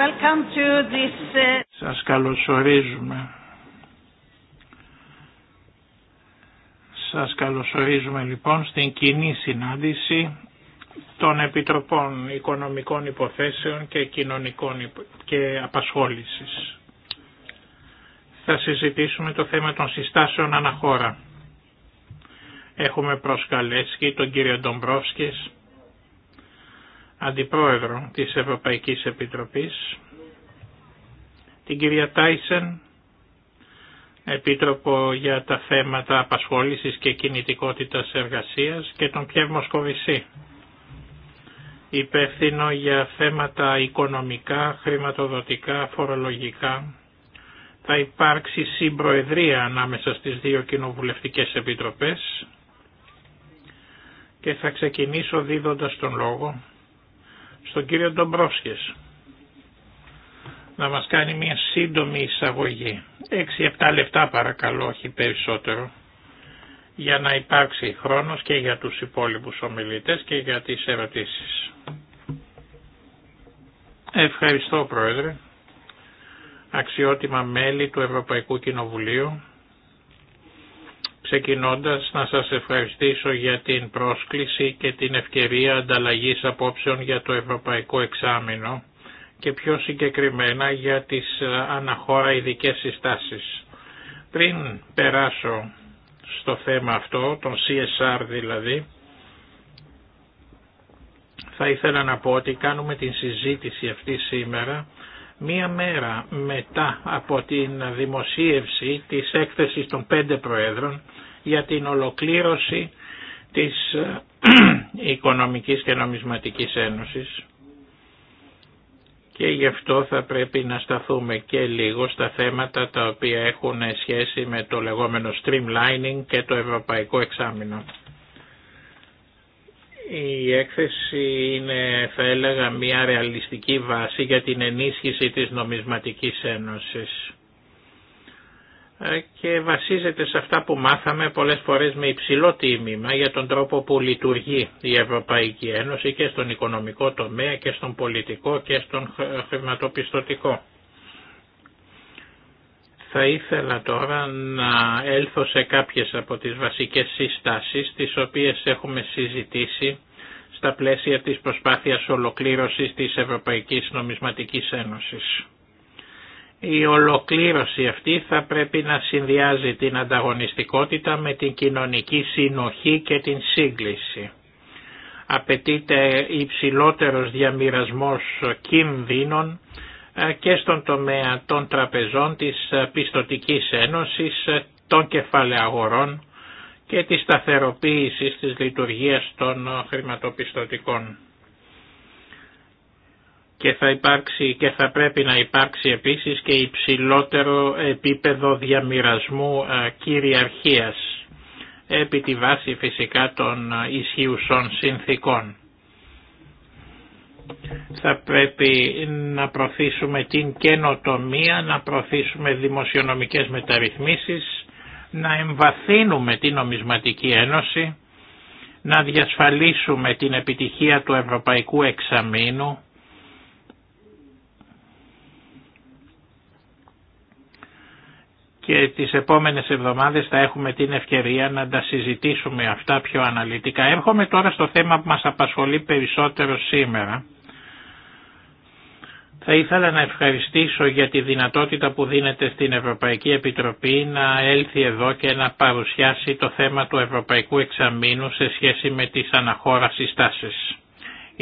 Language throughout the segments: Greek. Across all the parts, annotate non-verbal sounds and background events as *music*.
Welcome uh, Σας καλωσορίζουμε. Σας καλωσορίζουμε λοιπόν στην κοινή συνάντηση των Επιτροπών Οικονομικών Υποθέσεων και Κοινωνικών και Απασχόλησης. Θα συζητήσουμε το θέμα των συστάσεων αναχώρα. Έχουμε προσκαλέσει τον κύριο Ντομπρόσκης, Αντιπρόεδρο της Ευρωπαϊκής Επιτροπής, την κυρία Τάισεν, Επίτροπο για τα θέματα απασχόλησης και κινητικότητας εργασίας και τον Πιερ Μοσκοβισή, υπεύθυνο για θέματα οικονομικά, χρηματοδοτικά, φορολογικά. Θα υπάρξει συμπροεδρία ανάμεσα στις δύο κοινοβουλευτικές επιτροπές και θα ξεκινήσω δίδοντας τον λόγο στον κύριο Ντομπρόσχες να μας κάνει μια σύντομη εισαγωγή. 6-7 λεπτά παρακαλώ, όχι περισσότερο, για να υπάρξει χρόνος και για τους υπόλοιπους ομιλητές και για τις ερωτήσεις. Ευχαριστώ Πρόεδρε, αξιότιμα μέλη του Ευρωπαϊκού Κοινοβουλίου, Ξεκινώντας να σας ευχαριστήσω για την πρόσκληση και την ευκαιρία ανταλλαγής απόψεων για το Ευρωπαϊκό Εξάμεινο και πιο συγκεκριμένα για τις ε, αναχώρα ειδικές συστάσεις. Πριν περάσω στο θέμα αυτό, τον CSR δηλαδή, θα ήθελα να πω ότι κάνουμε την συζήτηση αυτή σήμερα μία μέρα μετά από την δημοσίευση της έκθεσης των πέντε προέδρων για την ολοκλήρωση της ε, *clears throat* Οικονομικής και Νομισματικής Ένωσης και γι' αυτό θα πρέπει να σταθούμε και λίγο στα θέματα τα οποία έχουν σχέση με το λεγόμενο streamlining και το ευρωπαϊκό εξάμεινο. Η έκθεση είναι θα έλεγα μια ρεαλιστική βάση για την ενίσχυση της νομισματικής ένωσης. Ε, και βασίζεται σε αυτά που μάθαμε πολλές φορές με υψηλό τίμημα για τον τρόπο που λειτουργεί η Ευρωπαϊκή Ένωση και στον οικονομικό τομέα και στον πολιτικό και στον χρηματοπιστωτικό. Θα ήθελα τώρα να έλθω σε κάποιες από τις βασικές συστάσεις τις οποίες έχουμε συζητήσει στα πλαίσια της προσπάθειας ολοκλήρωσης της Ευρωπαϊκής Νομισματικής Ένωσης. Η ολοκλήρωση αυτή θα πρέπει να συνδυάζει την ανταγωνιστικότητα με την κοινωνική συνοχή και την σύγκληση. Απαιτείται υψηλότερος διαμοιρασμός κινδύνων ε, και στον τομέα των τραπεζών της ε, Πιστοτικής Ένωσης, ε, των κεφαλαίων και της σταθεροποίησης της λειτουργίας των χρηματοπιστωτικών και θα, και θα πρέπει να υπάρξει επίσης και υψηλότερο επίπεδο διαμοιρασμού κυριαρχίας επί τη βάση φυσικά των ισχύουσων συνθήκων. Θα πρέπει να προθήσουμε την καινοτομία, να προθήσουμε δημοσιονομικές μεταρρυθμίσεις, να εμβαθύνουμε την νομισματική ένωση, να διασφαλίσουμε την επιτυχία του Ευρωπαϊκού Εξαμήνου, και τις επόμενες εβδομάδες θα έχουμε την ευκαιρία να τα συζητήσουμε αυτά πιο αναλυτικά. Έρχομαι τώρα στο θέμα που μας απασχολεί περισσότερο σήμερα. Θα ήθελα να ευχαριστήσω για τη δυνατότητα που δίνεται στην Ευρωπαϊκή Επιτροπή να έλθει εδώ και να παρουσιάσει το θέμα του Ευρωπαϊκού Εξαμήνου σε σχέση με τις αναχώρα συστάσεις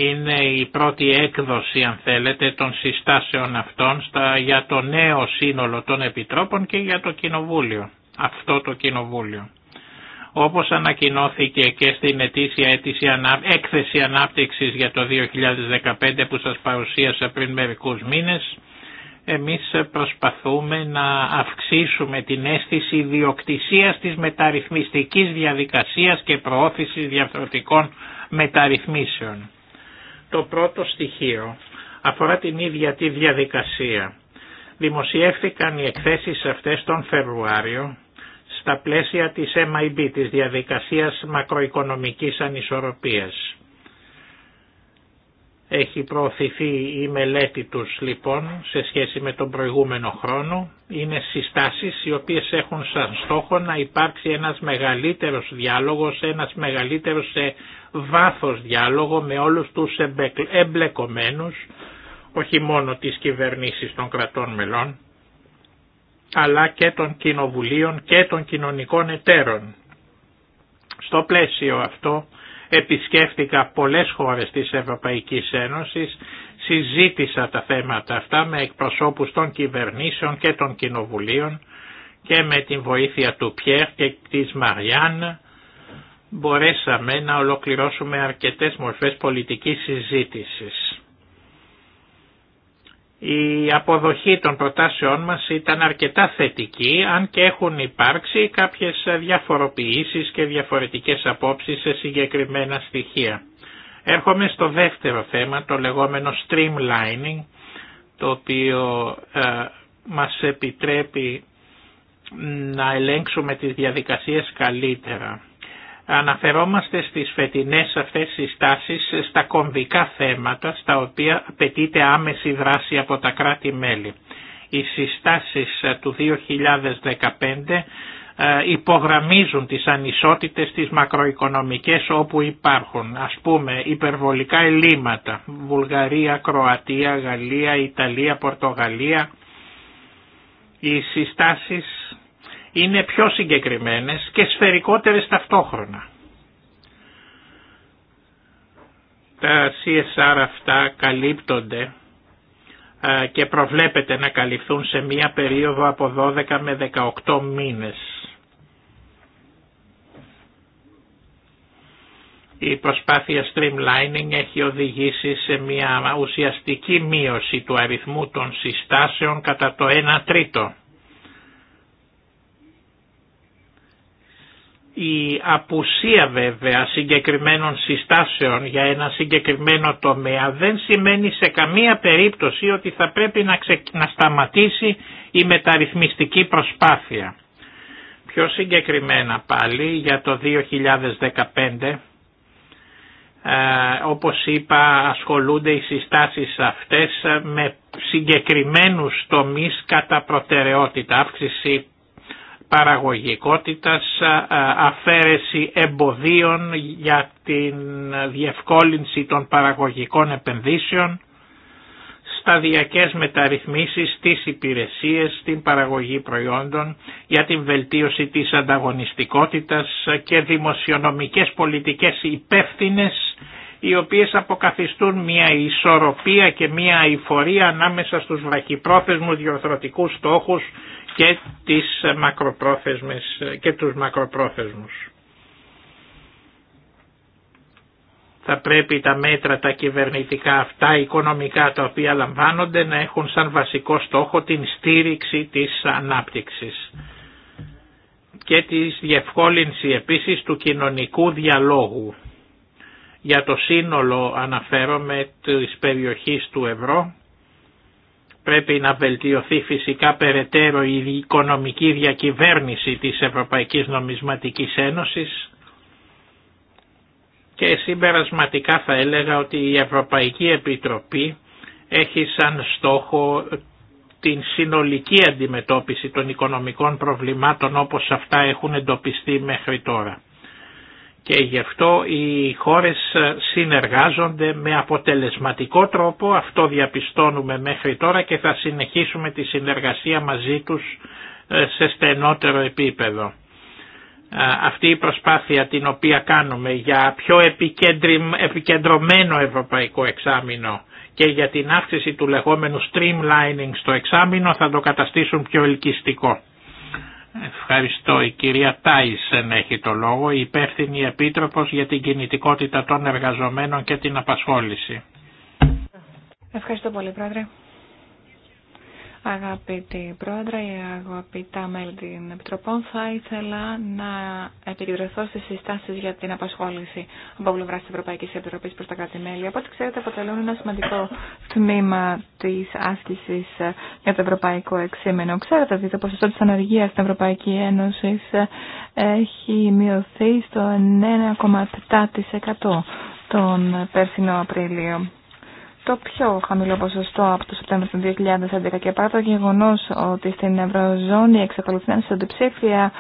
είναι η πρώτη έκδοση αν θέλετε των συστάσεων αυτών στα, για το νέο σύνολο των επιτρόπων και για το κοινοβούλιο, αυτό το κοινοβούλιο. Όπως ανακοινώθηκε και στην ετήσια αίτηση, έκθεση ανάπτυξης για το 2015 που σας παρουσίασα πριν μερικούς μήνες, εμείς προσπαθούμε να αυξήσουμε την αίσθηση ιδιοκτησίας της μεταρρυθμιστικής διαδικασίας και προώθησης διαφορετικών μεταρρυθμίσεων. Το πρώτο στοιχείο αφορά την ίδια τη διαδικασία. Δημοσιεύθηκαν οι εκθέσεις αυτές τον Φεβρουάριο στα πλαίσια της MIB, της διαδικασίας μακροοικονομικής ανισορροπίας. Έχει προωθηθεί η μελέτη τους λοιπόν σε σχέση με τον προηγούμενο χρόνο. Είναι συστάσεις οι οποίες έχουν σαν στόχο να υπάρξει ένας μεγαλύτερος διάλογος, ένας μεγαλύτερος σε βάθος διάλογο με όλους τους εμπλεκομένους, όχι μόνο τις κυβερνήσεις των κρατών μελών, αλλά και των κοινοβουλίων και των κοινωνικών εταίρων. Στο πλαίσιο αυτό επισκέφτηκα πολλές χώρες της Ευρωπαϊκής Ένωσης, συζήτησα τα θέματα αυτά με εκπροσώπους των κυβερνήσεων και των κοινοβουλίων και με την βοήθεια του Πιέρ και της Μαριάν μπορέσαμε να ολοκληρώσουμε αρκετές μορφές πολιτικής συζήτησης. Η αποδοχή των προτάσεών μας ήταν αρκετά θετική, αν και έχουν υπάρξει κάποιες διαφοροποιήσεις και διαφορετικές απόψεις σε συγκεκριμένα στοιχεία. Έρχομαι στο δεύτερο θέμα, το λεγόμενο streamlining, το οποίο ε, μας επιτρέπει να ελέγξουμε τις διαδικασίες καλύτερα αναφερόμαστε στις φετινές αυτές συστάσεις στα κομβικά θέματα στα οποία απαιτείται άμεση δράση από τα κράτη-μέλη. Οι συστάσεις του 2015 ε, υπογραμμίζουν τις ανισότητες τις μακροοικονομικές όπου υπάρχουν. Ας πούμε υπερβολικά ελλείμματα, Βουλγαρία, Κροατία, Γαλλία, Ιταλία, Πορτογαλία. Οι συστάσεις είναι πιο συγκεκριμένες και σφαιρικότερες ταυτόχρονα. Τα CSR αυτά καλύπτονται ε, και προβλέπεται να καλυφθούν σε μία περίοδο από 12 με 18 μήνες. Η προσπάθεια streamlining έχει οδηγήσει σε μια ουσιαστική μείωση του αριθμού των συστάσεων κατά το 1 τρίτο. Η απουσία βέβαια συγκεκριμένων συστάσεων για ένα συγκεκριμένο τομέα δεν σημαίνει σε καμία περίπτωση ότι θα πρέπει να, σταματήσει η μεταρρυθμιστική προσπάθεια. Πιο συγκεκριμένα πάλι για το 2015 ε, όπως είπα ασχολούνται οι συστάσεις αυτές με συγκεκριμένους τομείς κατά προτεραιότητα αύξηση παραγωγικότητας, αφαίρεση εμποδίων για την διευκόλυνση των παραγωγικών επενδύσεων, σταδιακές μεταρρυθμίσεις στις υπηρεσίες, στην παραγωγή προϊόντων, για την βελτίωση της ανταγωνιστικότητας και δημοσιονομικές πολιτικές υπεύθυνες οι οποίες αποκαθιστούν μια ισορροπία και μια αηφορία ανάμεσα στους βραχυπρόθεσμους διορθωτικούς στόχους και, τις μακροπρόθεσμες, και τους μακροπρόθεσμους. Θα πρέπει τα μέτρα τα κυβερνητικά αυτά, οικονομικά τα οποία λαμβάνονται να έχουν σαν βασικό στόχο την στήριξη της ανάπτυξης και της διευκόλυνση επίσης του κοινωνικού διαλόγου. Για το σύνολο αναφέρομαι της περιοχής του ευρώ. Πρέπει να βελτιωθεί φυσικά περαιτέρω η οικονομική διακυβέρνηση της Ευρωπαϊκής Νομισματικής Ένωσης και συμπερασματικά θα έλεγα ότι η Ευρωπαϊκή Επιτροπή έχει σαν στόχο την συνολική αντιμετώπιση των οικονομικών προβλημάτων όπως αυτά έχουν εντοπιστεί μέχρι τώρα και γι' αυτό οι χώρες συνεργάζονται με αποτελεσματικό τρόπο, αυτό διαπιστώνουμε μέχρι τώρα και θα συνεχίσουμε τη συνεργασία μαζί τους ε, σε στενότερο επίπεδο. Ε, αυτή η προσπάθεια την οποία κάνουμε για πιο επικεντρωμένο ευρωπαϊκό εξάμεινο και για την αύξηση του λεγόμενου streamlining στο εξάμεινο θα το καταστήσουν πιο ελκυστικό. Ευχαριστώ. Η κυρία Τάισεν έχει το λόγο, η υπεύθυνη επίτροπος για την κινητικότητα των εργαζομένων και την απασχόληση. Ευχαριστώ πολύ, Πρόεδρε. Αγαπητοί Πρόεδρε, αγαπητά μέλη των Επιτροπών, θα ήθελα να επικεντρωθώ στι συστάσει για την απασχόληση από πλευρά τη Ευρωπαϊκή Επιτροπή προ τα κράτη-μέλη. Από ό,τι ξέρετε, αποτελούν ένα σημαντικό τμήμα τη άσκηση για το Ευρωπαϊκό Εξήμενο. Ξέρετε ότι το ποσοστό τη ανεργία στην Ευρωπαϊκή Ένωση έχει μειωθεί στο 9,7% τον περσινό Απρίλιο το πιο χαμηλό ποσοστό από το Σεπτέμβριο του 2011 και παρά το γεγονός ότι στην Ευρωζώνη εξακολουθεί να είναι σε αντιψήφια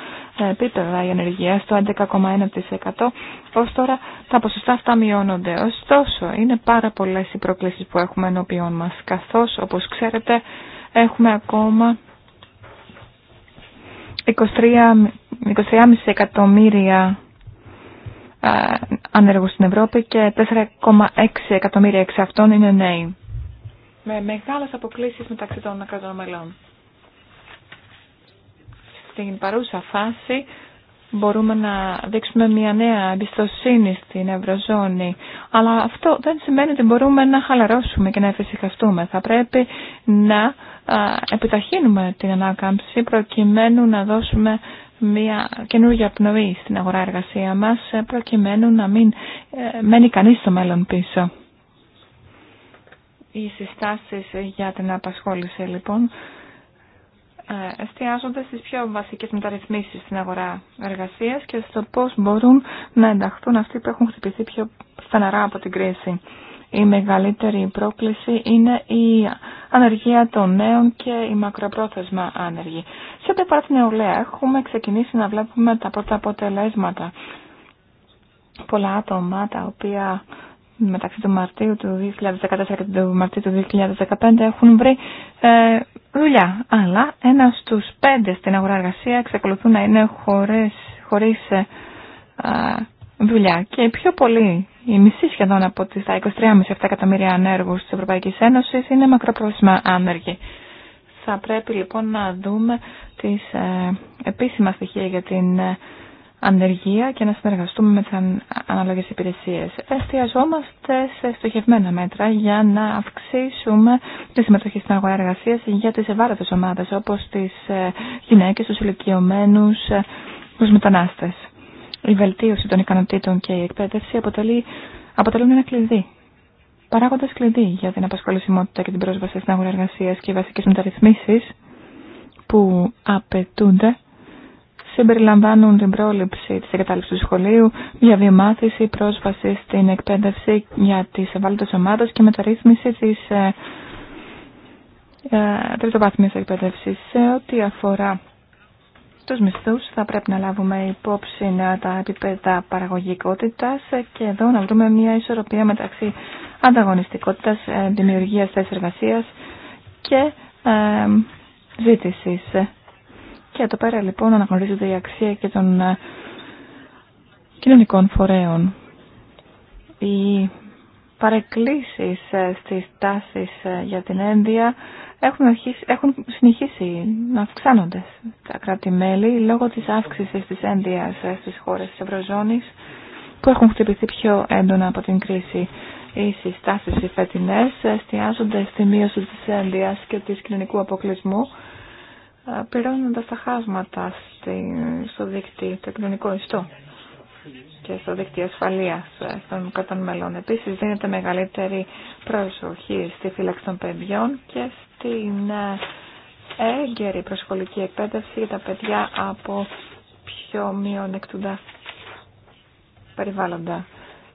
επίπεδα η ανεργία στο 11,1% ως τώρα τα ποσοστά αυτά μειώνονται. Ωστόσο είναι πάρα πολλές οι προκλήσεις που έχουμε ενώπιόν μας καθώς όπως ξέρετε έχουμε ακόμα 23,5 εκατομμύρια ε, ανέργους στην Ευρώπη και 4,6 εκατομμύρια εξ αυτών είναι νέοι. Με μεγάλες αποκλήσεις μεταξύ των κρατών μελών. Στην παρούσα φάση μπορούμε να δείξουμε μια νέα εμπιστοσύνη στην Ευρωζώνη. Αλλά αυτό δεν σημαίνει ότι μπορούμε να χαλαρώσουμε και να εφησυχαστούμε. Θα πρέπει να ε, επιταχύνουμε την ανάκαμψη προκειμένου να δώσουμε μια καινούργια πνοή στην αγορά εργασία μας ε, προκειμένου να μην ε, μένει κανείς στο μέλλον πίσω. Οι συστάσεις για την απασχόληση λοιπόν ε, εστιάζονται στις πιο βασικές μεταρρυθμίσεις στην αγορά εργασίας και στο πώς μπορούν να ενταχθούν αυτοί που έχουν χτυπηθεί πιο φαναρά από την κρίση. Η μεγαλύτερη πρόκληση είναι η ανεργία των νέων και η μακροπρόθεσμα άνεργη. Σε ό,τι αφορά την νεολαία, έχουμε ξεκινήσει να βλέπουμε τα πρώτα αποτελέσματα. Πολλά άτομα τα οποία μεταξύ του Μαρτίου του 2014 και του Μαρτίου του 2015 έχουν βρει ε, δουλειά. Αλλά ένα στους πέντε στην αγορά εργασία εξακολουθούν να είναι χωρίς, ε, δουλειά και πιο πολύ, η μισή σχεδόν από τις 23,5 εκατομμύρια ανέργους της Ευρωπαϊκής Ένωσης είναι μακροπρόθεσμα άνεργοι. Θα πρέπει λοιπόν να δούμε τις ε, επίσημα στοιχεία για την ε, ανεργία και να συνεργαστούμε με τις αναλόγες υπηρεσίες. Εστιαζόμαστε σε στοχευμένα μέτρα για να αυξήσουμε τη συμμετοχή στην αγορά εργασίας για τις ευάρετες ομάδες όπως τις ε, γυναίκες, τους ηλικιωμένους, τους μετανάστες. Η βελτίωση των ικανοτήτων και η εκπαίδευση αποτελεί, αποτελούν ένα κλειδί. Παράγοντα κλειδί για την απασχολησιμότητα και την πρόσβαση στην αγορά εργασία και οι βασικέ μεταρρυθμίσει που απαιτούνται συμπεριλαμβάνουν την πρόληψη τη εγκατάλειψης του σχολείου, διαβιομάθηση, πρόσβαση στην εκπαίδευση για τι ευάλωτε ομάδε και μεταρρύθμιση τη ε, ε, εκπαίδευσης. Σε ό,τι αφορά τους μισθούς θα πρέπει να λάβουμε υπόψη τα επίπεδα παραγωγικότητας και εδώ να βρούμε μια ισορροπία μεταξύ ανταγωνιστικότητας, ε, δημιουργίας θέσης εργασίας και ε, ζήτησης. Και εδώ πέρα λοιπόν αναγνωρίζεται η αξία και των ε, κοινωνικών φορέων. Οι παρεκκλήσεις στις τάσεις για την ένδυα έχουν, αρχίσει, έχουν συνεχίσει να αυξάνονται τα κράτη-μέλη λόγω της αύξησης της ένδυας στις χώρες της Ευρωζώνης που έχουν χτυπηθεί πιο έντονα από την κρίση. Οι συστάσεις οι φετινές εστιάζονται στη μείωση της ένδυας και της κοινωνικού αποκλεισμού πληρώνοντας τα χάσματα στο δίκτυο, το κοινωνικό ιστό και στο δίκτυο ασφαλείας των κρατών μελών. Επίσης δίνεται μεγαλύτερη προσοχή στη φύλαξη των παιδιών και την ε, έγκαιρη προσχολική εκπαίδευση για τα παιδιά από πιο μειονεκτούντα περιβάλλοντα.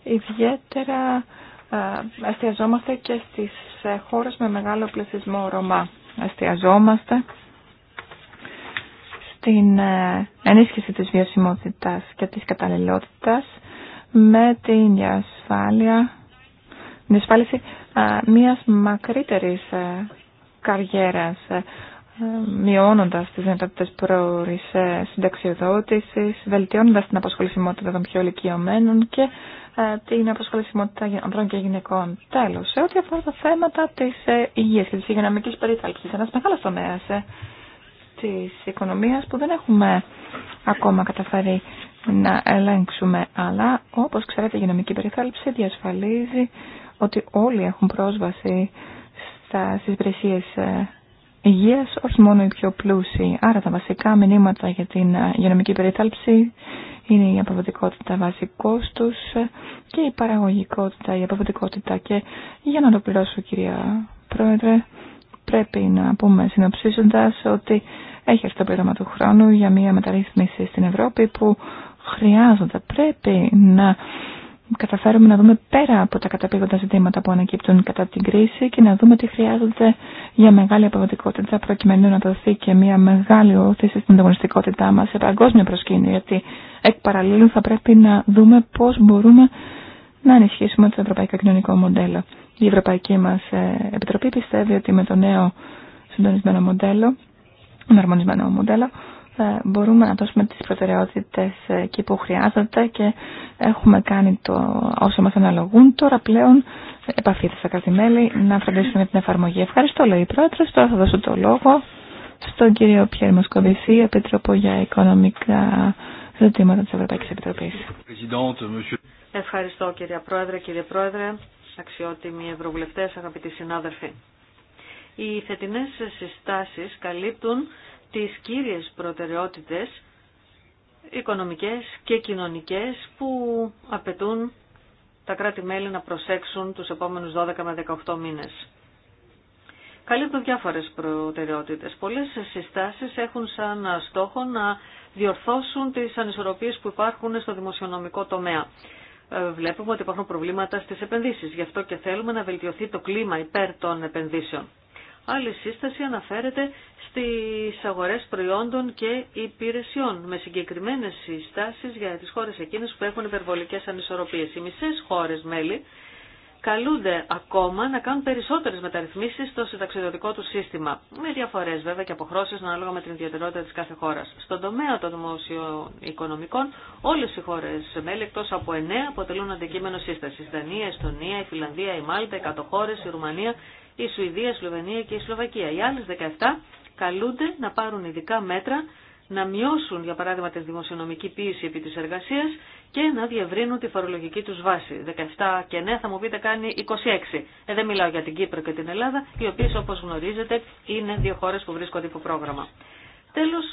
Ιδιαίτερα ε, εστιαζόμαστε και στις ε, χώρες με μεγάλο πληθυσμό Ρωμά. Εστιαζόμαστε στην ενίσχυση της βιωσιμότητας και της καταλληλότητας με την διασφάλεια, διασφάλιση μιας μακρύτερης καριέρας, ε, μειώνοντας τις δυνατότητες προώρης ε, συνταξιοδότησης, βελτιώνοντας την αποσχολησιμότητα των πιο ηλικιωμένων και ε, την αποσχολησιμότητα ανδρών και γυναικών. Τέλος, σε ό,τι αφορά τα θέματα της υγείας και της υγειονομικής περίθαλψης, ένας μεγάλος τομέας της οικονομίας που δεν έχουμε ακόμα καταφέρει να ελέγξουμε, αλλά όπως ξέρετε η υγειονομική περίθαλψη διασφαλίζει ότι όλοι έχουν πρόσβαση στα, στις υπηρεσίες ε, υγείας, όχι μόνο οι πιο πλούσιοι. Άρα τα βασικά μηνύματα για την ε, υγειονομική περιθάλψη είναι η αποδοτικότητα βάση κόστου ε, και η παραγωγικότητα, η αποδοτικότητα. Και για να ολοκληρώσω, κυρία Πρόεδρε, πρέπει να πούμε συνοψίζοντας ότι έχει έρθει το πλήρωμα του χρόνου για μια μεταρρύθμιση στην Ευρώπη που χρειάζονται, πρέπει να καταφέρουμε να δούμε πέρα από τα καταπήγοντα ζητήματα που ανακύπτουν κατά την κρίση και να δούμε τι χρειάζεται για μεγάλη αποδοτικότητα προκειμένου να δοθεί και μια μεγάλη όθηση στην ανταγωνιστικότητά μας σε παγκόσμιο προσκήνιο γιατί εκ παραλλήλου θα πρέπει να δούμε πώς μπορούμε να ενισχύσουμε το ευρωπαϊκό κοινωνικό μοντέλο. Η Ευρωπαϊκή μας ε, Επιτροπή πιστεύει ότι με το νέο συντονισμένο μοντέλο, εναρμονισμένο μοντέλο, μπορούμε να δώσουμε τις προτεραιότητες εκεί που χρειάζεται και έχουμε κάνει το όσο μας αναλογούν. Τώρα πλέον επαφή στα μέλη να φροντίσουμε την εφαρμογή. Ευχαριστώ, λέει η Πρόεδρος. Τώρα θα δώσω το λόγο στον κύριο Πιέρ Μοσκοβισή, Επίτροπο για Οικονομικά Ζητήματα της Ευρωπαϊκής Επιτροπής. Ευχαριστώ κύριε Πρόεδρε, κύριε Πρόεδρε, αξιότιμοι ευρωβουλευτές, αγαπητοί συνάδελφοι. Οι θετινές συστάσεις καλύπτουν τις κύριες προτεραιότητες οικονομικές και κοινωνικές που απαιτούν τα κράτη-μέλη να προσέξουν τους επόμενους 12 με 18 μήνες. Καλύπτουν διάφορες προτεραιότητες. Πολλές συστάσεις έχουν σαν στόχο να διορθώσουν τις ανισορροπίες που υπάρχουν στο δημοσιονομικό τομέα. Ε, βλέπουμε ότι υπάρχουν προβλήματα στις επενδύσεις. Γι' αυτό και θέλουμε να βελτιωθεί το κλίμα υπέρ των επενδύσεων. Άλλη σύσταση αναφέρεται στις αγορές προϊόντων και υπηρεσιών, με συγκεκριμένες συστάσεις για τις χώρες εκείνες που έχουν υπερβολικές ανισορροπίες. Οι μισές χώρες μέλη καλούνται ακόμα να κάνουν περισσότερες μεταρρυθμίσεις στο συνταξιδοτικό του σύστημα, με διαφορές βέβαια και αποχρώσεις ανάλογα με την ιδιαιτερότητα της κάθε χώρας. Στον τομέα των δημοσιοοικονομικών, οικονομικών, όλες οι χώρες μέλη εκτός από 9 αποτελούν αντικείμενο σύσταση. Δανία, Εστονία, η Φιλανδία, η Μάλτα, Κατοχώρες, η Ρουμανία η Σουηδία, η Σλοβενία και η Σλοβακία. Οι άλλες 17 καλούνται να πάρουν ειδικά μέτρα να μειώσουν, για παράδειγμα, τη δημοσιονομική πίεση επί της εργασίας και να διευρύνουν τη φορολογική τους βάση. 17 και 9 ναι, θα μου πείτε κάνει 26. Ε, δεν μιλάω για την Κύπρο και την Ελλάδα, οι οποίες όπως γνωρίζετε είναι δύο χώρε που βρίσκονται υπό πρόγραμμα. Τέλος,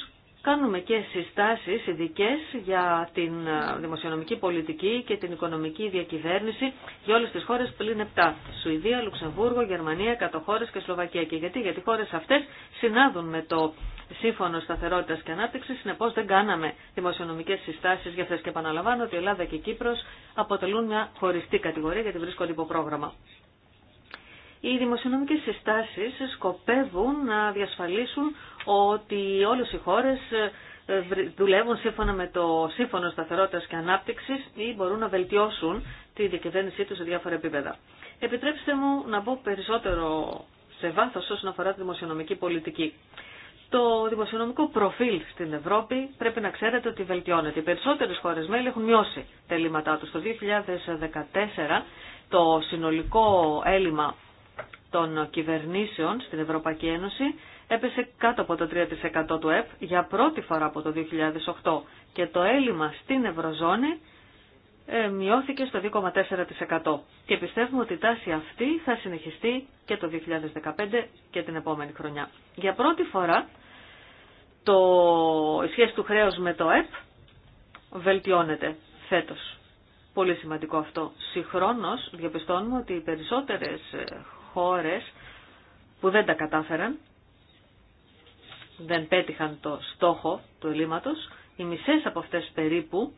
Κάνουμε και συστάσεις ειδικέ για την ε, δημοσιονομική πολιτική και την οικονομική διακυβέρνηση για όλες τις χώρες πλην 7. Σουηδία, Λουξεμβούργο, Γερμανία, Κατοχώρες και Σλοβακία. Και γιατί, γιατί χώρες αυτές συνάδουν με το Σύμφωνο Σταθερότητα και Ανάπτυξη, συνεπώ δεν κάναμε δημοσιονομικέ συστάσει για αυτέ και επαναλαμβάνω ότι η Ελλάδα και η Κύπρο αποτελούν μια χωριστή κατηγορία γιατί βρίσκονται υπό πρόγραμμα. Οι δημοσιονομικέ συστάσει σκοπεύουν να διασφαλίσουν ότι όλε οι χώρε ε, δουλεύουν σύμφωνα με το Σύμφωνο σταθερότητα και ανάπτυξη ή μπορούν να βελτιώσουν τη διακυβέρνησή του σε διάφορα επίπεδα. Επιτρέψτε μου να πω περισσότερο σε βάθο όσον αφορά τη δημοσιονομική πολιτική. Το δημοσιονομικό προφίλ στην Ευρώπη πρέπει να ξέρετε ότι βελτιώνεται. Οι περισσότερε χώρε μέλη έχουν μειώσει τα ελλείμματά τους. Το 2014 το συνολικό έλλειμμα των κυβερνήσεων στην Ευρωπαϊκή Ένωση έπεσε κάτω από το 3% του ΕΠ για πρώτη φορά από το 2008 και το έλλειμμα στην Ευρωζώνη ε, μειώθηκε στο 2,4% και πιστεύουμε ότι η τάση αυτή θα συνεχιστεί και το 2015 και την επόμενη χρονιά. Για πρώτη φορά το, η σχέση του χρέους με το ΕΠ βελτιώνεται φέτος. Πολύ σημαντικό αυτό. Συγχρόνως διαπιστώνουμε ότι οι περισσότερες ε, χώρες που δεν τα κατάφεραν, δεν πέτυχαν το στόχο του ελλείμματος, οι μισές από αυτές περίπου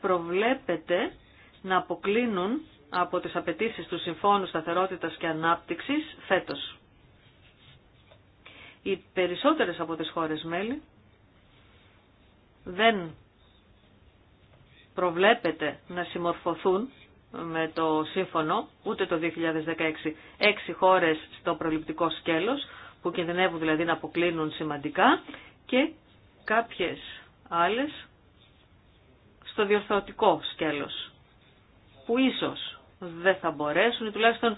προβλέπεται να αποκλίνουν από τις απαιτήσεις του Συμφώνου Σταθερότητας και Ανάπτυξης φέτος. Οι περισσότερες από τις χώρες μέλη δεν προβλέπεται να συμμορφωθούν με το σύμφωνο, ούτε το 2016, έξι χώρες στο προληπτικό σκέλος, που κινδυνεύουν δηλαδή να αποκλίνουν σημαντικά, και κάποιες άλλες στο διορθωτικό σκέλος, που ίσως δεν θα μπορέσουν ή τουλάχιστον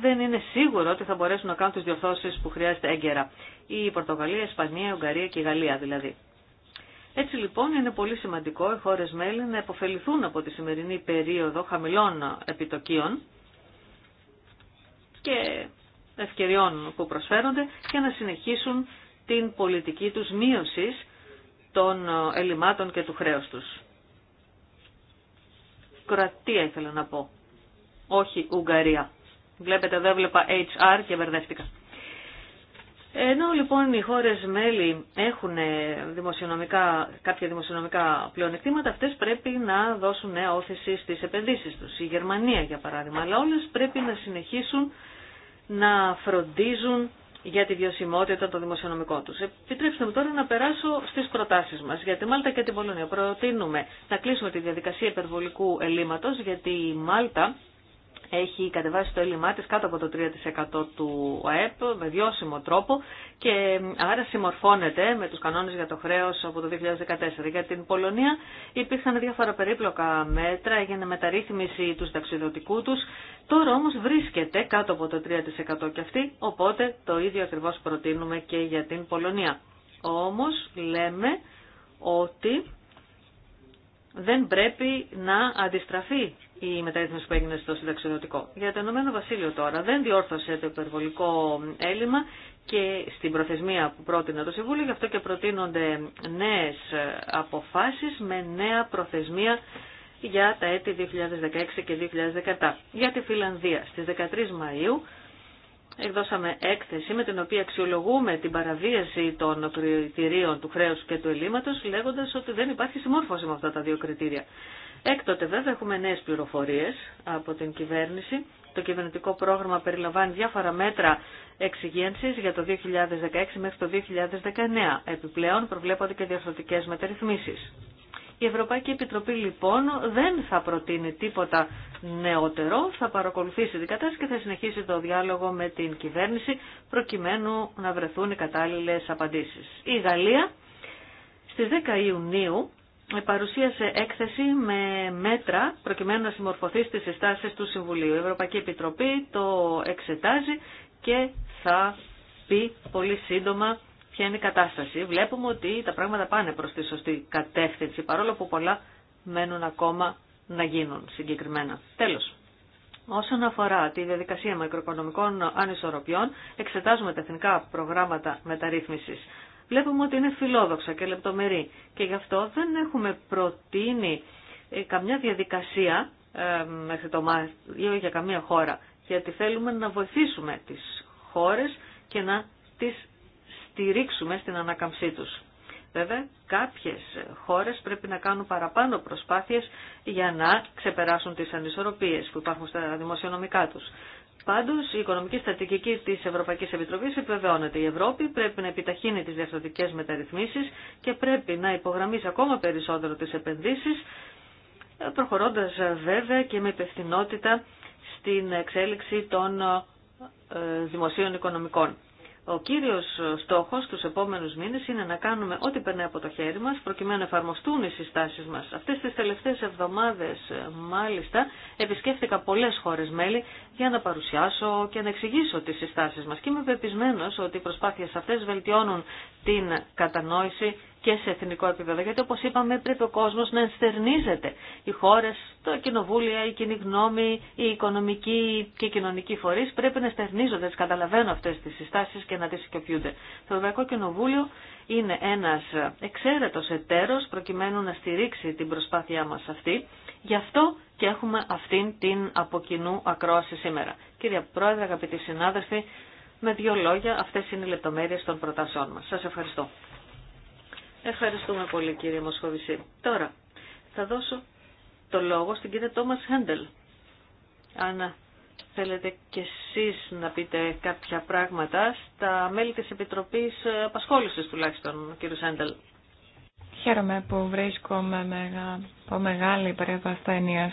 δεν είναι σίγουρο ότι θα μπορέσουν να κάνουν τις διορθώσεις που χρειάζεται έγκαιρα. Η Πορτογαλία, η Ισπανία, η Ουγγαρία και η Γαλλία δηλαδή. Έτσι λοιπόν είναι πολύ σημαντικό οι χώρες μέλη να υποφεληθούν από τη σημερινή περίοδο χαμηλών επιτοκίων και ευκαιριών που προσφέρονται και να συνεχίσουν την πολιτική τους μείωσης των ελλημάτων και του χρέους τους. Κροατία ήθελα να πω, όχι Ουγγαρία. Βλέπετε εδώ έβλεπα HR και μπερδεύτηκα. Ενώ λοιπόν οι χώρες μέλη έχουν ε, δημοσιονομικά, κάποια δημοσιονομικά πλεονεκτήματα, αυτές πρέπει να δώσουν νέα όθηση στις επενδύσει τους. Η Γερμανία για παράδειγμα, αλλά όλες πρέπει να συνεχίσουν να φροντίζουν για τη βιωσιμότητα των δημοσιονομικών τους. Επιτρέψτε μου τώρα να περάσω στις προτάσει μα Για τη Μάλτα και την Πολωνία προτείνουμε να κλείσουμε τη διαδικασία υπερβολικού ελλείμματο, γιατί η Μάλτα έχει κατεβάσει το έλλειμμά της κάτω από το 3% του ΑΕΠ με βιώσιμο τρόπο και ε, άρα συμμορφώνεται με τους κανόνες για το χρέος από το 2014. Για την Πολωνία υπήρχαν διάφορα περίπλοκα μέτρα, έγινε μεταρρύθμιση του συνταξιδοτικού τους, τώρα όμως βρίσκεται κάτω από το 3% και αυτή, οπότε το ίδιο ακριβώς προτείνουμε και για την Πολωνία. Όμως λέμε ότι δεν πρέπει να αντιστραφεί η μεταρρύθμιση που έγινε στο συνταξιδοτικό. Για το Ηνωμένο Βασίλειο τώρα δεν διόρθωσε το υπερβολικό έλλειμμα και στην προθεσμία που πρότεινε το Συμβούλιο, γι' αυτό και προτείνονται νέε αποφάσει με νέα προθεσμία για τα έτη 2016 και 2017. Για τη Φιλανδία στις 13 Μαΐου εκδώσαμε έκθεση με την οποία αξιολογούμε την παραβίαση των κριτηρίων του χρέους και του ελλείμματος λέγοντα ότι δεν υπάρχει συμμόρφωση με αυτά τα δύο κριτήρια. Έκτοτε βέβαια έχουμε νέες πληροφορίες από την κυβέρνηση. Το κυβερνητικό πρόγραμμα περιλαμβάνει διάφορα μέτρα εξυγένσης για το 2016 μέχρι το 2019. Επιπλέον προβλέπονται και διαφορετικές μεταρρυθμίσεις. Η Ευρωπαϊκή Επιτροπή λοιπόν δεν θα προτείνει τίποτα νεότερο, θα παρακολουθήσει την κατάσταση και θα συνεχίσει το διάλογο με την κυβέρνηση προκειμένου να βρεθούν οι κατάλληλες απαντήσεις. Η Γαλλία στις 10 Ιουνίου παρουσίασε έκθεση με μέτρα προκειμένου να συμμορφωθεί στις συστάσεις του Συμβουλίου. Η Ευρωπαϊκή Επιτροπή το εξετάζει και θα πει πολύ σύντομα ποια είναι η κατάσταση. Βλέπουμε ότι τα πράγματα πάνε προς τη σωστή κατεύθυνση, παρόλο που πολλά μένουν ακόμα να γίνουν συγκεκριμένα. Τέλος. Όσον αφορά τη διαδικασία μακροοικονομικών ανισορροπιών, εξετάζουμε τα εθνικά προγράμματα μεταρρύθμισης βλέπουμε ότι είναι φιλόδοξα και λεπτομερή. Και γι' αυτό δεν έχουμε προτείνει ε, καμιά διαδικασία ε, μέχρι το Μάρτιο για καμία χώρα. Γιατί θέλουμε να βοηθήσουμε τις χώρες και να τις στηρίξουμε στην ανάκαμψή τους. Βέβαια, κάποιες χώρες πρέπει να κάνουν παραπάνω προσπάθειες για να ξεπεράσουν τις ανισορροπίες που υπάρχουν στα δημοσιονομικά τους. Πάντω, η οικονομική στρατηγική της Ευρωπαϊκής Επιτροπή επιβεβαιώνεται. Η Ευρώπη πρέπει να επιταχύνει τις διαστατικές μεταρρυθμίσει και πρέπει να υπογραμμίσει ακόμα περισσότερο τις επενδύσεις, προχωρώντας βέβαια και με υπευθυνότητα στην εξέλιξη των ε, δημοσίων οικονομικών. Ο κύριος στόχος τους επόμενους μήνες είναι να κάνουμε ό,τι περνάει από το χέρι μας προκειμένου να εφαρμοστούν οι συστάσεις μας. Αυτές τις τελευταίες εβδομάδες μάλιστα επισκέφθηκα πολλές χώρες μέλη για να παρουσιάσω και να εξηγήσω τις συστάσεις μας και είμαι πεπισμένος ότι οι προσπάθειες αυτές βελτιώνουν την κατανόηση και σε εθνικό επίπεδο. Γιατί όπως είπαμε πρέπει ο κόσμος να ενστερνίζεται. Οι χώρες, το κοινοβούλια, η κοινή γνώμη, οι οικονομικοί και οι κοινωνικοί φορείς πρέπει να ενστερνίζονται. Τις καταλαβαίνω αυτές τις συστάσεις και να τις σκοπιούνται. Το Ευρωπαϊκό Κοινοβούλιο είναι ένας εξαίρετος εταίρος προκειμένου να στηρίξει την προσπάθειά μας αυτή. Γι' αυτό και έχουμε αυτήν την από κοινού ακρόαση σήμερα. Κύριε Πρόεδρε, αγαπητοί συνάδελφοι, με δύο λόγια αυτές είναι οι λεπτομέρειες των προτάσεών μας. Σας ευχαριστώ. Ευχαριστούμε πολύ κύριε Μοσχοβησή. Τώρα θα δώσω το λόγο στην κύριε Τόμας Χέντελ. Αν θέλετε κι εσείς να πείτε κάποια πράγματα στα μέλη της Επιτροπής Απασχόλησης τουλάχιστον, κύριο Χέντελ. Χαίρομαι που βρίσκομαι με μεγάλη παρέμβαση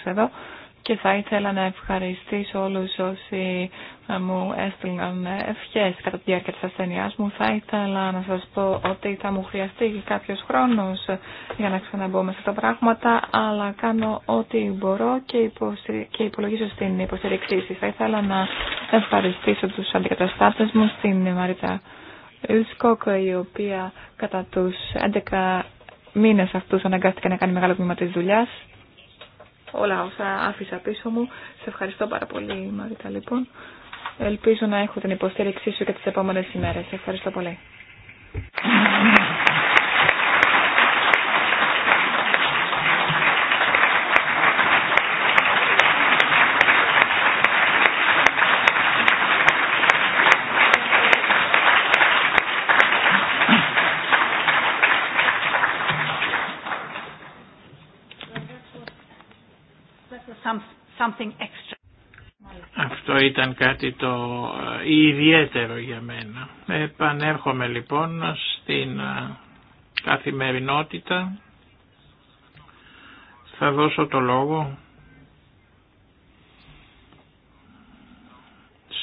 εδώ και θα ήθελα να ευχαριστήσω όλους όσοι μου έστειλαν ευχές κατά τη διάρκεια της ασθενειάς μου. Θα ήθελα να σας πω ότι θα μου χρειαστεί κάποιος χρόνος για να ξαναμπω μέσα στα πράγματα, αλλά κάνω ό,τι μπορώ και υπολογίζω στην υποστηριξή Θα ήθελα να ευχαριστήσω τους αντικαταστάτες μου στην Μαρίτα Ιουσκόκ, η οποία κατά τους 11 μήνες αυτούς αναγκάστηκε να κάνει μεγάλο τμήμα της δουλειάς όλα όσα άφησα πίσω μου. Σε ευχαριστώ πάρα πολύ Μαρίτα λοιπόν. Ελπίζω να έχω την υποστήριξή σου και τις επόμενες ημέρες. Ευχαριστώ πολύ. Αυτό ήταν κάτι το ε, ιδιαίτερο για μένα. Επανέρχομαι λοιπόν στην ε, καθημερινότητα. Θα δώσω το λόγο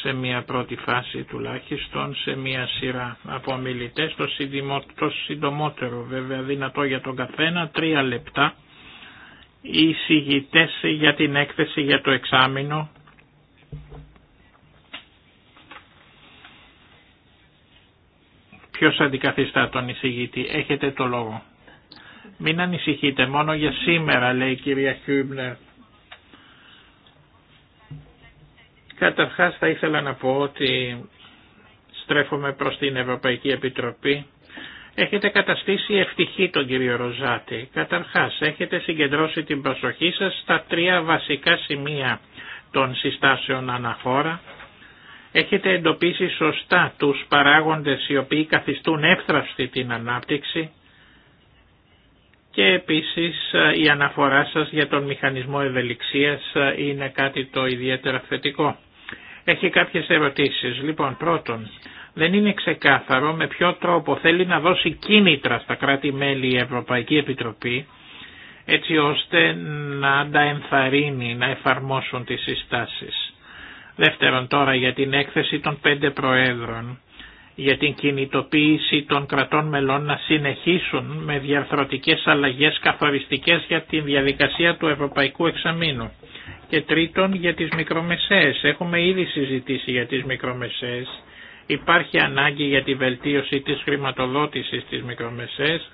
σε μια πρώτη φάση τουλάχιστον, σε μια σειρά από μιλητές, το, το συντομότερο βέβαια δυνατό για τον καθένα, τρία λεπτά οι συγητές για την έκθεση για το εξάμεινο. Ποιος αντικαθιστά τον εισηγητή. Έχετε το λόγο. Μην ανησυχείτε, μόνο για σήμερα λέει η κυρία Χιούμπνερ. Καταρχάς θα ήθελα να πω ότι στρέφομαι προς την Ευρωπαϊκή Επιτροπή Έχετε καταστήσει ευτυχή τον κύριο Ροζάτη. Καταρχάς, έχετε συγκεντρώσει την προσοχή σας στα τρία βασικά σημεία των συστάσεων αναφόρα. Έχετε εντοπίσει σωστά τους παράγοντες οι οποίοι καθιστούν εύθραυστη την ανάπτυξη και επίσης η αναφορά σας για τον μηχανισμό ευελιξίας είναι κάτι το ιδιαίτερα θετικό. Έχει κάποιες ερωτήσεις. Λοιπόν, πρώτον, δεν είναι ξεκάθαρο με ποιο τρόπο θέλει να δώσει κίνητρα στα κράτη-μέλη η Ευρωπαϊκή Επιτροπή έτσι ώστε να τα να εφαρμόσουν τις συστάσεις. Δεύτερον τώρα για την έκθεση των πέντε προέδρων για την κινητοποίηση των κρατών μελών να συνεχίσουν με διαρθρωτικές αλλαγές καθοριστικές για τη διαδικασία του Ευρωπαϊκού Εξαμήνου. Και τρίτον για τις μικρομεσαίες. Έχουμε ήδη συζητήσει για τις μικρομεσαίες υπάρχει ανάγκη για τη βελτίωση της χρηματοδότησης της μικρομεσές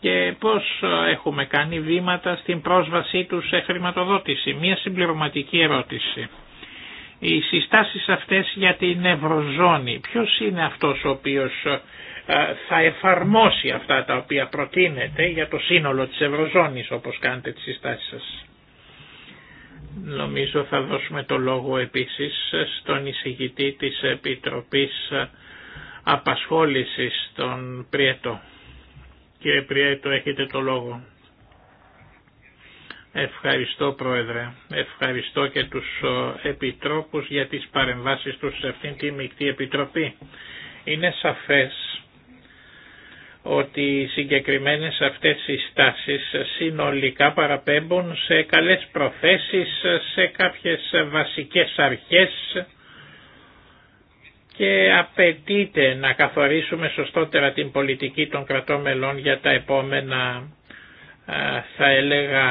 και πώς έχουμε κάνει βήματα στην πρόσβασή τους σε χρηματοδότηση. Μία συμπληρωματική ερώτηση. Οι συστάσεις αυτές για την Ευρωζώνη, ποιος είναι αυτός ο οποίος ε, θα εφαρμόσει αυτά τα οποία προτείνεται για το σύνολο της Ευρωζώνης όπως κάνετε τις συστάσεις σας. Νομίζω θα δώσουμε το λόγο επίσης στον εισηγητή της Επιτροπής Απασχόλησης, τον Πριέτο. Κύριε Πριέτο, έχετε το λόγο. Ευχαριστώ Πρόεδρε, ευχαριστώ και τους Επιτρόπους για τις παρεμβάσεις τους σε αυτήν τη μεικτή Επιτροπή. Είναι σαφές ότι οι συγκεκριμένες αυτές στάσεις συνολικά παραπέμπουν σε καλές προθέσεις, σε κάποιες βασικές αρχές και απαιτείται να καθορίσουμε σωστότερα την πολιτική των κρατών μελών για τα επόμενα θα έλεγα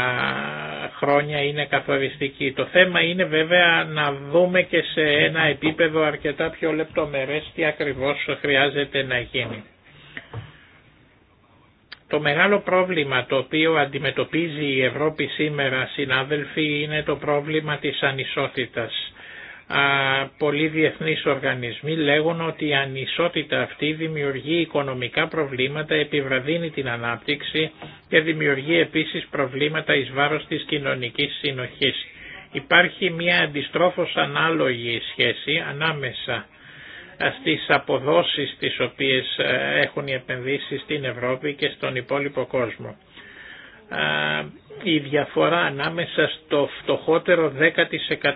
χρόνια είναι καθοριστική. Το θέμα είναι βέβαια να δούμε και σε ένα επίπεδο αρκετά πιο λεπτομερές τι ακριβώς χρειάζεται να γίνει. Το μεγάλο πρόβλημα το οποίο αντιμετωπίζει η Ευρώπη σήμερα, συνάδελφοι, είναι το πρόβλημα της ανισότητας. Α, πολλοί διεθνείς οργανισμοί λέγουν ότι η ανισότητα αυτή δημιουργεί οικονομικά προβλήματα, επιβραδύνει την ανάπτυξη και δημιουργεί επίσης προβλήματα εις βάρος της κοινωνικής συνοχής. Υπάρχει μια αντιστρόφως ανάλογη σχέση ανάμεσα στις αποδόσεις τις οποίες ε, έχουν οι επενδύσεις στην Ευρώπη και στον υπόλοιπο κόσμο. Η διαφορά ανάμεσα στο φτωχότερο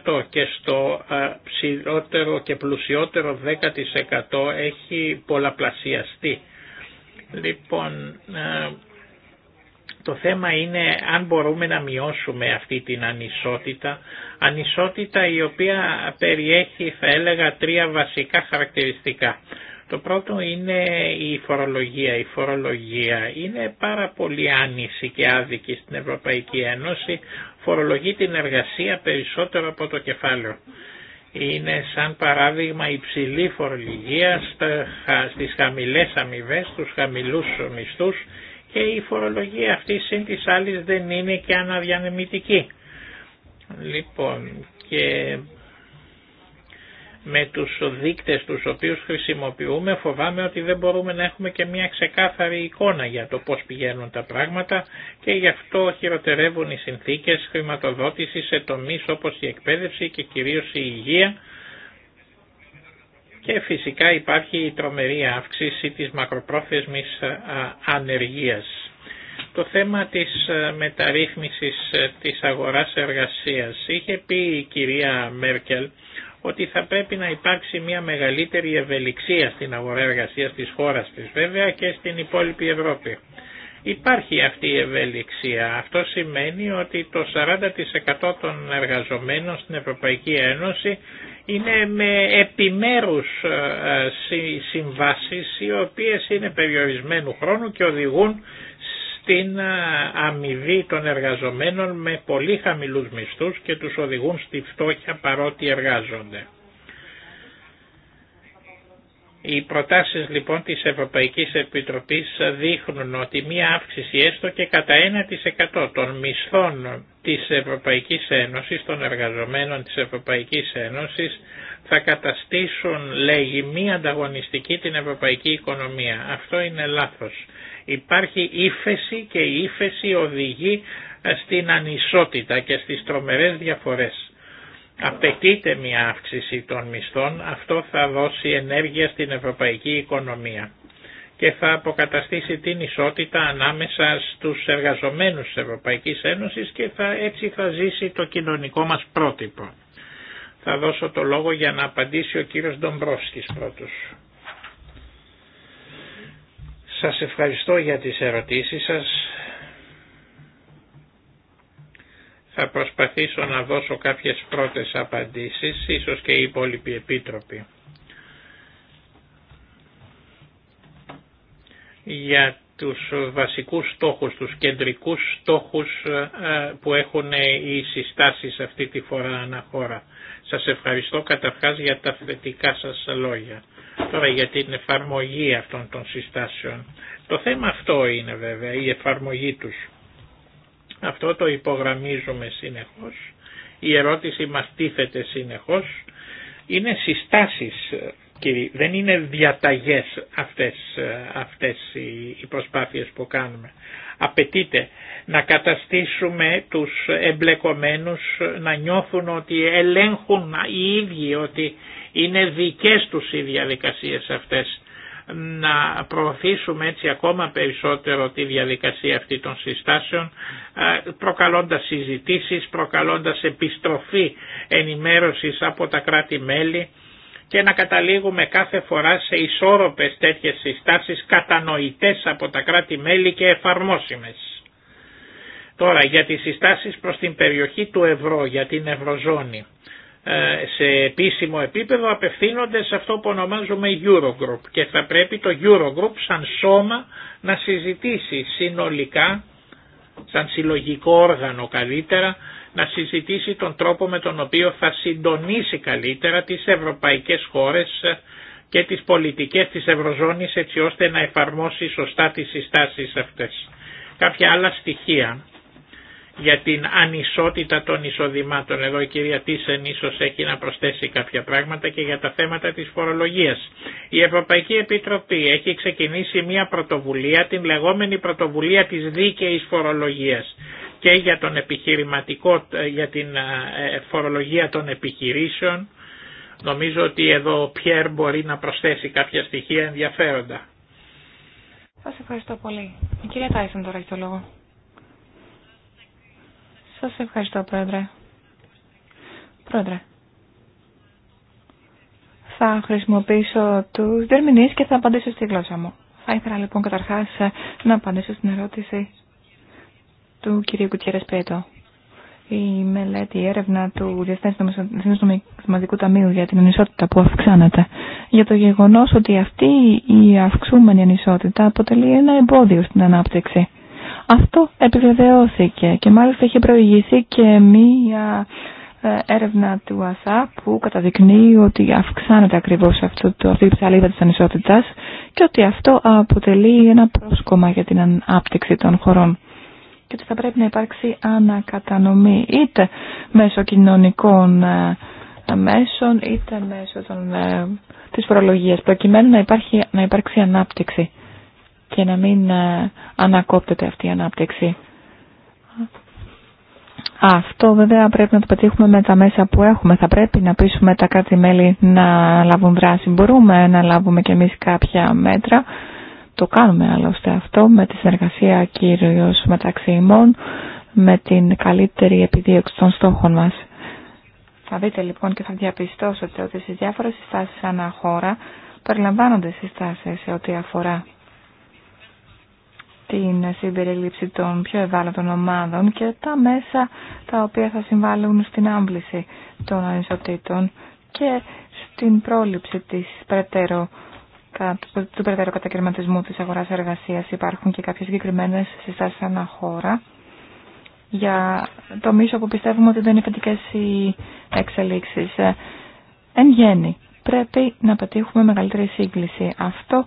10% και στο ψηλότερο και πλουσιότερο 10% έχει πολλαπλασιαστεί. Λοιπόν, το θέμα είναι αν μπορούμε να μειώσουμε αυτή την ανισότητα, ανισότητα η οποία περιέχει θα έλεγα τρία βασικά χαρακτηριστικά. Το πρώτο είναι η φορολογία. Η φορολογία είναι πάρα πολύ άνηση και άδικη στην Ευρωπαϊκή Ένωση. Φορολογεί την εργασία περισσότερο από το κεφάλαιο. Είναι σαν παράδειγμα υψηλή φορολογία στις χαμηλές αμοιβέ, στους χαμηλούς μισθούς και η φορολογία αυτή συν της άλλης δεν είναι και αναδιανεμητική. Λοιπόν, και με τους δείκτες τους οποίους χρησιμοποιούμε φοβάμαι ότι δεν μπορούμε να έχουμε και μια ξεκάθαρη εικόνα για το πώς πηγαίνουν τα πράγματα και γι' αυτό χειροτερεύουν οι συνθήκες χρηματοδότησης σε τομείς όπως η εκπαίδευση και κυρίως η υγεία και φυσικά υπάρχει η τρομερή αύξηση της μακροπρόθεσμης ε, ανεργίας. Το θέμα της ε, μεταρρύθμισης ε, της αγοράς εργασίας. Είχε πει η κυρία Μέρκελ ότι θα πρέπει να υπάρξει μια μεγαλύτερη ευελιξία στην αγορά εργασίας της χώρας της βέβαια και στην υπόλοιπη Ευρώπη. Υπάρχει αυτή η ευελιξία. Αυτό σημαίνει ότι το 40% των εργαζομένων στην Ευρωπαϊκή Ένωση είναι με επιμέρους ε, συμβάσεις οι οποίες είναι περιορισμένου χρόνου και οδηγούν στην ε, αμοιβή των εργαζομένων με πολύ χαμηλούς μισθούς και τους οδηγούν στη φτώχεια παρότι εργάζονται. Οι προτάσεις λοιπόν της Ευρωπαϊκής Επιτροπής δείχνουν ότι μία αύξηση έστω και κατά 1% των μισθών της Ευρωπαϊκής Ένωσης, των εργαζομένων της Ευρωπαϊκής Ένωσης, θα καταστήσουν, λέγει, μη ανταγωνιστική την ευρωπαϊκή οικονομία. Αυτό είναι λάθος. Υπάρχει ύφεση και η ύφεση οδηγεί στην ανισότητα και στις τρομερές διαφορές απαιτείται μια αύξηση των μισθών, αυτό θα δώσει ενέργεια στην ευρωπαϊκή οικονομία και θα αποκαταστήσει την ισότητα ανάμεσα στους εργαζομένους της Ευρωπαϊκής Ένωσης και θα, έτσι θα ζήσει το κοινωνικό μας πρότυπο. Θα δώσω το λόγο για να απαντήσει ο κύριος Ντομπρόσκης πρώτος. Σας ευχαριστώ για τις ερωτήσεις σας. Θα προσπαθήσω να δώσω κάποιες πρώτες απαντήσεις, ίσως και οι υπόλοιποι επίτροποι. Για τους βασικούς στόχους, τους κεντρικούς στόχους ε, που έχουν οι συστάσεις αυτή τη φορά αναχώρα. Σας ευχαριστώ καταρχάς για τα θετικά σας λόγια. Τώρα για την εφαρμογή αυτών των συστάσεων. Το θέμα αυτό είναι βέβαια η εφαρμογή τους. Αυτό το υπογραμμίζουμε συνεχώς. Η ερώτηση μας τίθεται συνεχώς. Είναι συστάσεις κύριοι, δεν είναι διαταγές αυτές, αυτές οι προσπάθειες που κάνουμε. Απαιτείται να καταστήσουμε τους εμπλεκομένους να νιώθουν ότι ελέγχουν οι ίδιοι, ότι είναι δικές τους οι διαδικασίες αυτές να προωθήσουμε έτσι ακόμα περισσότερο τη διαδικασία αυτή των συστάσεων προκαλώντας συζητήσεις, προκαλώντας επιστροφή ενημέρωσης από τα κράτη-μέλη και να καταλήγουμε κάθε φορά σε ισόρροπες τέτοιες συστάσεις κατανοητές από τα κράτη-μέλη και εφαρμόσιμες. Τώρα για τις συστάσεις προς την περιοχή του ευρώ, για την ευρωζώνη. Ε, σε επίσημο επίπεδο απευθύνονται σε αυτό που ονομάζουμε Eurogroup και θα πρέπει το Eurogroup σαν σώμα να συζητήσει συνολικά, σαν συλλογικό όργανο καλύτερα, να συζητήσει τον τρόπο με τον οποίο θα συντονίσει καλύτερα τις ευρωπαϊκές χώρες και τις πολιτικές της Ευρωζώνης έτσι ώστε να εφαρμόσει σωστά τις συστάσεις αυτές. Κάποια άλλα στοιχεία για την ανισότητα των εισοδημάτων. Εδώ η κυρία Τίσεν ίσως έχει να προσθέσει κάποια πράγματα και για τα θέματα της φορολογίας. Η Ευρωπαϊκή Επιτροπή έχει ξεκινήσει μια πρωτοβουλία, την λεγόμενη πρωτοβουλία της δίκαιης φορολογίας και για, τον επιχειρηματικό, για την ε, φορολογία των επιχειρήσεων. Νομίζω ότι εδώ ο Πιέρ μπορεί να προσθέσει κάποια στοιχεία ενδιαφέροντα. Σας ευχαριστώ πολύ. Η κυρία Τάισεν τώρα έχει το λόγο. Σας ευχαριστώ, Πρόεδρε. Πρόεδρε. Θα χρησιμοποιήσω τους δερμηνείς και θα απαντήσω στη γλώσσα μου. Θα ήθελα λοιπόν καταρχάς ε, να απαντήσω στην ερώτηση του κυρίου Κουτιέρες Πέτο. Η μελέτη, η έρευνα του Διεθνές Νομισματικού Ταμείου για την ανισότητα που αυξάνεται. Για το γεγονός ότι αυτή η αυξούμενη ανισότητα αποτελεί ένα εμπόδιο στην ανάπτυξη. Αυτό επιβεβαιώθηκε και μάλιστα είχε προηγηθεί και μία ε, έρευνα του ΑΣΑ που καταδεικνύει ότι αυξάνεται ακριβώς αυτό το, αυτή η ψαλίδα της ανισότητας και ότι αυτό αποτελεί ένα πρόσκομα για την ανάπτυξη των χωρών και ότι θα πρέπει να υπάρξει ανακατανομή είτε μέσω κοινωνικών ε, μέσων είτε μέσω των, ε, της προκειμένου να, υπάρχει, να υπάρξει ανάπτυξη και να μην ε, ανακόπτεται αυτή η ανάπτυξη. Αυτό βέβαια πρέπει να το πετύχουμε με τα μέσα που έχουμε. Θα πρέπει να πείσουμε τα κάτι μελη να λάβουν δράση. Μπορούμε να λάβουμε κι εμείς κάποια μέτρα. Το κάνουμε άλλωστε αυτό με τη συνεργασία κυρίως μεταξύ ημών, με την καλύτερη επιδίωξη των στόχων μας. Θα δείτε λοιπόν και θα διαπιστώσετε ότι στις διάφορες συστάσεις ανά χώρα περιλαμβάνονται συστάσεις σε ό,τι αφορά την συμπερίληψη των πιο ευάλωτων ομάδων και τα μέσα τα οποία θα συμβάλλουν στην άμβληση των ανισοτήτων και στην πρόληψη της περαιτέρω του περαιτέρω κατακαιρματισμού της αγοράς εργασίας υπάρχουν και κάποιες συγκεκριμένε συστάσεις ανά χώρα για το μίσο που πιστεύουμε ότι δεν είναι οι εξελίξεις. Ε, εν γέννη, πρέπει να πετύχουμε μεγαλύτερη σύγκληση. Αυτό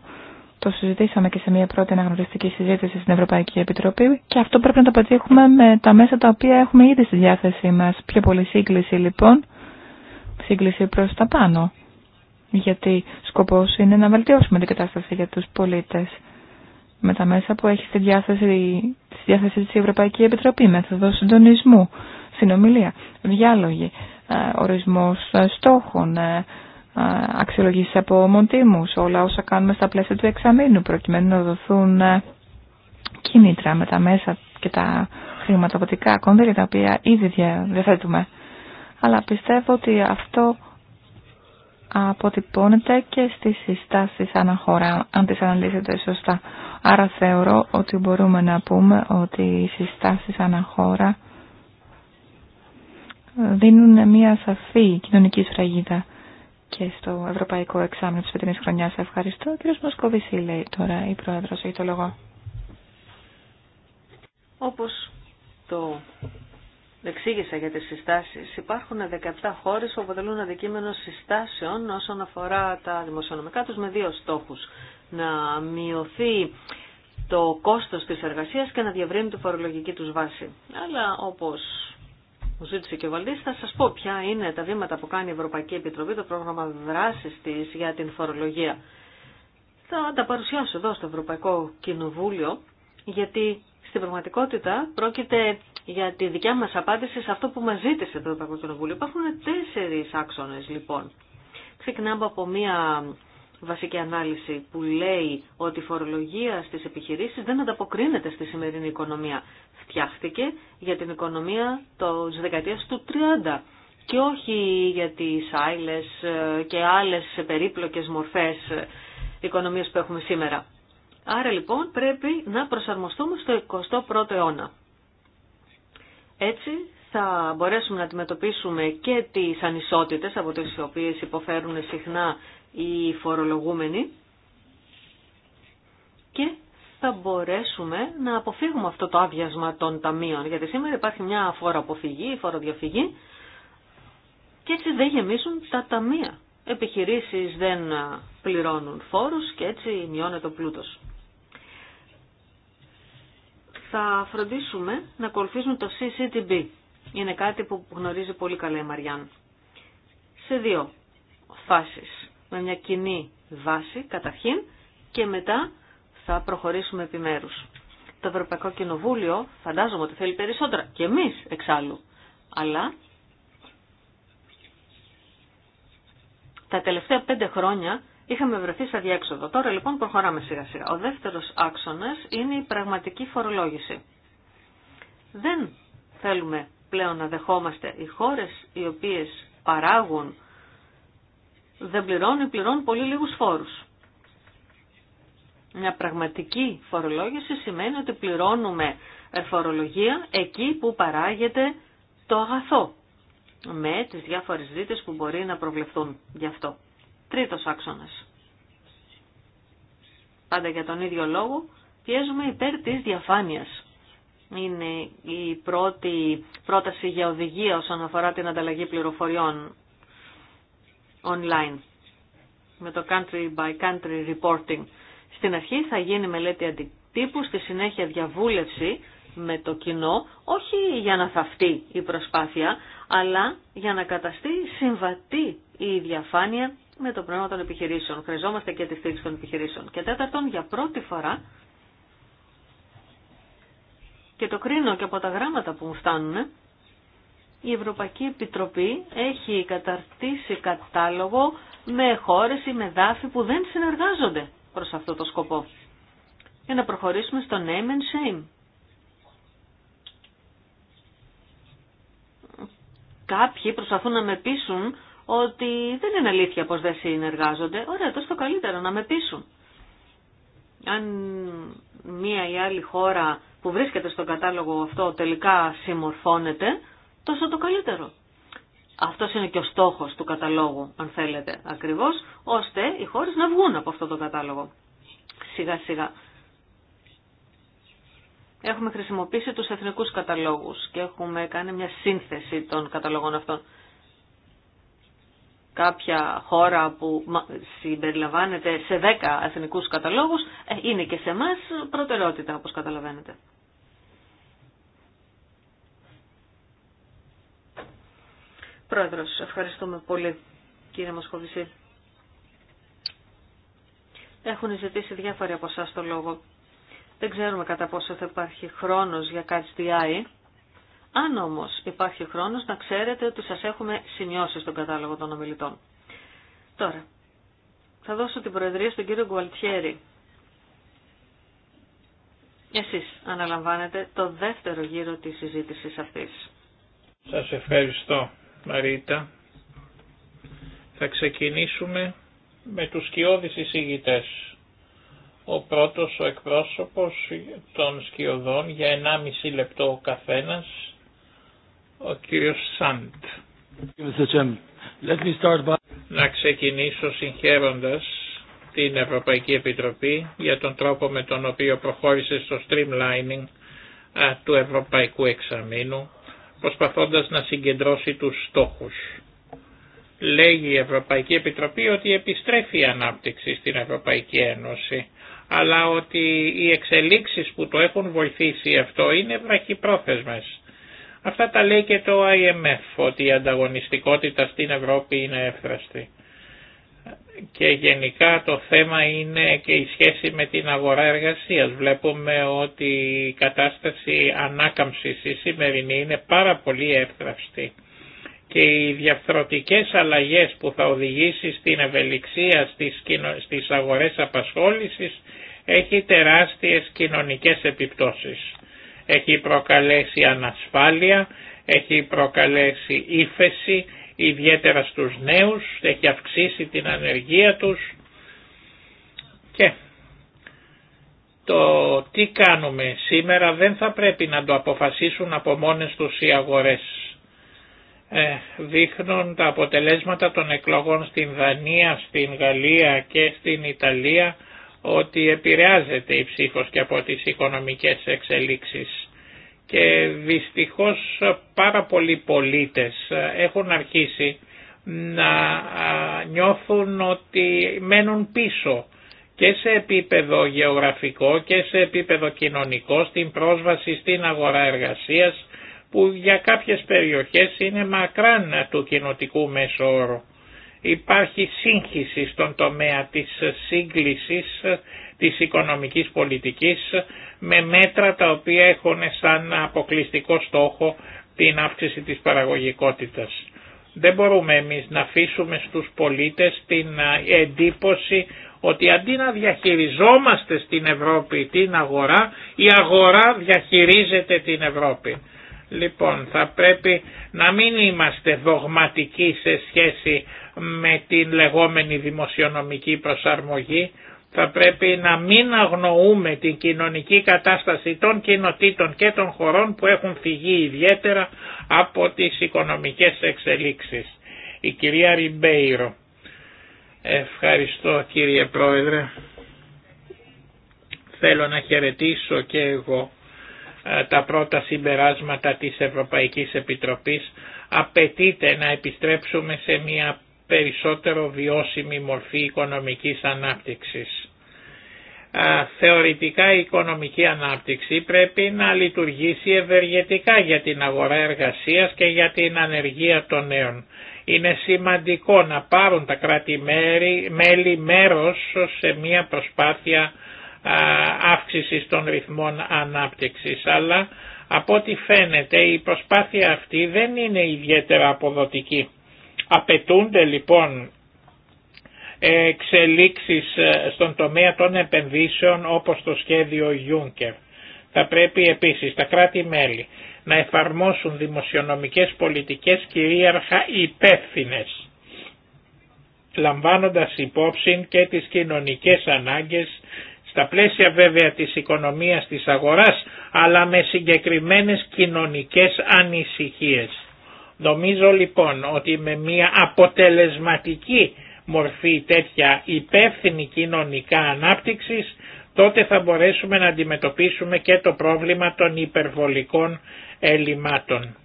το συζητήσαμε και σε μια πρώτη αναγνωριστική συζήτηση στην Ευρωπαϊκή Επιτροπή και αυτό πρέπει να το πετύχουμε με τα μέσα τα οποία έχουμε ήδη στη διάθεσή μας. Πιο πολύ σύγκληση λοιπόν, σύγκληση προς τα πάνω. Γιατί σκοπός είναι να βελτιώσουμε την κατάσταση για τους πολίτες με τα μέσα που έχει στη διάθεση, στη διάθεση της Ευρωπαϊκή Επιτροπή, μέθοδο συντονισμού, συνομιλία, διάλογοι, ε, ορισμός ε, στόχων, ε, αξιολογήσεις από μοντίμους, όλα όσα κάνουμε στα πλαίσια του εξαμήνου, προκειμένου να δοθούν ε, κίνητρα με τα μέσα και τα χρηματοδοτικά κονδύλια τα οποία ήδη διαθέτουμε. Αλλά πιστεύω ότι αυτό αποτυπώνεται και στις συστάσεις αναχώρα, αν τις αναλύσετε σωστά. Άρα θεωρώ ότι μπορούμε να πούμε ότι οι συστάσεις αναχώρα ε, δίνουν μια σαφή κοινωνική σφραγίδα και στο Ευρωπαϊκό Εξάμεινο της φετινής χρονιάς. Ευχαριστώ. Ο κύριος Μοσκοβίση λέει τώρα η Πρόεδρος. Έχει το λόγο. Όπως το εξήγησα για τις συστάσεις, υπάρχουν 17 χώρες που αποτελούν αντικείμενο συστάσεων όσον αφορά τα δημοσιονομικά τους με δύο στόχους. Να μειωθεί το κόστος της εργασίας και να διαβρύνει τη φορολογική τους βάση. Αλλά όπως που ζήτησε και ο Βαλτής, θα σας πω ποια είναι τα βήματα που κάνει η Ευρωπαϊκή Επιτροπή, το πρόγραμμα δράσης της για την φορολογία. Θα τα παρουσιάσω εδώ στο Ευρωπαϊκό Κοινοβούλιο, γιατί στην πραγματικότητα πρόκειται για τη δικιά μας απάντηση σε αυτό που μας ζήτησε το Ευρωπαϊκό Κοινοβούλιο. Υπάρχουν τέσσερις άξονες λοιπόν. Ξεκινάμε από μια βασική ανάλυση που λέει ότι η φορολογία στις επιχειρήσεις δεν ανταποκρίνεται στη σημερινή οικονομία. Φτιάχτηκε για την οικονομία το δεκαετίας του 30 και όχι για τις άιλες ε, και άλλες περίπλοκες μορφές ε, οικονομίας που έχουμε σήμερα. Άρα λοιπόν πρέπει να προσαρμοστούμε στο 21ο αιώνα. Έτσι θα μπορέσουμε να αντιμετωπίσουμε και τις ανισότητες από τις οποίες υποφέρουν συχνά οι φορολογούμενοι και θα μπορέσουμε να αποφύγουμε αυτό το άδειασμα των ταμείων. Γιατί σήμερα υπάρχει μια φοροαποφυγή αποφυγή, φοροδιαφυγή και έτσι δεν γεμίζουν τα ταμεία. Επιχειρήσεις δεν πληρώνουν φόρους και έτσι μειώνεται ο πλούτος. Θα φροντίσουμε να ακολουθήσουμε το CCTB. Είναι κάτι που γνωρίζει πολύ καλά η Μαριάν. Σε δύο φάσεις με μια κοινή βάση καταρχήν και μετά θα προχωρήσουμε επιμέρους. Το Ευρωπαϊκό Κοινοβούλιο φαντάζομαι ότι θέλει περισσότερα και εμείς εξάλλου. Αλλά τα τελευταία πέντε χρόνια είχαμε βρεθεί σε διέξοδο. Τώρα λοιπόν προχωράμε σιγά σιγά. Ο δεύτερος άξονας είναι η πραγματική φορολόγηση. Δεν θέλουμε πλέον να δεχόμαστε οι χώρες οι οποίες παράγουν δεν πληρώνουν ή πληρώνουν πολύ λίγους φόρους. Μια πραγματική φορολόγηση σημαίνει ότι πληρώνουμε ε, φορολογία εκεί που παράγεται το αγαθό με τις διάφορες δίτες που μπορεί να προβλεφθούν γι' αυτό. Τρίτος άξονας. Πάντα για τον ίδιο λόγο πιέζουμε υπέρ της διαφάνειας. Είναι η πρώτη πρόταση για οδηγία όσον αφορά την ανταλλαγή πληροφοριών online με το country by country reporting. Στην αρχή θα γίνει μελέτη αντιτύπου, στη συνέχεια διαβούλευση με το κοινό, όχι για να θαυτεί η προσπάθεια, αλλά για να καταστεί συμβατή η διαφάνεια με το πρόγραμμα των επιχειρήσεων. Χρειαζόμαστε και τη στήριξη των επιχειρήσεων. Και τέταρτον, για πρώτη φορά, και το κρίνω και από τα γράμματα που μου φτάνουν, η Ευρωπαϊκή Επιτροπή έχει καταρτήσει κατάλογο με χώρες ή με δάφη που δεν συνεργάζονται προς αυτό το σκοπό. Για να προχωρήσουμε στο name and shame. Κάποιοι προσπαθούν να με πείσουν ότι δεν είναι αλήθεια πως δεν συνεργάζονται. Ωραία, τόσο το καλύτερο να με πείσουν. Αν μία ή άλλη χώρα που βρίσκεται στο κατάλογο αυτό τελικά συμμορφώνεται, τόσο το καλύτερο. Αυτός είναι και ο στόχος του καταλόγου, αν θέλετε, ακριβώς, ώστε οι χώρες να βγουν από αυτό το κατάλογο. Σιγά σιγά. Έχουμε χρησιμοποιήσει τους εθνικούς καταλόγους και έχουμε κάνει μια σύνθεση των καταλογών αυτών. Κάποια χώρα που συμπεριλαμβάνεται σε 10 εθνικούς καταλόγους ε, είναι και σε εμά προτεραιότητα, όπως καταλαβαίνετε. Πρόεδρος, ευχαριστούμε πολύ κύριε Μοσχοβησή. Έχουν ζητήσει διάφοροι από εσά το λόγο. Δεν ξέρουμε κατά πόσο θα υπάρχει χρόνος για κάτι Αν όμω υπάρχει χρόνος, να ξέρετε ότι σας έχουμε σημειώσει στον κατάλογο των ομιλητών. Τώρα, θα δώσω την προεδρία στον κύριο Γκουαλτιέρη. Εσείς αναλαμβάνετε το δεύτερο γύρο της συζήτηση αυτή. Σα ευχαριστώ. Μαρίτα. Θα ξεκινήσουμε με τους σκιώδεις εισηγητές. Ο πρώτος, ο εκπρόσωπος των σκιωδών για 1,5 λεπτό ο καθένας, ο κύριος Σαντ. Να ξεκινήσω συγχαίροντας την Ευρωπαϊκή Επιτροπή για τον τρόπο με τον οποίο προχώρησε στο streamlining του Ευρωπαϊκού Εξαμήνου προσπαθώντας να συγκεντρώσει τους στόχους. Λέγει η Ευρωπαϊκή Επιτροπή ότι επιστρέφει η ανάπτυξη στην Ευρωπαϊκή Ένωση, αλλά ότι οι εξελίξεις που το έχουν βοηθήσει αυτό είναι βραχυπρόθεσμες. Αυτά τα λέει και το IMF, ότι η ανταγωνιστικότητα στην Ευρώπη είναι εύθραστη και γενικά το θέμα είναι και η σχέση με την αγορά εργασίας. Βλέπουμε ότι η κατάσταση ανάκαμψης η σημερινή είναι πάρα πολύ εύθραυστη και οι διαφθρωτικές αλλαγές που θα οδηγήσει στην ευελιξία στις, στις αγορές απασχόλησης έχει τεράστιες κοινωνικές επιπτώσεις. Έχει προκαλέσει ανασφάλεια, έχει προκαλέσει ύφεση, ιδιαίτερα στους νέους, έχει αυξήσει την ανεργία τους και το τι κάνουμε σήμερα δεν θα πρέπει να το αποφασίσουν από μόνες τους οι αγορές. Ε, δείχνουν τα αποτελέσματα των εκλογών στην Δανία, στην Γαλλία και στην Ιταλία ότι επηρεάζεται η ψήφος και από τις οικονομικές εξελίξεις και δυστυχώς πάρα πολλοί πολίτες έχουν αρχίσει να νιώθουν ότι μένουν πίσω και σε επίπεδο γεωγραφικό και σε επίπεδο κοινωνικό στην πρόσβαση στην αγορά εργασίας που για κάποιες περιοχές είναι μακράν του κοινοτικού μέσου όρου. Υπάρχει σύγχυση στον τομέα της σύγκλησης της οικονομικής πολιτικής με μέτρα τα οποία έχουν σαν αποκλειστικό στόχο την αύξηση της παραγωγικότητας. Δεν μπορούμε εμείς να αφήσουμε στους πολίτες την εντύπωση ότι αντί να διαχειριζόμαστε στην Ευρώπη την αγορά, η αγορά διαχειρίζεται την Ευρώπη. Λοιπόν, θα πρέπει να μην είμαστε δογματικοί σε σχέση με την λεγόμενη δημοσιονομική προσαρμογή, θα πρέπει να μην αγνοούμε την κοινωνική κατάσταση των κοινοτήτων και των χωρών που έχουν φυγεί ιδιαίτερα από τις οικονομικές εξελίξεις. Η κυρία Ριμπέιρο. Ευχαριστώ κύριε Πρόεδρε. Θέλω να χαιρετήσω και εγώ ε, τα πρώτα συμπεράσματα της Ευρωπαϊκής Επιτροπής. Απαιτείται να επιστρέψουμε σε μια περισσότερο βιώσιμη μορφή οικονομικής ανάπτυξης. Θεωρητικά η οικονομική ανάπτυξη πρέπει να λειτουργήσει ευεργετικά για την αγορά εργασίας και για την ανεργία των νέων. Είναι σημαντικό να πάρουν τα κράτη-μέλη μέρος σε μια προσπάθεια αύξησης των ρυθμών ανάπτυξης, αλλά από ό,τι φαίνεται η προσπάθεια αυτή δεν είναι ιδιαίτερα αποδοτική. Απαιτούνται λοιπόν εξελίξεις ε, στον τομέα των επενδύσεων όπως το σχέδιο Juncker. Θα πρέπει επίσης τα κράτη-μέλη να εφαρμόσουν δημοσιονομικές πολιτικές κυρίαρχα υπεύθυνε λαμβάνοντας υπόψη και τις κοινωνικές ανάγκες στα πλαίσια βέβαια της οικονομίας της αγοράς αλλά με συγκεκριμένες κοινωνικές ανησυχίες. Νομίζω λοιπόν ότι με μια αποτελεσματική μορφή τέτοια υπεύθυνη κοινωνικά ανάπτυξης τότε θα μπορέσουμε να αντιμετωπίσουμε και το πρόβλημα των υπερβολικών ελλημάτων.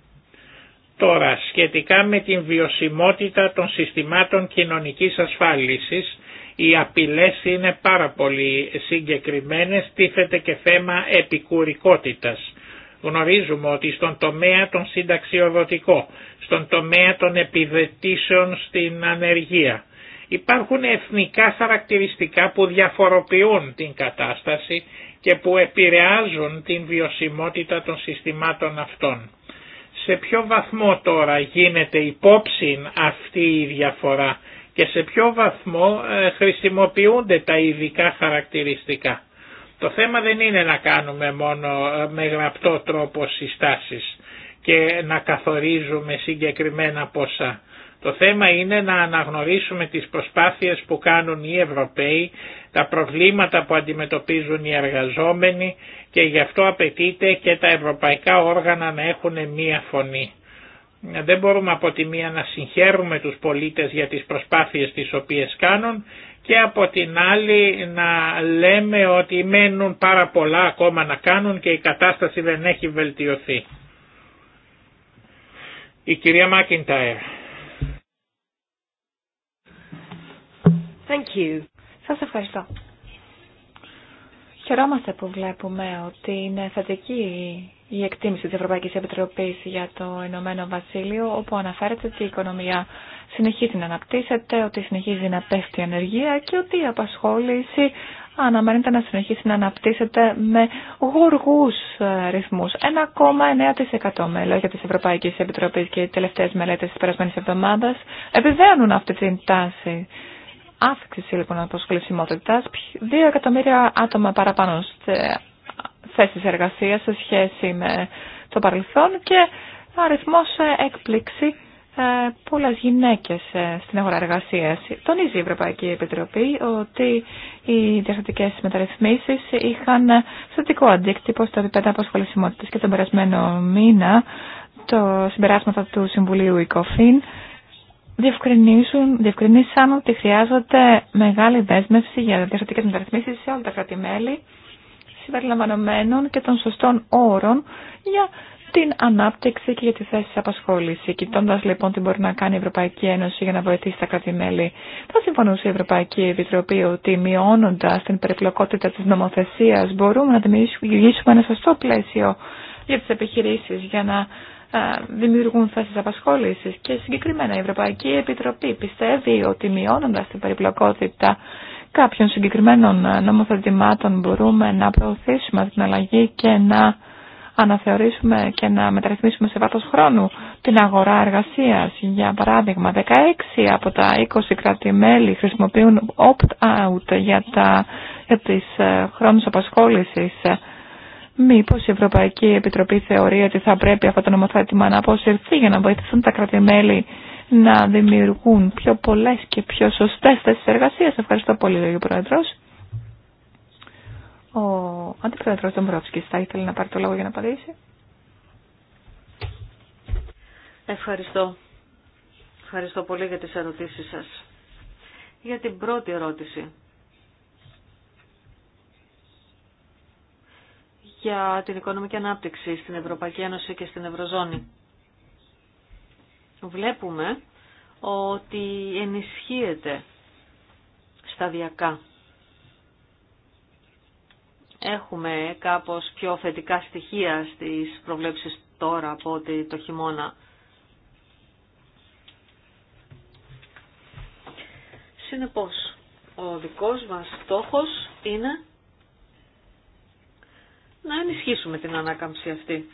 Τώρα, σχετικά με την βιωσιμότητα των συστημάτων κοινωνικής ασφάλισης, οι απειλές είναι πάρα πολύ συγκεκριμένες, τίθεται και θέμα επικουρικότητας. Γνωρίζουμε ότι στον τομέα των συνταξιοδοτικό, στον τομέα των επιδετήσεων στην ανεργία, υπάρχουν εθνικά χαρακτηριστικά που διαφοροποιούν την κατάσταση και που επηρεάζουν την βιωσιμότητα των συστημάτων αυτών. Σε ποιο βαθμό τώρα γίνεται υπόψη αυτή η διαφορά και σε ποιο βαθμό ε, χρησιμοποιούνται τα ειδικά χαρακτηριστικά. Το θέμα δεν είναι να κάνουμε μόνο ε, με γραπτό τρόπο συστάσεις και να καθορίζουμε συγκεκριμένα ποσά. Το θέμα είναι να αναγνωρίσουμε τις προσπάθειες που κάνουν οι Ευρωπαίοι, τα προβλήματα που αντιμετωπίζουν οι εργαζόμενοι και γι' αυτό απαιτείται και τα ευρωπαϊκά όργανα να έχουν μία φωνή. Δεν μπορούμε από τη μία να συγχαίρουμε τους πολίτες για τις προσπάθειες τις οποίες κάνουν και από την άλλη να λέμε ότι μένουν πάρα πολλά ακόμα να κάνουν και η κατάσταση δεν έχει βελτιωθεί. Η κυρία Μάκιντάερ. Thank you. Σας ευχαριστώ. Χαιρόμαστε που βλέπουμε ότι είναι θετική η εκτίμηση της Ευρωπαϊκής Επιτροπής για το Ηνωμένο Βασίλειο, όπου αναφέρεται ότι η οικονομία συνεχίζει να αναπτύσσεται, ότι συνεχίζει να πέφτει η ανεργία και ότι η απασχόληση αναμένεται να συνεχίσει να αναπτύσσεται με γοργούς ε, ρυθμούς. 1,9% με λόγια της Ευρωπαϊκής Επιτροπής και οι τελευταίες μελέτες της περασμένης εβδομάδας επιβαίνουν αυτή την τάση. Αύξηση λοιπόν αποσχολησιμότητας, 2 εκατομμύρια άτομα παραπάνω σε θέσεις εργασίας σε σχέση με το παρελθόν και αριθμός έκπληξη ε, πολλές γυναίκες ε, στην αγορά εργασίας. Τονίζει η Ευρωπαϊκή Επιτροπή ότι οι διαστατικές μεταρρυθμίσεις είχαν θετικό αντίκτυπο στο επίπεδο αποσχολησιμότητας και τον περασμένο μήνα το συμπεράσματα του Συμβουλίου ΙΚΟΦΗΝ διευκρινίσαν ότι χρειάζονται μεγάλη δέσμευση για διαστατικές μεταρρυθμίσεις σε όλα τα κράτη-μέλη συμπεριλαμβανομένων και των σωστών όρων για την ανάπτυξη και για τη θέση απασχόληση. Κοιτώντα λοιπόν τι μπορεί να κάνει η Ευρωπαϊκή Ένωση για να βοηθήσει τα κράτη-μέλη, θα συμφωνούσε η Ευρωπαϊκή Επιτροπή ότι μειώνοντα την περιπλοκότητα τη νομοθεσία μπορούμε να δημιουργήσουμε ένα σωστό πλαίσιο για τι επιχειρήσει για να δημιουργούν θέσει απασχόληση. Και συγκεκριμένα η Ευρωπαϊκή Επιτροπή πιστεύει ότι μειώνοντα την περιπλοκότητα κάποιων συγκεκριμένων νομοθετημάτων μπορούμε να προωθήσουμε την αλλαγή και να αναθεωρήσουμε και να μεταρρυθμίσουμε σε βάθος χρόνου την αγορά εργασίας. Για παράδειγμα, 16 από τα 20 κράτη-μέλη χρησιμοποιούν opt-out για, τα, για τις ε, χρόνους απασχόλησης. Μήπως η Ευρωπαϊκή Επιτροπή θεωρεί ότι θα πρέπει αυτό το νομοθέτημα να αποσυρθεί για να βοηθήσουν τα κράτη-μέλη να δημιουργούν πιο πολλές και πιο σωστές θέσεις εργασίας. Ευχαριστώ πολύ, λέει Πρόεδρος. Ο Αντιπρόεδρος Ντομπρόφσκης θα ήθελε να πάρει το λόγο για να απαντήσει. Ευχαριστώ. Ευχαριστώ πολύ για τις ερωτήσεις σας. Για την πρώτη ερώτηση. Για την οικονομική ανάπτυξη στην Ευρωπαϊκή Ένωση και στην Ευρωζώνη. Βλέπουμε ότι ενισχύεται σταδιακά έχουμε κάπως πιο θετικά στοιχεία στις προβλέψεις τώρα από ότι το χειμώνα. Συνεπώς, ο δικός μας στόχος είναι να ενισχύσουμε την ανάκαμψη αυτή.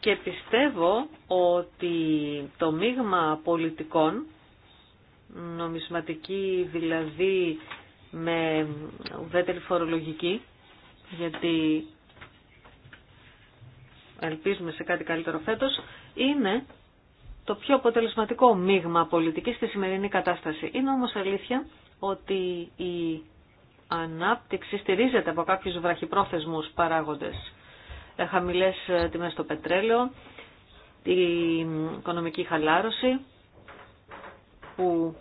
Και πιστεύω ότι το μείγμα πολιτικών, νομισματική δηλαδή με ουδέτερη φορολογική, γιατί ελπίζουμε σε κάτι καλύτερο φέτος, είναι το πιο αποτελεσματικό μείγμα πολιτικής στη σημερινή κατάσταση. Είναι όμως αλήθεια ότι η ανάπτυξη στηρίζεται από κάποιους βραχυπρόθεσμους παράγοντες. Ε, χαμηλές ε, τιμές στο πετρέλαιο, την οικονομική χαλάρωση που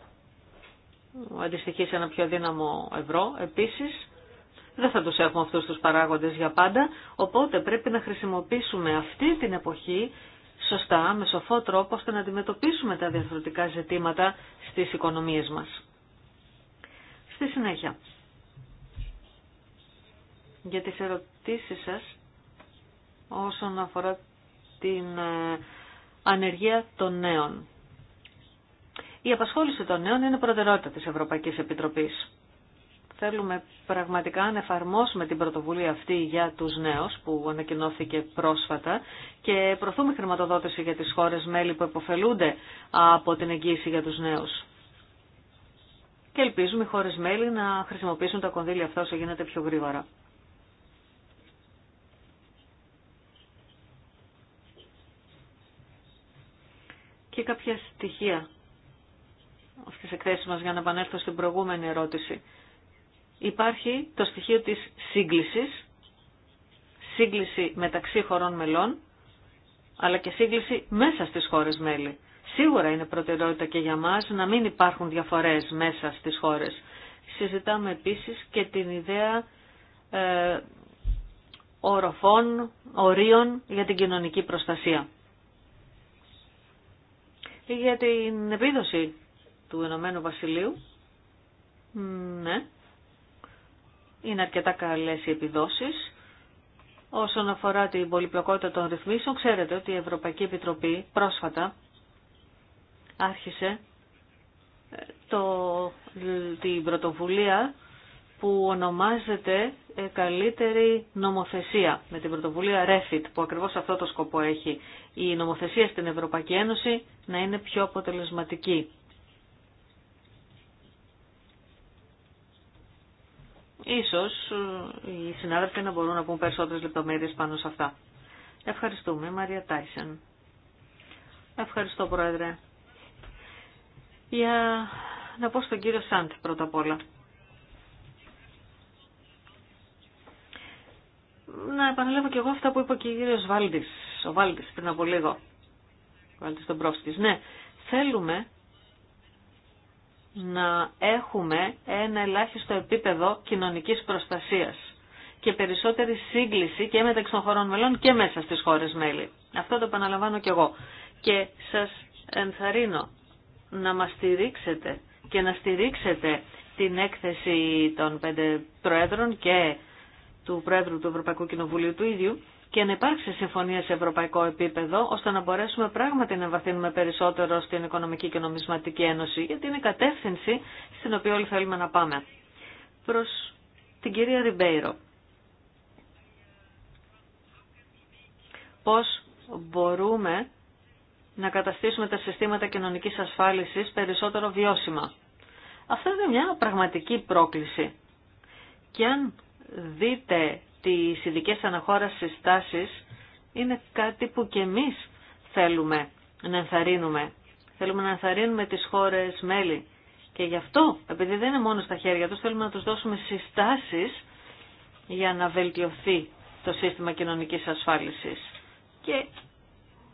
αντιστοιχεί σε ένα πιο δύναμο ευρώ επίσης δεν θα τους έχουμε αυτούς τους παράγοντες για πάντα, οπότε πρέπει να χρησιμοποιήσουμε αυτή την εποχή σωστά, με σοφό τρόπο, ώστε να αντιμετωπίσουμε τα διαφορετικά ζητήματα στις οικονομίες μας. Στη συνέχεια, για τις ερωτήσεις σας όσον αφορά την ε, ανεργία των νέων. Η απασχόληση των νέων είναι προτεραιότητα της Ευρωπαϊκής Επιτροπής θέλουμε πραγματικά να εφαρμόσουμε την πρωτοβουλία αυτή για τους νέους που ανακοινώθηκε πρόσφατα και προωθούμε χρηματοδότηση για τις χώρες μέλη που υποφελούνται από την εγγύηση για τους νέους. Και ελπίζουμε οι χώρες μέλη να χρησιμοποιήσουν τα κονδύλια αυτά όσο γίνεται πιο γρήγορα. Και κάποια στοιχεία στις εκθέσεις μας για να επανέλθω στην προηγούμενη ερώτηση υπάρχει το στοιχείο της σύγκλησης, σύγκληση μεταξύ χωρών μελών, αλλά και σύγκληση μέσα στις χώρες μέλη. Σίγουρα είναι προτεραιότητα και για μας να μην υπάρχουν διαφορές μέσα στις χώρες. Συζητάμε επίσης και την ιδέα ε, οροφών, ορίων για την κοινωνική προστασία. Για την επίδοση του Ηνωμένου Βασιλείου, ναι, είναι αρκετά καλές οι επιδόσεις. Όσον αφορά την πολυπλοκότητα των ρυθμίσεων, ξέρετε ότι η Ευρωπαϊκή Επιτροπή πρόσφατα άρχισε ε, το, την πρωτοβουλία που ονομάζεται ε, καλύτερη νομοθεσία με την πρωτοβουλία REFIT που ακριβώς αυτό το σκοπό έχει η νομοθεσία στην Ευρωπαϊκή Ένωση να είναι πιο αποτελεσματική Ίσως ε, οι συνάδελφοι να μπορούν να πούν περισσότερες λεπτομέρειες πάνω σε αυτά. Ευχαριστούμε, Μαρία Τάισεν. Ευχαριστώ, Πρόεδρε. Για να πω στον κύριο Σάντ πρώτα απ' όλα. Να επαναλέβω και εγώ αυτά που είπε και ο κύριος Βάλτης, ο Βάλτης πριν από λίγο. Βάλτης τον Πρόφσκης. Ναι, θέλουμε να έχουμε ένα ελάχιστο επίπεδο κοινωνικής προστασίας και περισσότερη σύγκληση και μεταξύ των χωρών μελών και μέσα στις χώρες μέλη. Αυτό το επαναλαμβάνω κι εγώ. Και σας ενθαρρύνω να μας στηρίξετε και να στηρίξετε την έκθεση των πέντε προέδρων και του Πρόεδρου του Ευρωπαϊκού Κοινοβουλίου του ίδιου, και να υπάρξει συμφωνία σε ευρωπαϊκό επίπεδο, ώστε να μπορέσουμε πράγματι να βαθύνουμε περισσότερο στην Οικονομική και Νομισματική Ένωση, γιατί είναι η κατεύθυνση στην οποία όλοι θέλουμε να πάμε. Προς την κυρία Ριμπέιρο. Πώς μπορούμε να καταστήσουμε τα συστήματα κοινωνικής ασφάλισης περισσότερο βιώσιμα. Αυτό είναι μια πραγματική πρόκληση. Και αν δείτε τι ειδικέ αναχώρας συστάσεις είναι κάτι που και εμείς θέλουμε να ενθαρρύνουμε. Θέλουμε να ενθαρρύνουμε τις χώρες μέλη. Και γι' αυτό, επειδή δεν είναι μόνο στα χέρια τους, θέλουμε να τους δώσουμε συστάσεις για να βελτιωθεί το σύστημα κοινωνικής ασφάλισης. Και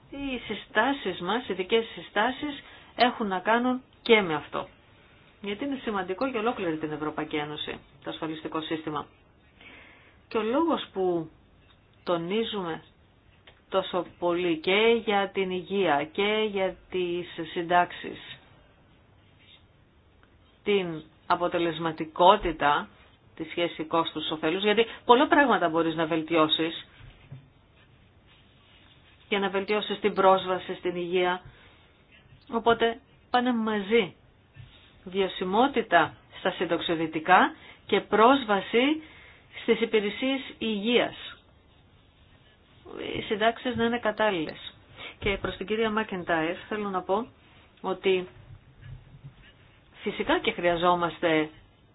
οι συστάσεις μας, οι ειδικές συστάσεις, έχουν να κάνουν και με αυτό. Γιατί είναι σημαντικό για ολόκληρη την Ευρωπαϊκή Ένωση το ασφαλιστικό σύστημα. Και ο λόγος που τονίζουμε τόσο πολύ και για την υγεία και για τις συντάξεις την αποτελεσματικότητα τη σχέση κόστους ωφέλους, γιατί πολλά πράγματα μπορείς να βελτιώσεις για να βελτιώσεις την πρόσβαση στην υγεία. Οπότε πάνε μαζί βιωσιμότητα στα συντοξιδητικά και πρόσβαση στις υπηρεσίες υγείας. Οι συντάξεις να είναι κατάλληλες. Και προς την κυρία Μάκεντάιρ θέλω να πω ότι φυσικά και χρειαζόμαστε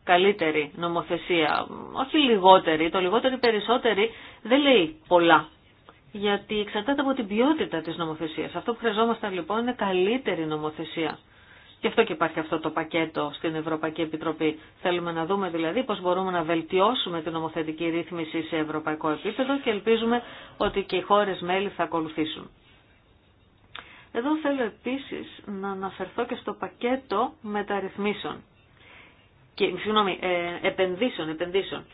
καλύτερη νομοθεσία, όχι λιγότερη, το λιγότερη περισσότερη δεν λέει πολλά. Γιατί εξαρτάται από την ποιότητα της νομοθεσίας. Αυτό που χρειαζόμαστε λοιπόν είναι καλύτερη νομοθεσία. Γι' αυτό και υπάρχει αυτό το πακέτο στην Ευρωπαϊκή Επιτροπή. Θέλουμε να δούμε δηλαδή πώς μπορούμε να βελτιώσουμε την νομοθετική ρύθμιση σε ευρωπαϊκό επίπεδο και ελπίζουμε ότι και οι χώρες μέλη θα ακολουθήσουν. Εδώ θέλω επίσης να αναφερθώ και στο πακέτο μεταρρυθμίσεων. Και, συγγνώμη, ε, επενδύσεων, επενδύσεων.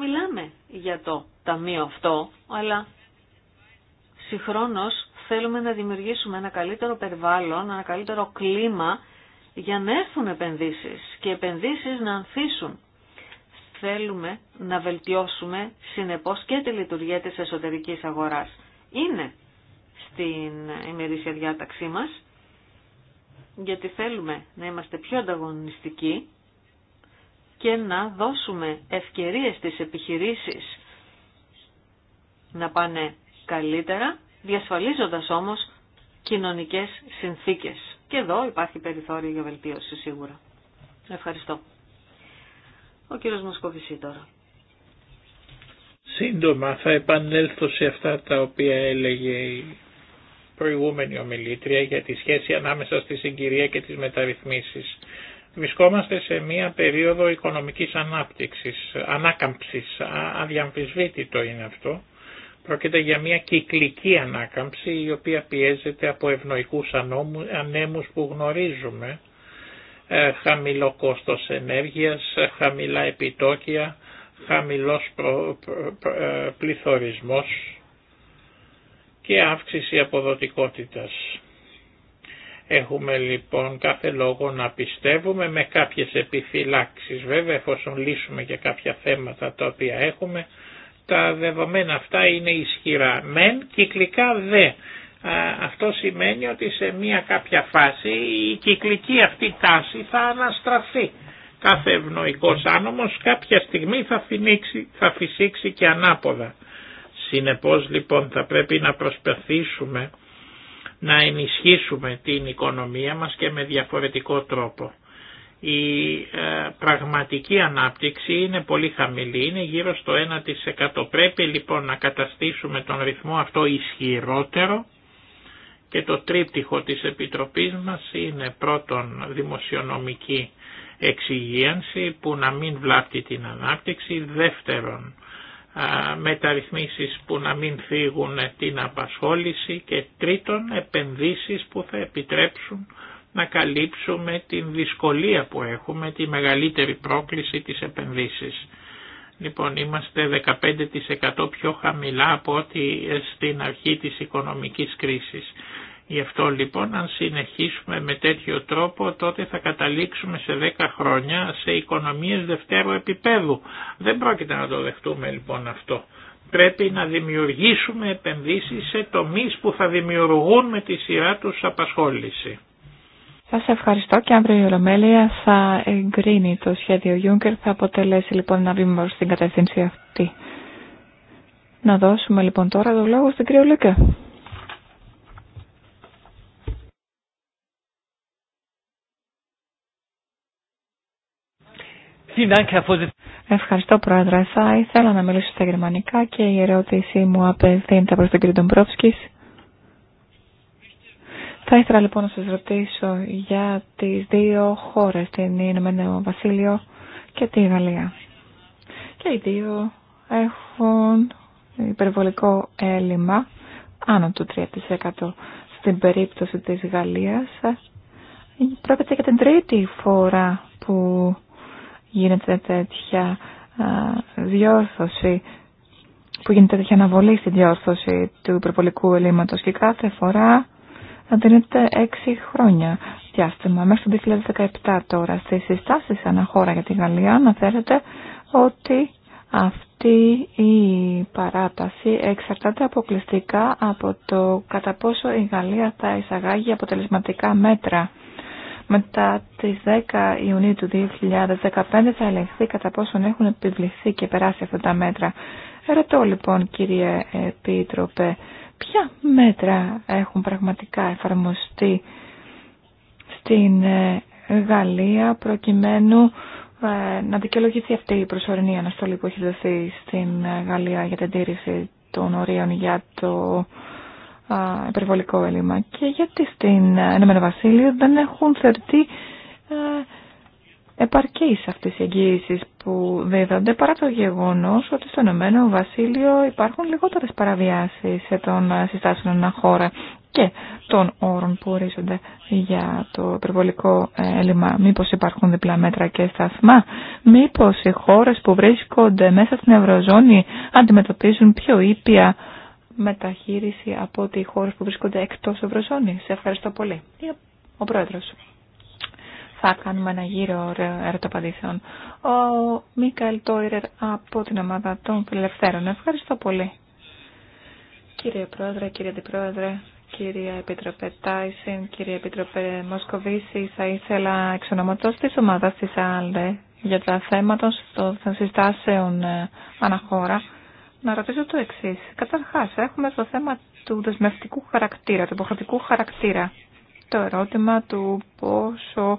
Μιλάμε για το ταμείο αυτό, αλλά συγχρόνως θέλουμε να δημιουργήσουμε ένα καλύτερο περιβάλλον, ένα καλύτερο κλίμα για να έρθουν επενδύσεις και επενδύσεις να ανθίσουν. Θέλουμε να βελτιώσουμε συνεπώς και τη λειτουργία της εσωτερικής αγοράς. Είναι στην ημερήσια διάταξή μας γιατί θέλουμε να είμαστε πιο ανταγωνιστικοί και να δώσουμε ευκαιρίες στις επιχειρήσεις να πάνε καλύτερα διασφαλίζοντας όμως κοινωνικές συνθήκες. Και εδώ υπάρχει περιθώριο για βελτίωση σίγουρα. Ευχαριστώ. Ο κύριος Μοσκοβισή τώρα. Σύντομα θα επανέλθω σε αυτά τα οποία έλεγε η προηγούμενη ομιλήτρια για τη σχέση ανάμεσα στη συγκυρία και τις μεταρρυθμίσεις. Βρισκόμαστε σε μία περίοδο οικονομικής ανάπτυξης, ανάκαμψης, αδιαμφισβήτητο είναι αυτό Πρόκειται για μια κυκλική ανάκαμψη η οποία πιέζεται από ευνοϊκούς ανέμους που γνωρίζουμε, ε, χαμηλό κόστος ενέργειας, ε, χαμηλά επιτόκια, χαμηλός ε, πληθωρισμός και αύξηση αποδοτικότητας. Έχουμε λοιπόν κάθε λόγο να πιστεύουμε με κάποιες επιφυλάξεις βέβαια εφόσον λύσουμε και κάποια θέματα τα οποία έχουμε τα δεδομένα αυτά είναι ισχυρά μεν, κυκλικά δε. Αυτό σημαίνει ότι σε μία κάποια φάση η κυκλική αυτή τάση θα αναστραφεί. Κάθε ευνοϊκός άνομος κάποια στιγμή θα, θα φυσήξει και ανάποδα. Συνεπώς λοιπόν θα πρέπει να προσπαθήσουμε να ενισχύσουμε την οικονομία μας και με διαφορετικό τρόπο η ε, πραγματική ανάπτυξη είναι πολύ χαμηλή, είναι γύρω στο 1%. Πρέπει λοιπόν να καταστήσουμε τον ρυθμό αυτό ισχυρότερο και το τρίπτυχο της Επιτροπής μας είναι πρώτον δημοσιονομική εξυγίανση που να μην βλάπτει την ανάπτυξη, δεύτερον μεταρρυθμίσεις που να μην φύγουν την απασχόληση και τρίτον επενδύσεις που θα επιτρέψουν να καλύψουμε την δυσκολία που έχουμε, τη μεγαλύτερη πρόκληση της επενδύσεις. Λοιπόν, είμαστε 15% πιο χαμηλά από ό,τι στην αρχή της οικονομικής κρίσης. Γι' αυτό λοιπόν αν συνεχίσουμε με τέτοιο τρόπο τότε θα καταλήξουμε σε 10 χρόνια σε οικονομίες δευτέρου επίπεδου. Δεν πρόκειται να το δεχτούμε λοιπόν αυτό. Πρέπει να δημιουργήσουμε επενδύσεις σε τομείς που θα δημιουργούν με τη σειρά τους απασχόληση. Σας ευχαριστώ και αύριο η Ολομέλεια θα εγκρίνει το σχέδιο Juncker. Θα αποτελέσει λοιπόν ένα βήμα προς την κατεύθυνση αυτή. Να δώσουμε λοιπόν τώρα το λόγο στην κυρία Λούκα. Ευχαριστώ Πρόεδρε. Θα ήθελα να μιλήσω στα γερμανικά και η ερώτησή μου απευθύνεται προς τον κύριο Ντομπρόφσκης. Θα ήθελα λοιπόν να σας ρωτήσω για τις δύο χώρες, την Ηνωμένο Βασίλειο και τη Γαλλία. Και οι δύο έχουν υπερβολικό έλλειμμα άνω του 3% στην περίπτωση της Γαλλίας. Πρόκειται για την τρίτη φορά που γίνεται τέτοια διόρθωση που γίνεται τέτοια αναβολή στη διόρθωση του υπερβολικού ελλείμματος και κάθε φορά να δίνεται 6 χρόνια διάστημα. Μέχρι το 2017 τώρα στις συστάσεις αναχώρα για τη Γαλλία αναφέρεται ότι αυτή η παράταση εξαρτάται αποκλειστικά από το κατά πόσο η Γαλλία θα εισαγάγει αποτελεσματικά μέτρα. Μετά τις 10 Ιουνίου του 2015 θα ελεγχθεί κατά πόσον έχουν επιβληθεί και περάσει αυτά τα μέτρα. Ερωτώ λοιπόν κύριε Επίτροπε, Ποια μέτρα έχουν πραγματικά εφαρμοστεί στην ε, Γαλλία προκειμένου ε, να δικαιολογηθεί αυτή η προσωρινή αναστολή που έχει δοθεί στην ε, Γαλλία για την τήρηση των ορίων για το υπερβολικό έλλειμμα και γιατί στην Ενωμένο Βασίλειο δεν έχουν θεωρηθεί επαρκείς αυτές οι εγγύησεις που δίδονται παρά το γεγονός ότι στον Ηνωμένο Βασίλειο υπάρχουν λιγότερες παραβιάσεις των ε, συστάσεων ανά χώρα και των όρων που ορίζονται για το περιβολικό ε, έλλειμμα. Μήπως υπάρχουν διπλά μέτρα και σταθμά. Μήπως οι χώρες που βρίσκονται μέσα στην Ευρωζώνη αντιμετωπίζουν πιο ήπια μεταχείριση από ότι οι χώρες που βρίσκονται εκτός Ευρωζώνης. Ευχαριστώ πολύ. Ο Πρόεδρος θα κάνουμε ένα γύρο ερωταπαντήσεων. Ο Μίκαλ Τόιρερ από την ομάδα των Φιλελευθέρων. Ευχαριστώ πολύ. Κύριε Πρόεδρε, κύριε Αντιπρόεδρε, κύριε Επίτροπε Τάισιν, κύριε Επίτροπε Μοσκοβίση, θα ήθελα εξ ονοματός της ομάδας της ΑΛΔΕ για τα θέματα των συστάσεων ε, αναχώρα να ρωτήσω το εξή. Καταρχά, έχουμε το θέμα του δεσμευτικού χαρακτήρα, του υποχρεωτικού χαρακτήρα. Το ερώτημα του πόσο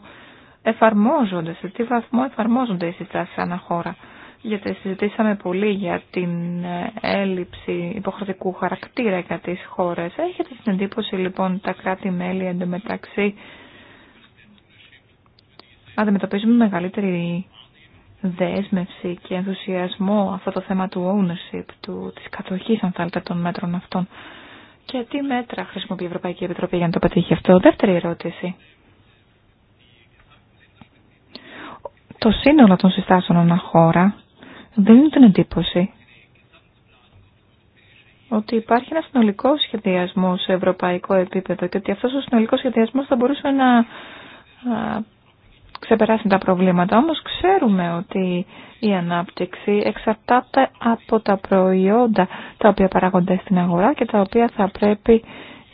εφαρμόζονται, σε τι βαθμό εφαρμόζονται οι συστάσεις ανά χώρα. Γιατί συζητήσαμε πολύ για την ε, έλλειψη υποχρεωτικού χαρακτήρα για τις χώρες. Έχετε την εντύπωση λοιπόν τα κράτη-μέλη εντωμεταξύ αντιμετωπίζουν μεγαλύτερη δέσμευση και ενθουσιασμό αυτό το θέμα του ownership, του, της κατοχής αν θέλετε των μέτρων αυτών. Και τι μέτρα χρησιμοποιεί η Ευρωπαϊκή Επιτροπή για να το πετύχει αυτό. Δεύτερη ερώτηση. το σύνολο των συστάσεων αναχώρα είναι την εντύπωση ότι υπάρχει ένα συνολικό σχεδιασμό σε ευρωπαϊκό επίπεδο και ότι αυτός ο συνολικός σχεδιασμός θα μπορούσε να ξεπεράσει τα προβλήματα. Όμως ξέρουμε ότι η ανάπτυξη εξαρτάται από τα προϊόντα τα οποία παράγονται στην αγορά και τα οποία θα πρέπει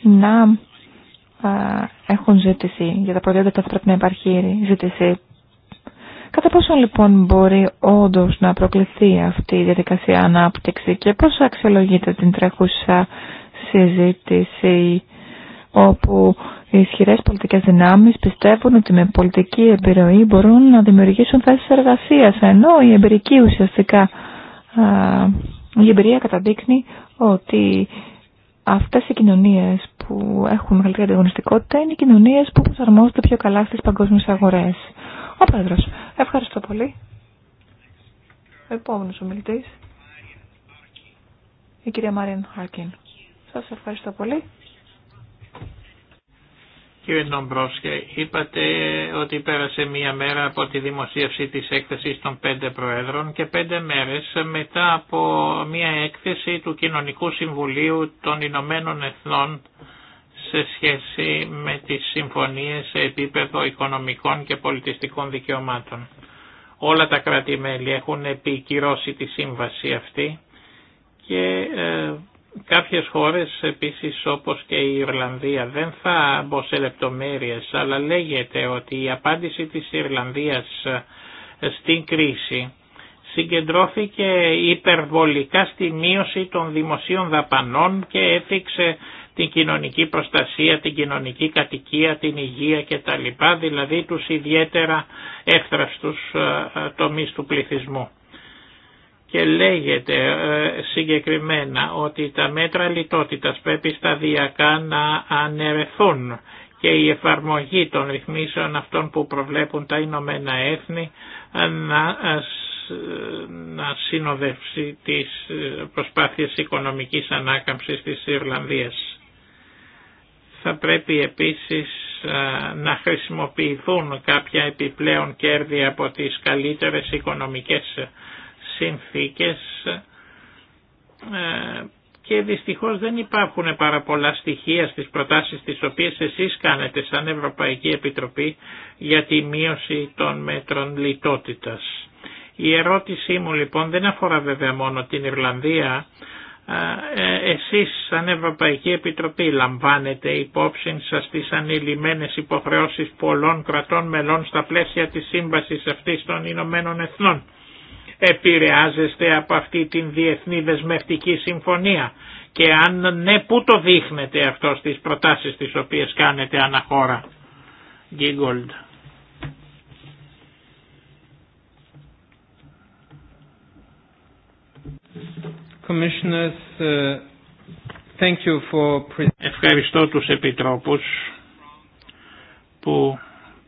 να έχουν ζήτηση. Για τα προϊόντα θα πρέπει να υπάρχει ζήτηση. Κατά πόσο λοιπόν μπορεί όντω να προκληθεί αυτή η διαδικασία ανάπτυξη και πώς αξιολογείται την τρέχουσα συζήτηση όπου οι ισχυρέ πολιτικές δυνάμεις πιστεύουν ότι με πολιτική επιρροή μπορούν να δημιουργήσουν θέσεις εργασίας ενώ η εμπειρική ουσιαστικά η εμπειρία καταδείκνει ότι αυτές οι κοινωνίες που έχουν μεγαλύτερη ανταγωνιστικότητα είναι οι κοινωνίες που προσαρμόζονται πιο καλά στις παγκόσμιες αγορές. Ο Ευχαριστώ πολύ. Ο ομιλητή, Η κυρία Μαρίν Χάρκιν. Σας ευχαριστώ πολύ. Κύριε Ντομπρόσκε, είπατε ότι πέρασε μία μέρα από τη δημοσίευση της έκθεσης των πέντε προέδρων και πέντε μέρες μετά από μία έκθεση του Κοινωνικού Συμβουλίου των Ηνωμένων Εθνών σε σχέση με τις συμφωνίες σε επίπεδο οικονομικών και πολιτιστικών δικαιωμάτων. Όλα τα κράτη-μέλη έχουν επικυρώσει τη σύμβαση αυτή και ε, κάποιες χώρες επίσης όπως και η Ιρλανδία δεν θα μπω σε λεπτομέρειες αλλά λέγεται ότι η απάντηση της Ιρλανδίας ε, στην κρίση συγκεντρώθηκε υπερβολικά στη μείωση των δημοσίων δαπανών και έφυξε την κοινωνική προστασία, την κοινωνική κατοικία, την υγεία κτλ. Δηλαδή τους ιδιαίτερα εύθραυστους ε, ε, τομείς του πληθυσμού. Και λέγεται ε, συγκεκριμένα ότι τα μέτρα λιτότητας πρέπει σταδιακά να ανερεθούν και η εφαρμογή των ρυθμίσεων αυτών που προβλέπουν τα Ηνωμένα Έθνη να, να συνοδεύσει τις προσπάθειες οικονομικής ανάκαμψης της Ιρλανδίας θα πρέπει επίσης ε, να χρησιμοποιηθούν κάποια επιπλέον κέρδη από τις καλύτερες οικονομικές συνθήκες ε, και δυστυχώς δεν υπάρχουν πάρα πολλά στοιχεία στις προτάσεις τις οποίες εσείς κάνετε σαν Ευρωπαϊκή Επιτροπή για τη μείωση των μέτρων λιτότητας. Η ερώτησή μου λοιπόν δεν αφορά βέβαια μόνο την Ιρλανδία, ε, εσείς σαν Ευρωπαϊκή Επιτροπή λαμβάνετε υπόψη σας τις ανηλυμένες υποχρεώσεις πολλών κρατών μελών στα πλαίσια της σύμβασης αυτής των Ηνωμένων Εθνών. Επηρεάζεστε από αυτή την Διεθνή Δεσμευτική Συμφωνία και αν ναι πού το δείχνετε αυτό στις προτάσεις τις οποίες κάνετε αναχώρα. Γίγκολντ. Uh, Ευχαριστώ τους επιτρόπους που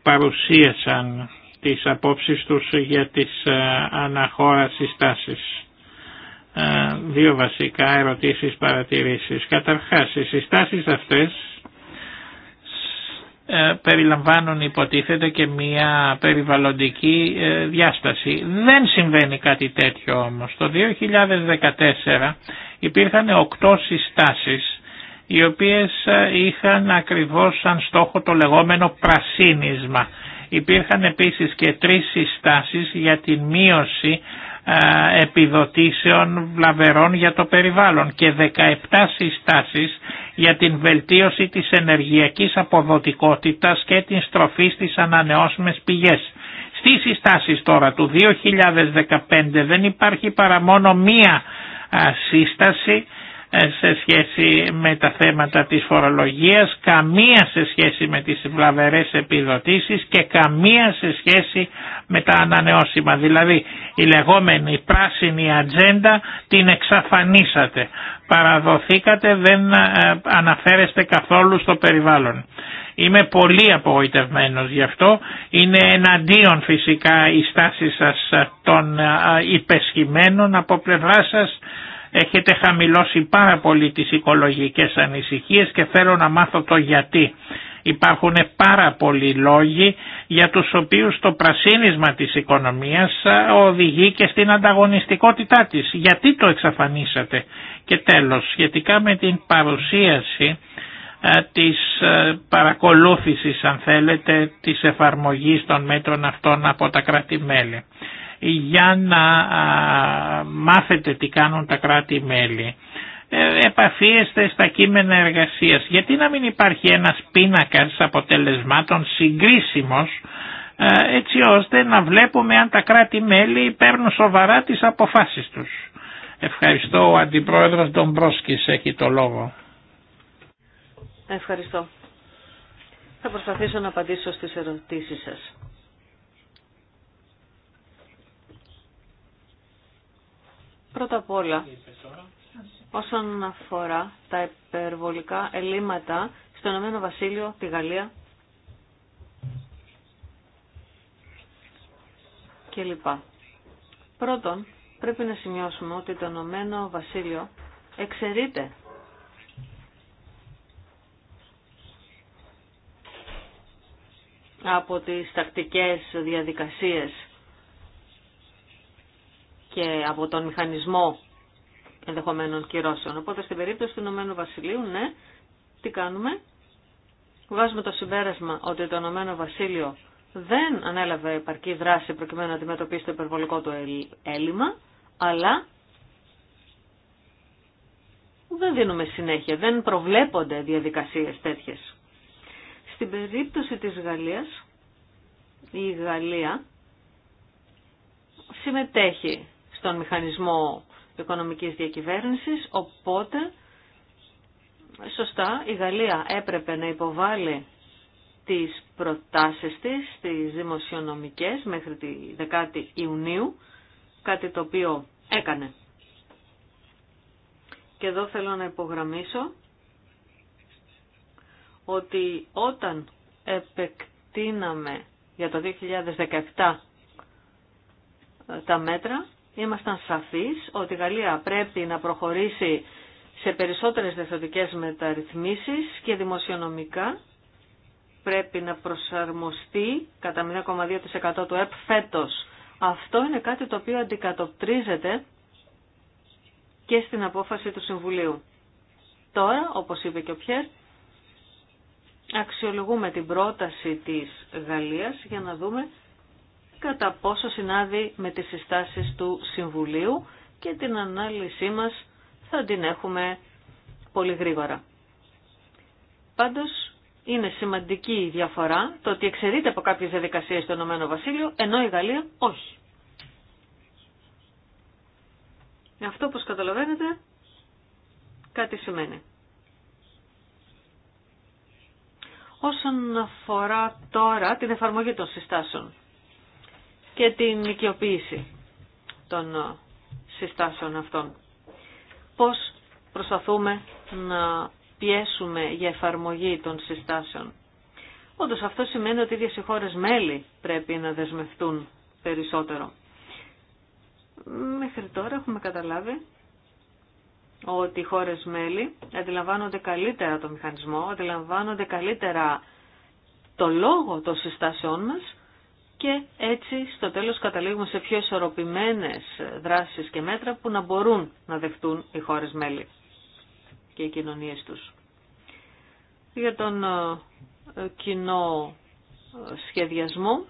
παρουσίασαν τις απόψεις τους για τις ε, αναχώρα συστάσεις. Ε, δύο βασικά ερωτήσεις παρατηρήσεις. Καταρχάς, οι συστάσεις αυτές ε, περιλαμβάνουν υποτίθεται και μια περιβαλλοντική ε, διάσταση. Δεν συμβαίνει κάτι τέτοιο όμως. Το 2014 υπήρχαν οκτώ συστάσεις οι οποίες ε, είχαν ακριβώς σαν στόχο το λεγόμενο πρασίνισμα. Υπήρχαν επίσης και τρεις συστάσεις για την μείωση ε, επιδοτήσεων βλαβερών για το περιβάλλον και 17 συστάσεις για την βελτίωση της ενεργειακής αποδοτικότητας και την στροφή στις ανανεώσιμες πηγές. Στις συστάσεις τώρα του 2015 δεν υπάρχει παρά μόνο μία σύσταση ε, σε σχέση με τα θέματα της φορολογίας, καμία σε σχέση με τις βλαβερές επιδοτήσεις και καμία σε σχέση με τα ανανεώσιμα. Δηλαδή η λεγόμενη πράσινη ατζέντα την εξαφανίσατε, παραδοθήκατε, δεν ε, αναφέρεστε καθόλου στο περιβάλλον. Είμαι πολύ απογοητευμένος γι' αυτό. Είναι εναντίον φυσικά η στάση σας των ε, υπεσχημένων από πλευρά σας έχετε χαμηλώσει πάρα πολύ τις οικολογικές ανησυχίες και θέλω να μάθω το γιατί. Υπάρχουν πάρα πολλοί λόγοι για τους οποίους το πρασίνισμα της οικονομίας οδηγεί και στην ανταγωνιστικότητά της. Γιατί το εξαφανίσατε. Και τέλος, σχετικά με την παρουσίαση της παρακολούθησης αν θέλετε της εφαρμογής των μέτρων αυτών από τα κράτη-μέλη για να μάθετε τι κάνουν τα κράτη-μέλη. Ε, επαφίεστε στα κείμενα εργασίας. Γιατί να μην υπάρχει ένας πίνακας αποτελεσμάτων συγκρίσιμος ε, έτσι ώστε να βλέπουμε αν τα κράτη-μέλη παίρνουν σοβαρά τις αποφάσεις τους. Ευχαριστώ. Ο Αντιπρόεδρος Ντομπρόσκης έχει το λόγο. Ευχαριστώ. Θα προσπαθήσω να απαντήσω στις ερωτήσεις σας. Πρώτα απ' όλα, όσον αφορά τα υπερβολικά ελλείμματα στον Ηνωμένο βασίλιο τη Γαλλία κλπ. Πρώτον, πρέπει να σημειώσουμε ότι το Ηνωμένο Βασίλειο εξαιρείται από τις τακτικές διαδικασίες και από τον μηχανισμό ενδεχομένων κυρώσεων. Οπότε στην περίπτωση του Ηνωμένου Βασιλείου, ναι, τι κάνουμε. Βάζουμε το συμπέρασμα ότι το Ηνωμένο Βασίλειο δεν ανέλαβε επαρκή δράση προκειμένου να αντιμετωπίσει το υπερβολικό του έλλειμμα, αλλά δεν δίνουμε συνέχεια, δεν προβλέπονται διαδικασίες τέτοιες. Στην περίπτωση της Γαλλίας, η Γαλλία συμμετέχει στον μηχανισμό οικονομικής διακυβέρνησης, οπότε σωστά η Γαλλία έπρεπε να υποβάλει τις προτάσεις της, τις δημοσιονομικές μέχρι τη 10η Ιουνίου, κάτι το οποίο έκανε. Και εδώ θέλω να υπογραμμίσω ότι όταν επεκτείναμε για το 2017 τα μέτρα, ήμασταν σαφείς ότι η Γαλλία πρέπει να προχωρήσει σε περισσότερες διαθετικές μεταρρυθμίσεις και δημοσιονομικά πρέπει να προσαρμοστεί κατά 0,2% του ΕΠ φέτος. Αυτό είναι κάτι το οποίο αντικατοπτρίζεται και στην απόφαση του Συμβουλίου. Τώρα, όπως είπε και ο Πιέρ, αξιολογούμε την πρόταση της Γαλλίας για να δούμε κατά πόσο συνάδει με τις συστάσεις του Συμβουλίου και την ανάλυση μας θα την έχουμε πολύ γρήγορα. Πάντως είναι σημαντική η διαφορά το ότι εξαιρείται από κάποιες διαδικασίες το Ηνωμένο Βασίλειο, ενώ η Γαλλία όχι. Αυτό όπως καταλαβαίνετε κάτι σημαίνει. Όσον αφορά τώρα την εφαρμογή των συστάσεων και την οικειοποίηση των ε, συστάσεων αυτών. Πώς προσπαθούμε να πιέσουμε για εφαρμογή των συστάσεων. Όντω αυτό σημαίνει ότι οι ίδιες οι χώρες μέλη πρέπει να δεσμευτούν περισσότερο. Μέχρι τώρα έχουμε καταλάβει ότι οι χώρες μέλη αντιλαμβάνονται καλύτερα το μηχανισμό, αντιλαμβάνονται καλύτερα το λόγο των συστάσεών μας και έτσι στο τέλος καταλήγουμε σε πιο ισορροπημένες δράσεις και μέτρα που να μπορούν να δεχτούν οι χώρες μέλη και οι κοινωνίες τους. Για τον ε, κοινό ε, σχεδιασμό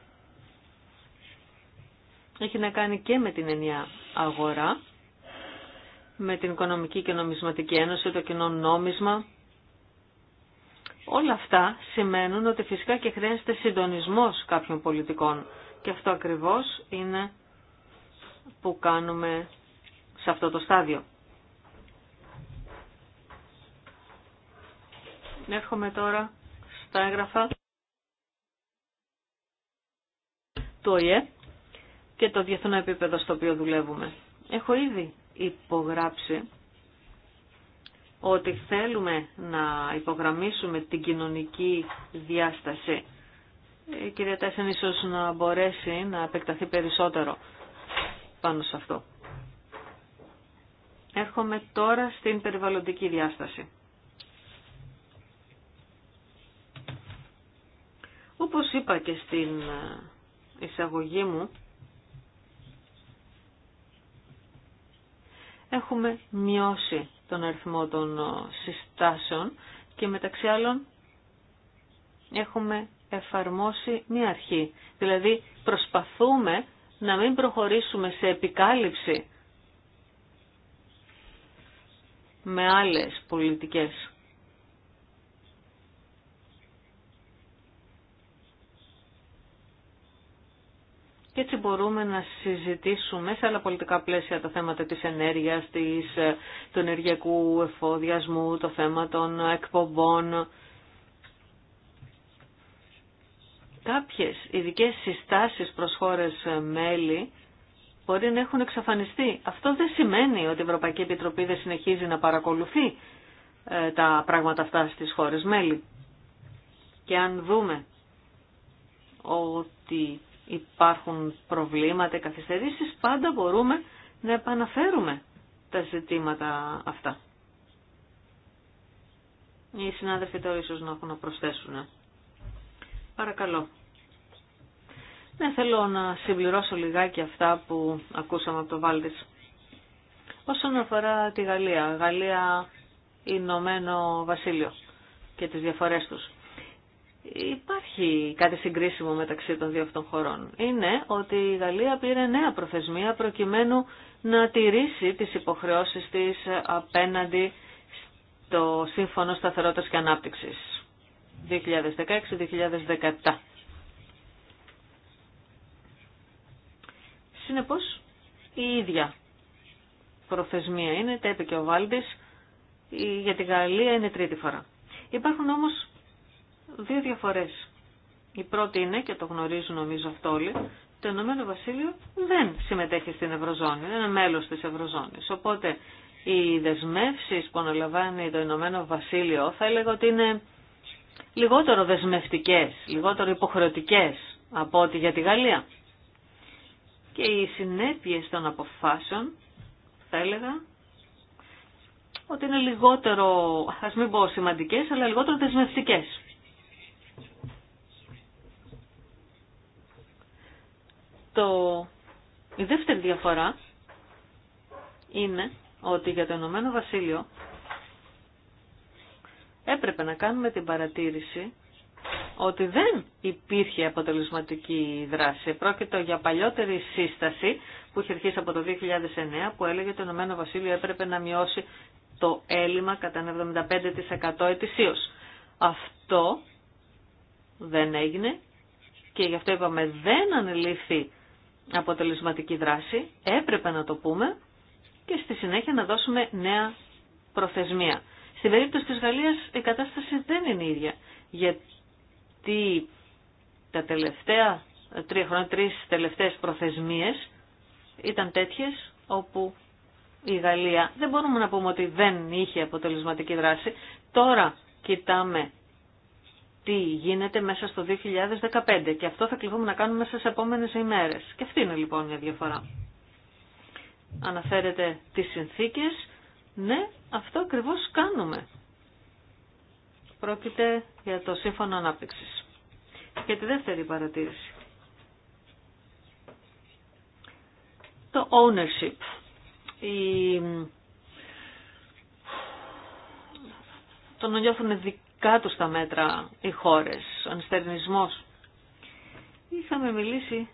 έχει να κάνει και με την ενιαία αγορά, με την Οικονομική και Νομισματική Ένωση, το κοινό νόμισμα, Όλα αυτά σημαίνουν ότι φυσικά και χρειάζεται συντονισμός κάποιων πολιτικών. Και αυτό ακριβώς είναι που κάνουμε σε αυτό το στάδιο. Έρχομαι τώρα στα έγγραφα του ΟΗΕ και το διεθνό επίπεδο στο οποίο δουλεύουμε. Έχω ήδη υπογράψει ότι θέλουμε να υπογραμμίσουμε την κοινωνική διάσταση. Η ε, κυρία Τέσεν ίσως να μπορέσει να επεκταθεί περισσότερο πάνω σε αυτό. Έρχομαι τώρα στην περιβαλλοντική διάσταση. Όπως είπα και στην ε, εισαγωγή μου, έχουμε μειώσει τον αριθμό των ε, συστάσεων και μεταξύ άλλων έχουμε εφαρμόσει μία αρχή. Δηλαδή προσπαθούμε να μην προχωρήσουμε σε επικάλυψη με άλλες πολιτικές. Και έτσι μπορούμε να συζητήσουμε σε άλλα πολιτικά πλαίσια τα θέματα της ενέργειας, της, ε, του ενεργειακού εφοδιασμού, το θέμα των εκπομπών. Κάποιες ειδικέ συστάσεις προς χώρες ε, μέλη μπορεί να έχουν εξαφανιστεί. Αυτό δεν σημαίνει ότι η Ευρωπαϊκή Επιτροπή δεν συνεχίζει να παρακολουθεί ε, τα πράγματα αυτά στις χώρες μέλη. Και αν δούμε ότι υπάρχουν προβλήματα, καθυστερήσεις, πάντα μπορούμε να επαναφέρουμε τα ζητήματα αυτά. Οι συνάδελφοι τώρα ίσως να έχουν να προσθέσουν. Παρακαλώ. Ναι, θέλω να συμπληρώσω λιγάκι αυτά που ακούσαμε από το Βάλτης. Όσον αφορά τη Γαλλία, Γαλλία Ηνωμένο Βασίλειο και τις διαφορές τους υπάρχει κάτι συγκρίσιμο μεταξύ των δύο αυτών χωρών. Είναι ότι η Γαλλία πήρε νέα προθεσμία προκειμένου να τηρήσει τις υποχρεώσεις της απέναντι στο Σύμφωνο Σταθερότητας και Ανάπτυξης 2016-2017. Συνεπώς, η ίδια προθεσμία είναι, τα είπε και ο Βάλτης, για τη Γαλλία είναι τρίτη φορά. Υπάρχουν όμως δύο διαφορές. Η πρώτη είναι, και το γνωρίζουν νομίζω αυτό όλοι, το Ηνωμένο Βασίλειο δεν συμμετέχει στην Ευρωζώνη, δεν είναι μέλος της Ευρωζώνης. Οπότε οι δεσμεύσεις που αναλαμβάνει το Ηνωμένο Βασίλειο θα έλεγα ότι είναι λιγότερο δεσμευτικές, λιγότερο υποχρεωτικές από ό,τι για τη Γαλλία. Και οι συνέπειες των αποφάσεων θα έλεγα ότι είναι λιγότερο, ας μην πω σημαντικές, αλλά λιγότερο δεσμευτικές. Το... Η δεύτερη διαφορά είναι ότι για το Ηνωμένο Βασίλειο έπρεπε να κάνουμε την παρατήρηση ότι δεν υπήρχε αποτελεσματική δράση. Πρόκειται για παλιότερη σύσταση που είχε αρχίσει από το 2009 που έλεγε ότι το Ηνωμένο Βασίλειο έπρεπε να μειώσει το έλλειμμα κατά 75% ετησίως. Αυτό δεν έγινε και γι' αυτό είπαμε δεν ανελήφθη αποτελεσματική δράση, έπρεπε να το πούμε και στη συνέχεια να δώσουμε νέα προθεσμία. Στην περίπτωση της Γαλλίας η κατάσταση δεν είναι ίδια, γιατί τα τελευταία τρία χρόνια, τρεις τελευταίες προθεσμίες ήταν τέτοιες όπου η Γαλλία δεν μπορούμε να πούμε ότι δεν είχε αποτελεσματική δράση. Τώρα κοιτάμε τι γίνεται μέσα στο 2015 και αυτό θα κληθούμε να κάνουμε μέσα στις επόμενες ημέρες. Και αυτή είναι λοιπόν μια διαφορά. Αναφέρετε τις συνθήκες. Ναι, αυτό ακριβώς κάνουμε. Πρόκειται για το Σύμφωνο Ανάπτυξης. Και τη δεύτερη παρατήρηση. Το ownership. Η... Το να νιώθουν κάτω στα μέτρα οι χώρες, ο ανστερνισμός. Είχαμε μιλήσει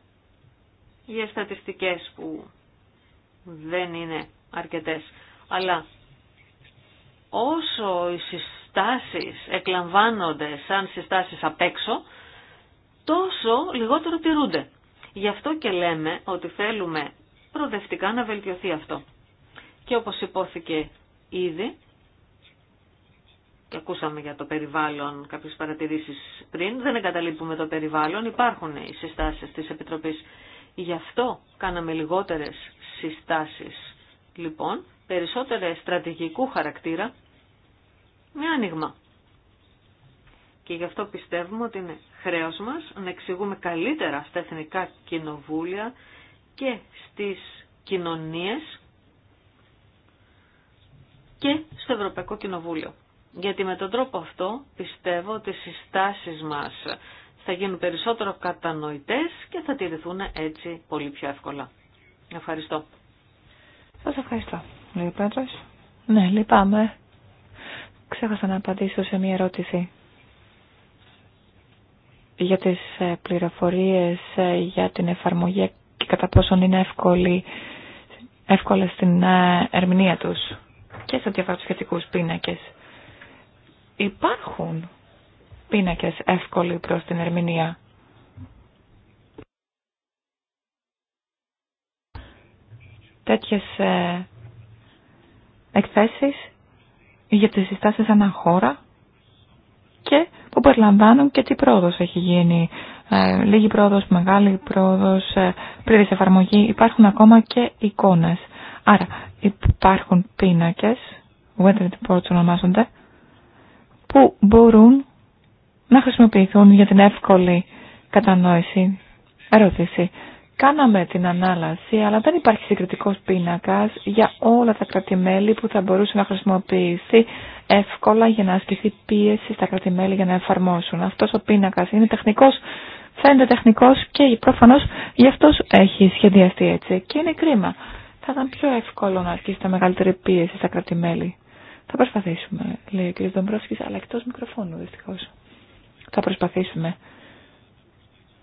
για στατιστικές που δεν είναι αρκετές. Αλλά όσο οι συστάσεις εκλαμβάνονται σαν συστάσεις απ' έξω, τόσο λιγότερο τηρούνται. Γι' αυτό και λέμε ότι θέλουμε προοδευτικά να βελτιωθεί αυτό. Και όπως υπόθηκε ήδη, Ακούσαμε για το περιβάλλον κάποιες παρατηρήσεις πριν. Δεν εγκαταλείπουμε το περιβάλλον. Υπάρχουν οι συστάσεις της Επιτροπής. Γι' αυτό κάναμε λιγότερες συστάσεις. Λοιπόν, περισσότερες στρατηγικού χαρακτήρα με άνοιγμα. Και γι' αυτό πιστεύουμε ότι είναι χρέος μας να εξηγούμε καλύτερα στα εθνικά κοινοβούλια και στις κοινωνίες και στο Ευρωπαϊκό Κοινοβούλιο. Γιατί με τον τρόπο αυτό πιστεύω ότι οι συστάσεις μας θα γίνουν περισσότερο κατανοητές και θα τηρηθούν έτσι πολύ πιο εύκολα. Ευχαριστώ. Σας ευχαριστώ. Λέει Πέτρος. Ναι, λυπάμαι. Ξέχασα να απαντήσω σε μία ερώτηση για τις ε, πληροφορίες ε, για την εφαρμογή και κατά πόσον είναι εύκολη, στην ε, ερμηνεία τους και σε διαφορετικούς πίνακες υπάρχουν πίνακες εύκολοι προς την ερμηνεία. Τέτοιες ε, εκθέσεις για τις συστάσεις ανά χώρα και που περιλαμβάνουν και τι πρόοδος έχει γίνει. Ε, λίγη πρόοδος, μεγάλη πρόοδος, ε, πλήρης εφαρμογή. Υπάρχουν ακόμα και εικόνες. Άρα υπάρχουν πίνακες, weather reports ονομάζονται, που μπορούν να χρησιμοποιηθούν για την εύκολη κατανόηση. Ερώτηση. Κάναμε την ανάλαση, αλλά δεν υπάρχει συγκριτικός πίνακας για όλα τα κρατημέλη που θα μπορούσε να χρησιμοποιηθεί εύκολα για να ασκηθεί πίεση στα κρατημέλη για να εφαρμόσουν. Αυτός ο πίνακας είναι τεχνικός, φαίνεται τεχνικός και προφανώς γι' αυτό έχει σχεδιαστεί έτσι και είναι κρίμα. Θα ήταν πιο εύκολο να ασκήσει τα μεγαλύτερη πίεση στα κρατημέλη. Θα προσπαθήσουμε, λέει ο κ. Δομπρόσκης, αλλά εκτός μικροφώνου δυστυχώς. Θα προσπαθήσουμε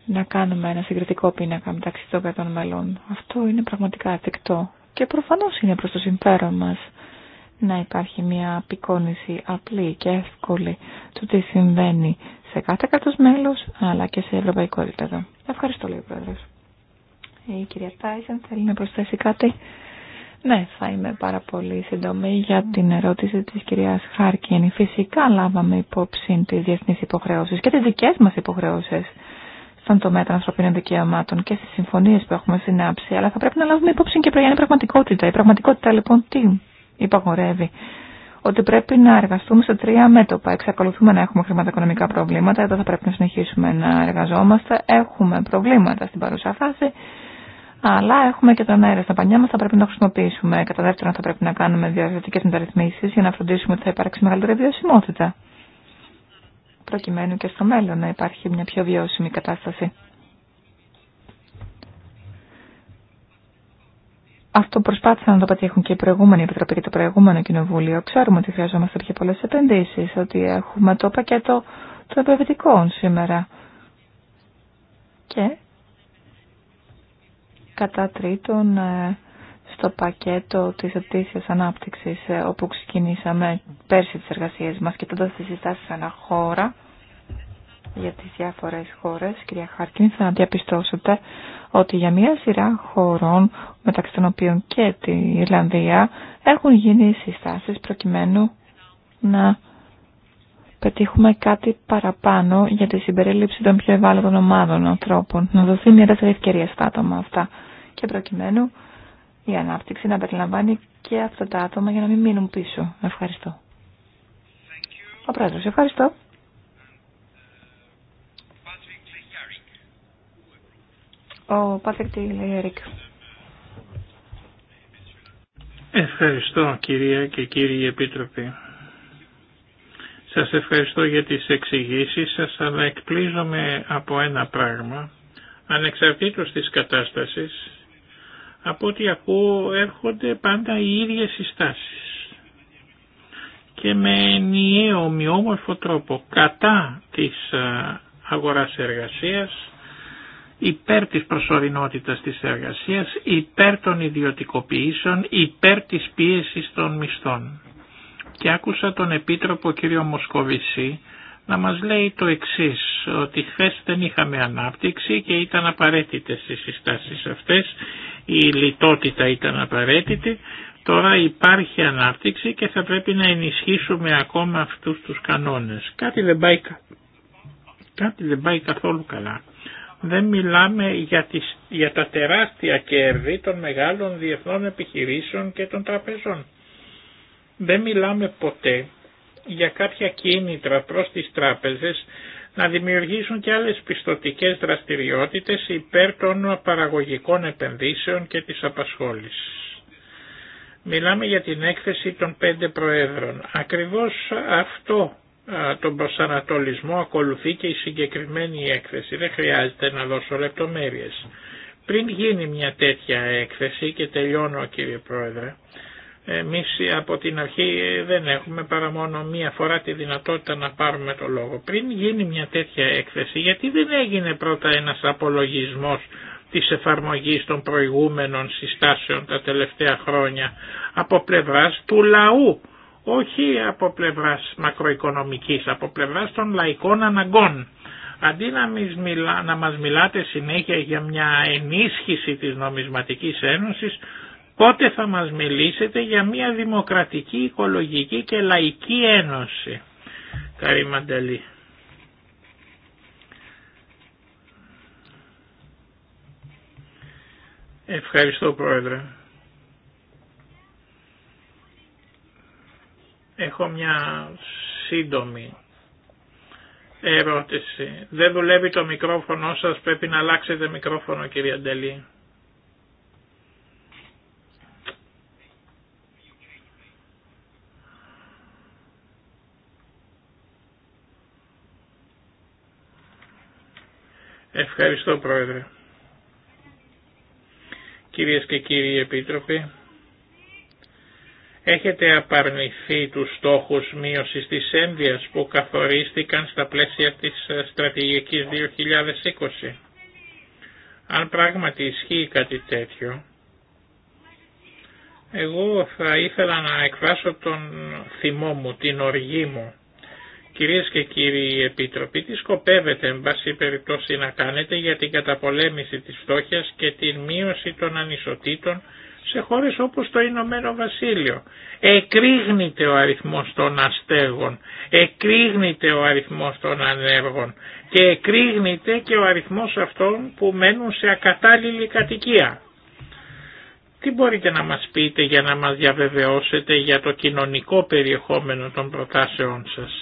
να κάνουμε ένα συγκριτικό πίνακα μεταξύ των κρατών μελών. Αυτό είναι πραγματικά εφικτό και προφανώς είναι προς το συμφέρον μας να υπάρχει μια απεικόνηση απλή και εύκολη του τι συμβαίνει σε κάθε κράτος μέλος αλλά και σε ευρωπαϊκό επίπεδο. Ευχαριστώ λέει ο Πρόεδρος. Ε, η κυρία Τάισεν θέλει να προσθέσει κάτι. Ναι, θα είμαι πάρα πολύ σύντομη για την ερώτηση της κυρίας Χάρκιν. Φυσικά λάβαμε υπόψη τις διεθνείς υποχρεώσεις και τις δικές μας υποχρεώσεις στον τομέα των ανθρωπίνων δικαιωμάτων και στις συμφωνίες που έχουμε συνάψει, αλλά θα πρέπει να λάβουμε υπόψη και προηγούμενη πραγματικότητα. Η πραγματικότητα λοιπόν τι υπαγορεύει. Ότι πρέπει να εργαστούμε σε τρία μέτωπα. Εξακολουθούμε να έχουμε χρηματοοικονομικά προβλήματα, εδώ θα πρέπει να συνεχίσουμε να εργαζόμαστε. Έχουμε προβλήματα στην παρούσα φάση αλλά έχουμε και τον αέρα στα πανιά μα, θα πρέπει να χρησιμοποιήσουμε. Κατά δεύτερον, θα πρέπει να κάνουμε διαδικαστικέ μεταρρυθμίσει για να φροντίσουμε ότι θα υπάρξει μεγαλύτερη βιωσιμότητα. Προκειμένου και στο μέλλον να υπάρχει μια πιο βιώσιμη κατάσταση. Αυτό προσπάθησαν να το πατήχουν και η προηγούμενη Επιτροπή και το προηγούμενο Κοινοβούλιο. Ξέρουμε ότι χρειαζόμαστε πιο πολλέ επενδύσει, ότι έχουμε το πακέτο των επενδυτικών σήμερα. Και Κατά τρίτον, ε, στο πακέτο της ετήσιας ανάπτυξης, ε, όπου ξεκινήσαμε πέρσι τις εργασίες μας, τότε τις συστάσεις αναχώρα, για τις διάφορες χώρες, κυρία Χάρκιν, θα διαπιστώσετε ότι για μια σειρά χωρών, μεταξύ των οποίων και τη Ιρλανδία, έχουν γίνει συστάσεις προκειμένου να πετύχουμε κάτι παραπάνω για τη συμπερίληψη των πιο ευάλωτων ομάδων ανθρώπων, να δοθεί μια δεύτερη ευκαιρία στα άτομα αυτά. Και προκειμένου η ανάπτυξη να περιλαμβάνει και αυτά τα άτομα για να μην μείνουν πίσω. Ευχαριστώ. Ο πρόεδρο, ευχαριστώ. Ο Πάτρικ Τιλιαρίκ. Ευχαριστώ κυρία και κύριοι Επίτροποι. Σας ευχαριστώ για τις εξηγήσεις σας, αλλά εκπλήζομαι από ένα πράγμα. Ανεξαρτήτως της κατάστασης, από ό,τι ακούω έρχονται πάντα οι ίδιες συστάσεις. Και με ενιαίο, ομοιόμορφο τρόπο, κατά της αγοράς εργασίας, υπέρ της προσωρινότητας της εργασίας, υπέρ των ιδιωτικοποιήσεων, υπέρ της πίεσης των μισθών και άκουσα τον Επίτροπο κύριο Μοσκοβισή να μας λέει το εξής, ότι χθε δεν είχαμε ανάπτυξη και ήταν απαραίτητε οι συστάσεις αυτές, η λιτότητα ήταν απαραίτητη, τώρα υπάρχει ανάπτυξη και θα πρέπει να ενισχύσουμε ακόμα αυτούς τους κανόνες. Κάτι δεν πάει, κάτι δεν καθόλου καλά. Δεν μιλάμε για, τις, για τα τεράστια κέρδη των μεγάλων διεθνών επιχειρήσεων και των τραπεζών δεν μιλάμε ποτέ για κάποια κίνητρα προς τις τράπεζες να δημιουργήσουν και άλλες πιστοτικές δραστηριότητες υπέρ των παραγωγικών επενδύσεων και της απασχόλησης. Μιλάμε για την έκθεση των πέντε προέδρων. Ακριβώς αυτό τον προσανατολισμό ακολουθεί και η συγκεκριμένη έκθεση. Δεν χρειάζεται να δώσω λεπτομέρειες. Πριν γίνει μια τέτοια έκθεση και τελειώνω κύριε Πρόεδρε, εμείς από την αρχή ε, δεν έχουμε παρά μόνο μία φορά τη δυνατότητα να πάρουμε το λόγο. Πριν γίνει μια τέτοια έκθεση, γιατί δεν έγινε πρώτα ένας απολογισμός της εφαρμογής των προηγούμενων συστάσεων τα τελευταία χρόνια από πλευράς του λαού, όχι από πλευράς μακροοικονομικής, από πλευράς των λαϊκών αναγκών. Αντί να, μιλά, μας μιλάτε συνέχεια για μια ενίσχυση της νομισματικής ένωσης, Πότε θα μας μιλήσετε για μια δημοκρατική, οικολογική και λαϊκή ένωση. Καρή Μαντελή. Ευχαριστώ Πρόεδρε. Έχω μια σύντομη ερώτηση. Δεν δουλεύει το μικρόφωνο σας, πρέπει να αλλάξετε μικρόφωνο κυρία Αντελή; Ευχαριστώ Πρόεδρε. Κυρίες και κύριοι Επίτροποι, έχετε απαρνηθεί τους στόχους μείωσης της ένδυας που καθορίστηκαν στα πλαίσια της στρατηγικής 2020. Αν πράγματι ισχύει κάτι τέτοιο, εγώ θα ήθελα να εκφράσω τον θυμό μου, την οργή μου Κυρίες και κύριοι η Επίτροποι, τι σκοπεύετε εν πάση περιπτώσει να κάνετε για την καταπολέμηση της φτώχειας και την μείωση των ανισοτήτων σε χώρες όπως το Ηνωμένο Βασίλειο. Εκρήγνεται ο αριθμός των αστέγων, εκρήγνεται ο αριθμός των ανέργων και εκρήγνεται και ο αριθμός αυτών που μένουν σε ακατάλληλη κατοικία. Τι μπορείτε να μας πείτε για να μας διαβεβαιώσετε για το κοινωνικό περιεχόμενο των προτάσεών σας.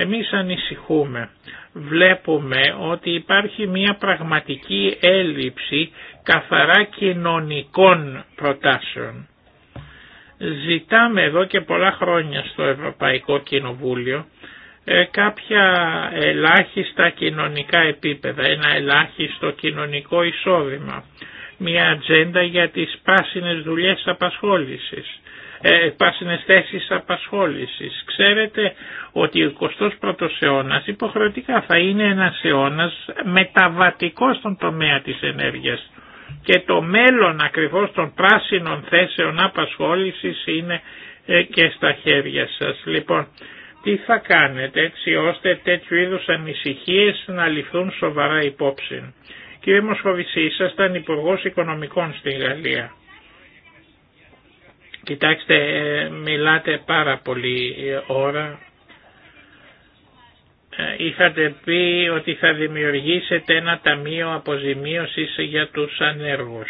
Εμείς ανησυχούμε. Βλέπουμε ότι υπάρχει μια πραγματική έλλειψη καθαρά κοινωνικών προτάσεων. Ζητάμε εδώ και πολλά χρόνια στο Ευρωπαϊκό Κοινοβούλιο ε, κάποια ελάχιστα κοινωνικά επίπεδα, ένα ελάχιστο κοινωνικό εισόδημα, μια ατζέντα για τις πράσινες δουλειές απασχόλησης, ε, Πράσινες θέσεις απασχόλησης. Ξέρετε ότι ο 21ος αιώνας υποχρεωτικά θα είναι ένας αιώνας μεταβατικός στον τομέα της ενέργειας και το μέλλον ακριβώς των πράσινων θέσεων απασχόλησης είναι ε, και στα χέρια σας. Λοιπόν, τι θα κάνετε έτσι ώστε τέτοιου είδους ανησυχίες να ληφθούν σοβαρά υπόψη. Κύριε Μοσχοβησή, ήσασταν υπουργό Οικονομικών στην Γαλλία. Κοιτάξτε, μιλάτε πάρα πολύ ώρα. Ε, είχατε πει ότι θα δημιουργήσετε ένα ταμείο αποζημίωσης για τους ανέργους.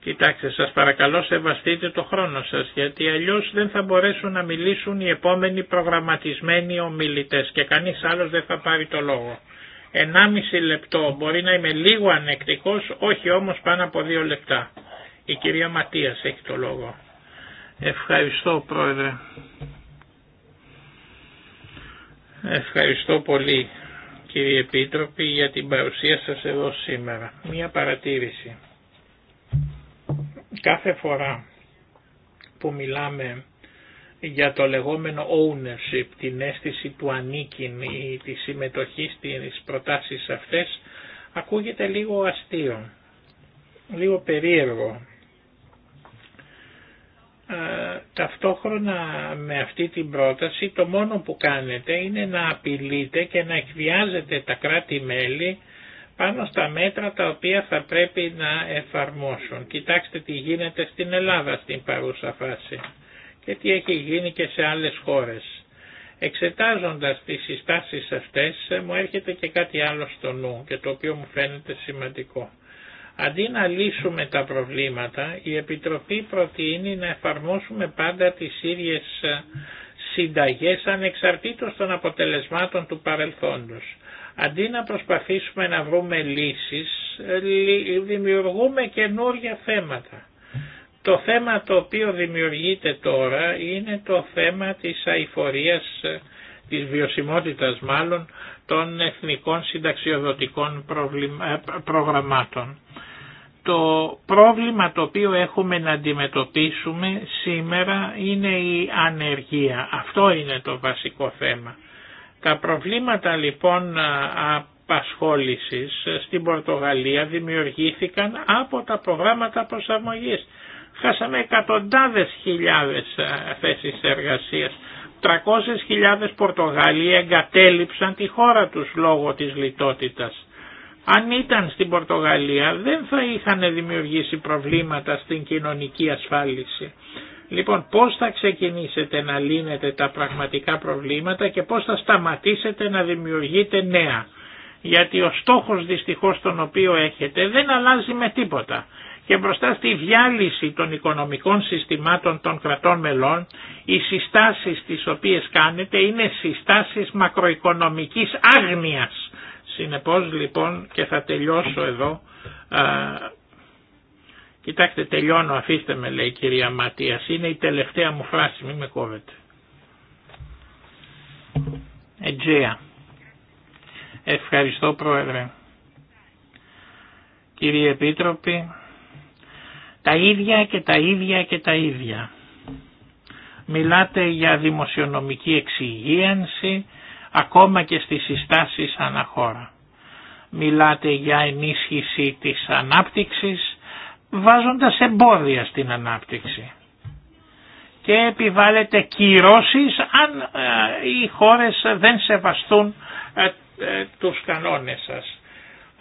Κοιτάξτε, σας παρακαλώ σεβαστείτε το χρόνο σας, γιατί αλλιώς δεν θα μπορέσουν να μιλήσουν οι επόμενοι προγραμματισμένοι ομιλητές και κανείς άλλος δεν θα πάρει το λόγο. 1,5 λεπτό, μπορεί να είμαι λίγο ανεκτικός, όχι όμως πάνω από δύο λεπτά. Η κυρία Ματίας έχει το λόγο. Ευχαριστώ πρόεδρε. Ευχαριστώ πολύ κύριε Επίτροπη για την παρουσία σας εδώ σήμερα. Μία παρατήρηση. Κάθε φορά που μιλάμε για το λεγόμενο ownership, την αίσθηση του ανήκειν ή τη συμμετοχή στις προτάσεις αυτές, ακούγεται λίγο αστείο, λίγο περίεργο. Ε, ταυτόχρονα με αυτή την πρόταση το μόνο που κάνετε είναι να απειλείτε και να εκβιάζετε τα κράτη-μέλη πάνω στα μέτρα τα οποία θα πρέπει να εφαρμόσουν. Κοιτάξτε τι γίνεται στην Ελλάδα στην παρούσα φάση και τι έχει γίνει και σε άλλες χώρες. Εξετάζοντας τις συστάσεις αυτές μου έρχεται και κάτι άλλο στο νου και το οποίο μου φαίνεται σημαντικό. Αντί να λύσουμε τα προβλήματα, η Επιτροπή προτείνει να εφαρμόσουμε πάντα τις ίδιες ε, συνταγές ανεξαρτήτως των αποτελεσμάτων του παρελθόντος. Αντί να προσπαθήσουμε να βρούμε λύσεις, ε, δημιουργούμε καινούργια θέματα. Το θέμα το οποίο δημιουργείται τώρα είναι το θέμα της αηφορίας, ε, της βιωσιμότητας μάλλον, των εθνικών συνταξιοδοτικών προγραμμάτων. Το πρόβλημα το οποίο έχουμε να αντιμετωπίσουμε σήμερα είναι η ανεργία. Αυτό είναι το βασικό θέμα. Τα προβλήματα λοιπόν απασχόλησης στην Πορτογαλία δημιουργήθηκαν από τα προγράμματα προσαρμογής. Χάσαμε εκατοντάδες χιλιάδες θέσεις εργασίας. 300.000 Πορτογάλοι εγκατέλειψαν τη χώρα τους λόγω της λιτότητας αν ήταν στην Πορτογαλία δεν θα είχαν δημιουργήσει προβλήματα στην κοινωνική ασφάλιση. Λοιπόν, πώς θα ξεκινήσετε να λύνετε τα πραγματικά προβλήματα και πώς θα σταματήσετε να δημιουργείτε νέα. Γιατί ο στόχος δυστυχώς τον οποίο έχετε δεν αλλάζει με τίποτα. Και μπροστά στη διάλυση των οικονομικών συστημάτων των κρατών μελών, οι συστάσεις τις οποίες κάνετε είναι συστάσεις μακροοικονομικής άγνοιας Συνεπώς λοιπόν και θα τελειώσω εδώ. Α, κοιτάξτε τελειώνω αφήστε με λέει η κυρία Ματίας. Είναι η τελευταία μου φράση μην με κόβετε. Ετζέα. Ευχαριστώ πρόεδρε. Κύριε Επίτροπη, τα ίδια και τα ίδια και τα ίδια. Μιλάτε για δημοσιονομική εξυγίανση, ακόμα και στις συστάσεις αναχώρα. Μιλάτε για ενίσχυση της ανάπτυξης, βάζοντας εμπόδια στην ανάπτυξη. Και επιβάλλετε κυρώσεις αν ε, οι χώρες δεν σεβαστούν ε, ε, τους κανόνες σας.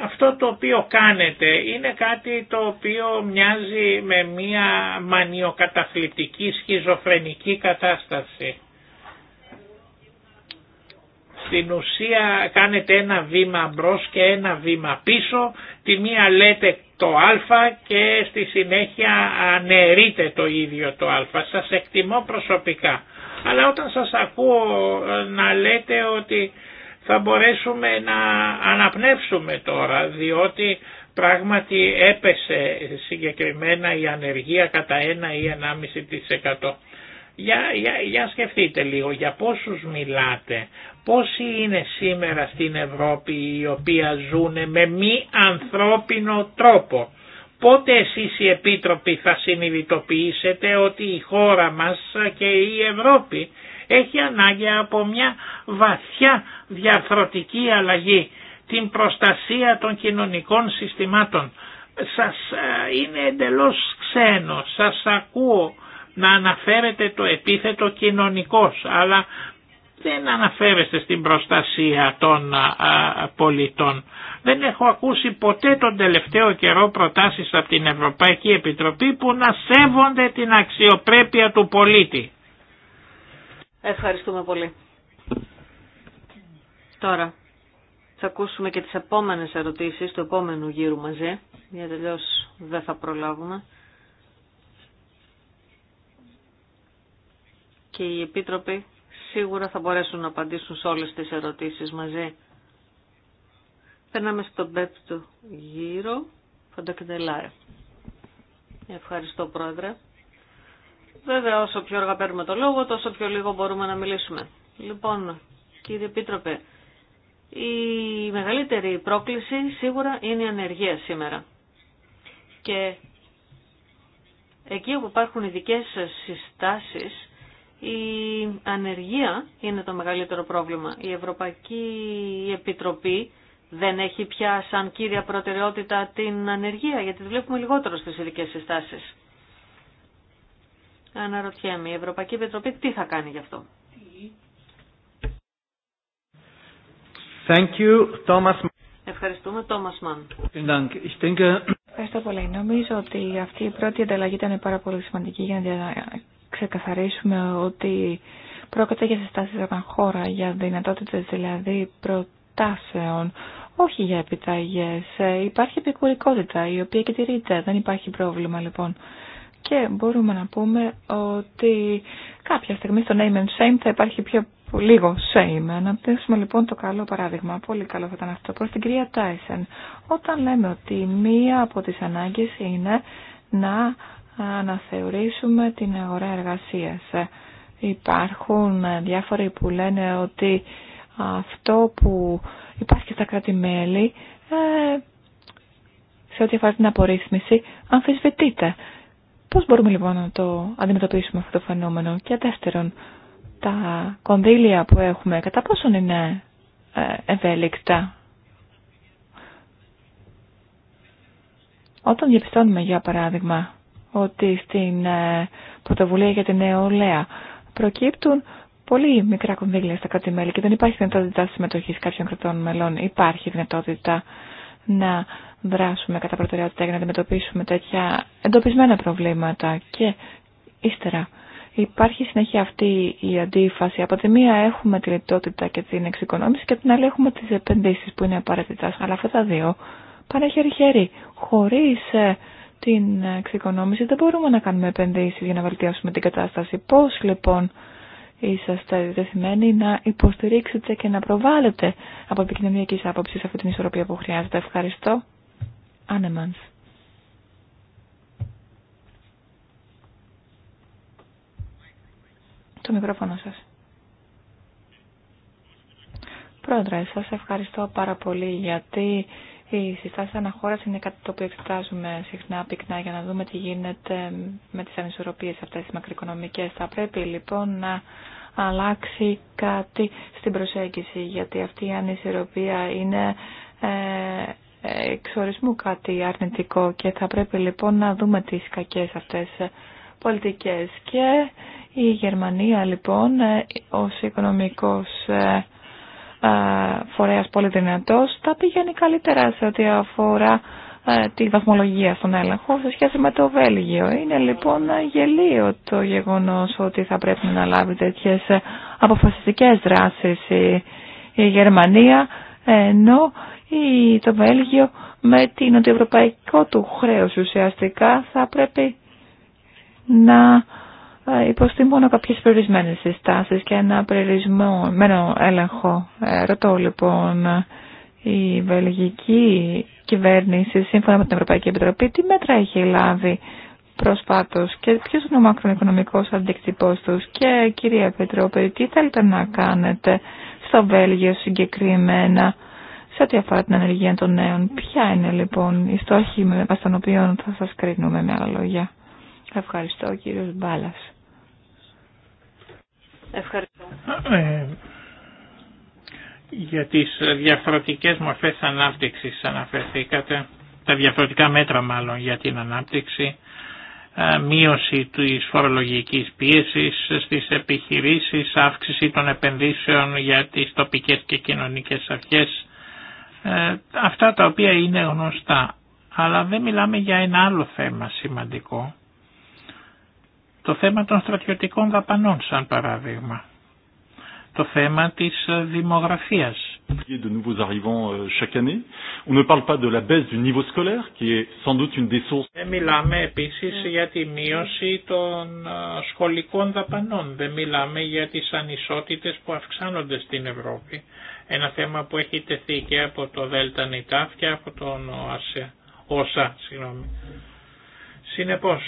Αυτό το οποίο κάνετε είναι κάτι το οποίο μοιάζει με μια μανιοκαταθλιπτική σχιζοφρενική κατάσταση στην ουσία κάνετε ένα βήμα μπρος και ένα βήμα πίσω, τη μία λέτε το α και στη συνέχεια αναιρείτε το ίδιο το α. Σας εκτιμώ προσωπικά. Αλλά όταν σας ακούω ε, να λέτε ότι θα μπορέσουμε να αναπνεύσουμε τώρα, διότι πράγματι έπεσε συγκεκριμένα η ανεργία κατά 1 ή 1,5%. Για, σκεφτείτε λίγο για πόσους μιλάτε, πόσοι είναι σήμερα στην Ευρώπη οι οποία ζουν με μη ανθρώπινο τρόπο. Πότε εσείς οι επίτροποι θα συνειδητοποιήσετε ότι η χώρα μας και η Ευρώπη έχει ανάγκη από μια βαθιά διαρθρωτική αλλαγή, την προστασία των κοινωνικών συστημάτων. Σας ε, είναι εντελώς ξένο, σας ακούω να αναφέρετε το επίθετο κοινωνικός, αλλά δεν αναφέρεστε στην προστασία των πολιτών. Δεν έχω ακούσει ποτέ τον τελευταίο καιρό προτάσεις από την Ευρωπαϊκή Επιτροπή που να σέβονται την αξιοπρέπεια του πολίτη. Ευχαριστούμε πολύ. Τώρα θα ακούσουμε και τις επόμενες ερωτήσεις του επόμενου γύρου μαζί, γιατί τελειώς δεν θα προλάβουμε. και οι επίτροποι σίγουρα θα μπορέσουν να απαντήσουν σε όλες τις ερωτήσεις μαζί. Περνάμε στον πέπτο γύρο. Φαντακεντελάρε. Ευχαριστώ πρόεδρε. Βέβαια όσο πιο αργά παίρνουμε το λόγο τόσο πιο λίγο μπορούμε να μιλήσουμε. Λοιπόν κύριε επίτροπε η μεγαλύτερη πρόκληση σίγουρα είναι η ανεργία σήμερα. Και εκεί όπου υπάρχουν ειδικέ συστάσεις η ανεργία είναι το μεγαλύτερο πρόβλημα. Η Ευρωπαϊκή Επιτροπή δεν έχει πια σαν κύρια προτεραιότητα την ανεργία, γιατί τη βλέπουμε λιγότερο στις ειδικέ συστάσεις. Αναρωτιέμαι, η Ευρωπαϊκή Επιτροπή τι θα κάνει γι' αυτό. Thank you, Thomas. Ευχαριστούμε, Τόμας Μαν. Ευχαριστώ πολύ. Νομίζω ότι αυτή η πρώτη ανταλλαγή ήταν πάρα πολύ σημαντική για να ξεκαθαρίσουμε ότι πρόκειται για συστάσεις από χώρα, για δυνατότητες δηλαδή προτάσεων, όχι για επιταγές. Ε, υπάρχει επικουρικότητα η οποία και δεν υπάρχει πρόβλημα λοιπόν. Και μπορούμε να πούμε ότι κάποια στιγμή στο name and shame θα υπάρχει πιο λίγο shame. Αναπτύξουμε λοιπόν το καλό παράδειγμα. Πολύ καλό θα ήταν αυτό. Προς την κυρία Τάισεν, όταν λέμε ότι μία από τις ανάγκες είναι να αναθεωρήσουμε την αγορά εργασίας. Υπάρχουν διάφοροι που λένε ότι αυτό που υπάρχει στα κράτη-μέλη ε, σε ό,τι αφορά την απορρίθμιση αμφισβητείται. Πώς μπορούμε λοιπόν να το αντιμετωπίσουμε αυτό το φαινόμενο και δεύτερον τα κονδύλια που έχουμε κατά πόσον είναι ε, ευέλικτα. Όταν διαπιστώνουμε για παράδειγμα ότι στην ε, πρωτοβουλία για την νεολαία προκύπτουν πολύ μικρά κονδύλια στα κράτη-μέλη και δεν υπάρχει δυνατότητα συμμετοχή κάποιων κρατών μελών. Υπάρχει δυνατότητα να δράσουμε κατά προτεραιότητα για να αντιμετωπίσουμε τέτοια εντοπισμένα προβλήματα και ύστερα. Υπάρχει συνέχεια αυτή η αντίφαση. Από τη μία έχουμε τη λιτότητα και την εξοικονόμηση και από την άλλη έχουμε τις επενδύσεις που είναι απαραίτητα. Αλλά αυτά τα δύο πάνε χέρι-χέρι, ε, την εξοικονόμηση δεν μπορούμε να κάνουμε επενδύσεις για να βελτιώσουμε την κατάσταση. Πώς λοιπόν είσαστε διδεθειμένοι να υποστηρίξετε και να προβάλλετε από επικοινωνιακή άποψη αυτή την ισορροπία που χρειάζεται. Ευχαριστώ. Άνεμανς. Το μικρόφωνο σας. Πρόεδρε, σας ευχαριστώ πάρα πολύ γιατί οι συστάσει αναχώρα είναι κάτι το οποίο εξετάζουμε συχνά πυκνά για να δούμε τι γίνεται με τι ανισορροπίε αυτέ τι μακροοικονομικέ. Θα πρέπει λοιπόν να αλλάξει κάτι στην προσέγγιση, γιατί αυτή η ανισορροπία είναι ε, εξορισμού κάτι αρνητικό και θα πρέπει λοιπόν να δούμε τις κακές αυτές πολιτικές. Και η Γερμανία λοιπόν ε, ως οικονομικός ε, ε, φορέας πολύ δυνατός, τα πηγαίνει καλύτερα σε ό,τι αφορά ε, τη βαθμολογία στον έλεγχο σε σχέση με το Βέλγιο. Είναι λοιπόν γελίο το γεγονός ότι θα πρέπει να λάβει τέτοιες ε, αποφασιστικές δράσεις η Γερμανία ενώ το Βέλγιο με την νοτιοευρωπαϊκό του χρέος ουσιαστικά θα πρέπει να υποστεί μόνο κάποιες περιορισμένες συστάσεις και ένα περιορισμένο έλεγχο. Ε, ρωτώ λοιπόν, η βελγική κυβέρνηση σύμφωνα με την Ευρωπαϊκή Επιτροπή τι μέτρα έχει λάβει προσφάτως και ποιος είναι ο μακροοικονομικός αντίκτυπός τους και κυρία Επιτροπή τι θέλετε να κάνετε στο Βέλγιο συγκεκριμένα σε ό,τι αφορά την ανεργία των νέων. Ποια είναι λοιπόν η στόχη με βάση των θα σας κρίνουμε με άλλα λόγια. Ευχαριστώ κύριος Μπάλας. Ευχαριστώ. Ε, για τις διαφορετικές μορφές ανάπτυξης αναφερθήκατε, τα διαφορετικά μέτρα μάλλον για την ανάπτυξη, ε, μείωση της φορολογικής πίεσης στις επιχειρήσεις, αύξηση των επενδύσεων για τις τοπικές και κοινωνικές αρχές, ε, αυτά τα οποία είναι γνωστά. Αλλά δεν μιλάμε για ένα άλλο θέμα σημαντικό το θέμα των στρατιωτικών δαπανών σαν παράδειγμα. Το θέμα της ε, δημογραφίας. De Δεν μιλάμε επίσης για τη μείωση των ε, σχολικών δαπανών. Δεν μιλάμε για τις ανισότητες που αυξάνονται στην Ευρώπη. Ένα θέμα που έχει τεθεί και από το Δέλτα Νιτάφ και από τον ΟΣΑ. Συγγνώμη. Συνεπώς,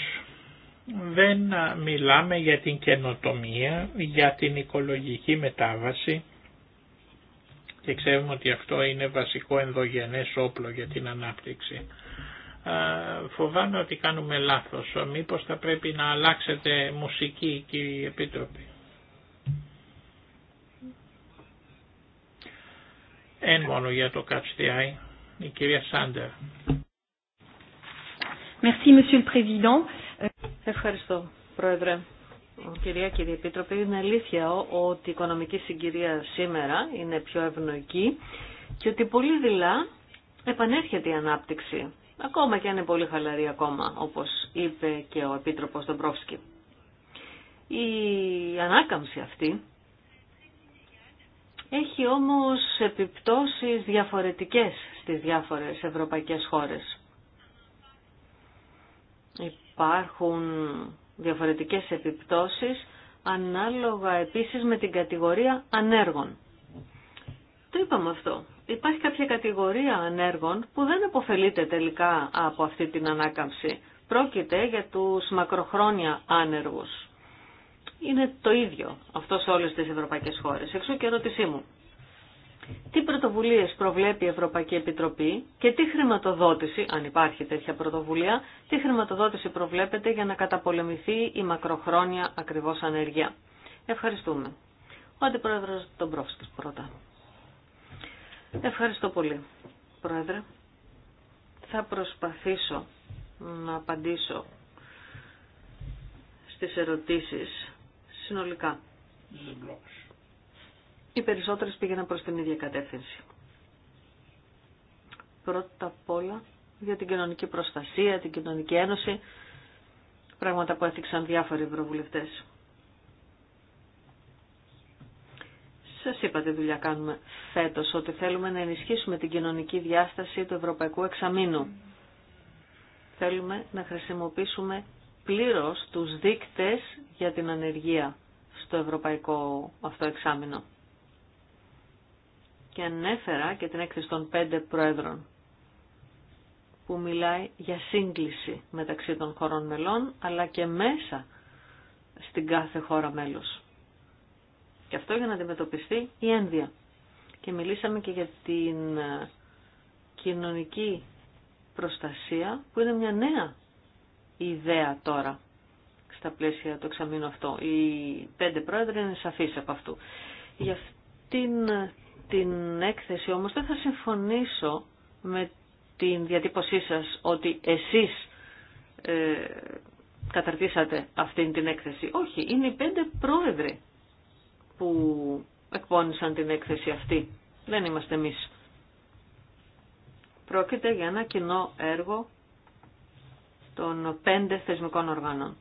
δεν μιλάμε για την καινοτομία, για την οικολογική μετάβαση και ξέρουμε ότι αυτό είναι βασικό ενδογενές όπλο για την ανάπτυξη. Φοβάμαι ότι κάνουμε λάθος. Μήπως θα πρέπει να αλλάξετε μουσική κύριε Επίτροπη. Εν μόνο για το ΚΑΤΣΤΙΑΙ, η κυρία Σάντερ. Merci, Monsieur le Ευχαριστώ, Πρόεδρε. Κυρία Κύριε Επίτροπε, είναι αλήθεια ότι η οικονομική συγκυρία σήμερα είναι πιο ευνοϊκή και ότι πολύ δειλά επανέρχεται η ανάπτυξη, ακόμα και αν είναι πολύ χαλαρή ακόμα, όπως είπε και ο Επίτροπος Δομπρόφσκι. Η ανάκαμψη αυτή έχει όμως επιπτώσεις διαφορετικές στις διάφορες ευρωπαϊκές χώρες υπάρχουν διαφορετικές επιπτώσεις ανάλογα επίσης με την κατηγορία ανέργων. Το είπαμε αυτό. Υπάρχει κάποια κατηγορία ανέργων που δεν αποφελείται τελικά από αυτή την ανάκαμψη. Πρόκειται για τους μακροχρόνια άνεργους. Είναι το ίδιο αυτό σε όλες τις ευρωπαϊκές χώρες. Εξού και ερώτησή μου τι πρωτοβουλίες προβλέπει η Ευρωπαϊκή Επιτροπή και τι χρηματοδότηση, αν υπάρχει τέτοια πρωτοβουλία, τι χρηματοδότηση προβλέπεται για να καταπολεμηθεί η μακροχρόνια ακριβώς ανεργία. Ευχαριστούμε. Ο Αντιπρόεδρος Ντομπρόφσκης πρώτα. Ευχαριστώ πολύ, Πρόεδρε. Θα προσπαθήσω να απαντήσω στις ερωτήσεις συνολικά οι περισσότερες πήγαιναν προς την ίδια κατεύθυνση. Πρώτα απ' όλα για την κοινωνική προστασία, την κοινωνική ένωση, πράγματα που έθιξαν διάφοροι ευρωβουλευτές. Σας είπα τι δουλειά κάνουμε φέτος, ότι θέλουμε να ενισχύσουμε την κοινωνική διάσταση του Ευρωπαϊκού Εξαμήνου. Θέλουμε να χρησιμοποιήσουμε πλήρως τους δείκτες για την ανεργία στο Ευρωπαϊκό αυτό εξάμεινο και ανέφερα και την έκθεση των πέντε πρόεδρων που μιλάει για σύγκληση μεταξύ των χωρών μελών αλλά και μέσα στην κάθε χώρα μέλος. Και αυτό για να αντιμετωπιστεί η ένδια. Και μιλήσαμε και για την ε, κοινωνική προστασία που είναι μια νέα ιδέα τώρα στα πλαίσια του εξαμήνου αυτό. Οι πέντε πρόεδροι είναι σαφείς από αυτού. Για αυτήν ε, την έκθεση όμως δεν θα συμφωνήσω με την διατύπωσή σας ότι εσείς ε, καταρτήσατε αυτήν την έκθεση. Όχι, είναι οι πέντε πρόεδροι που εκπώνησαν την έκθεση αυτή. Δεν είμαστε εμείς. Πρόκειται για ένα κοινό έργο των πέντε θεσμικών οργάνων.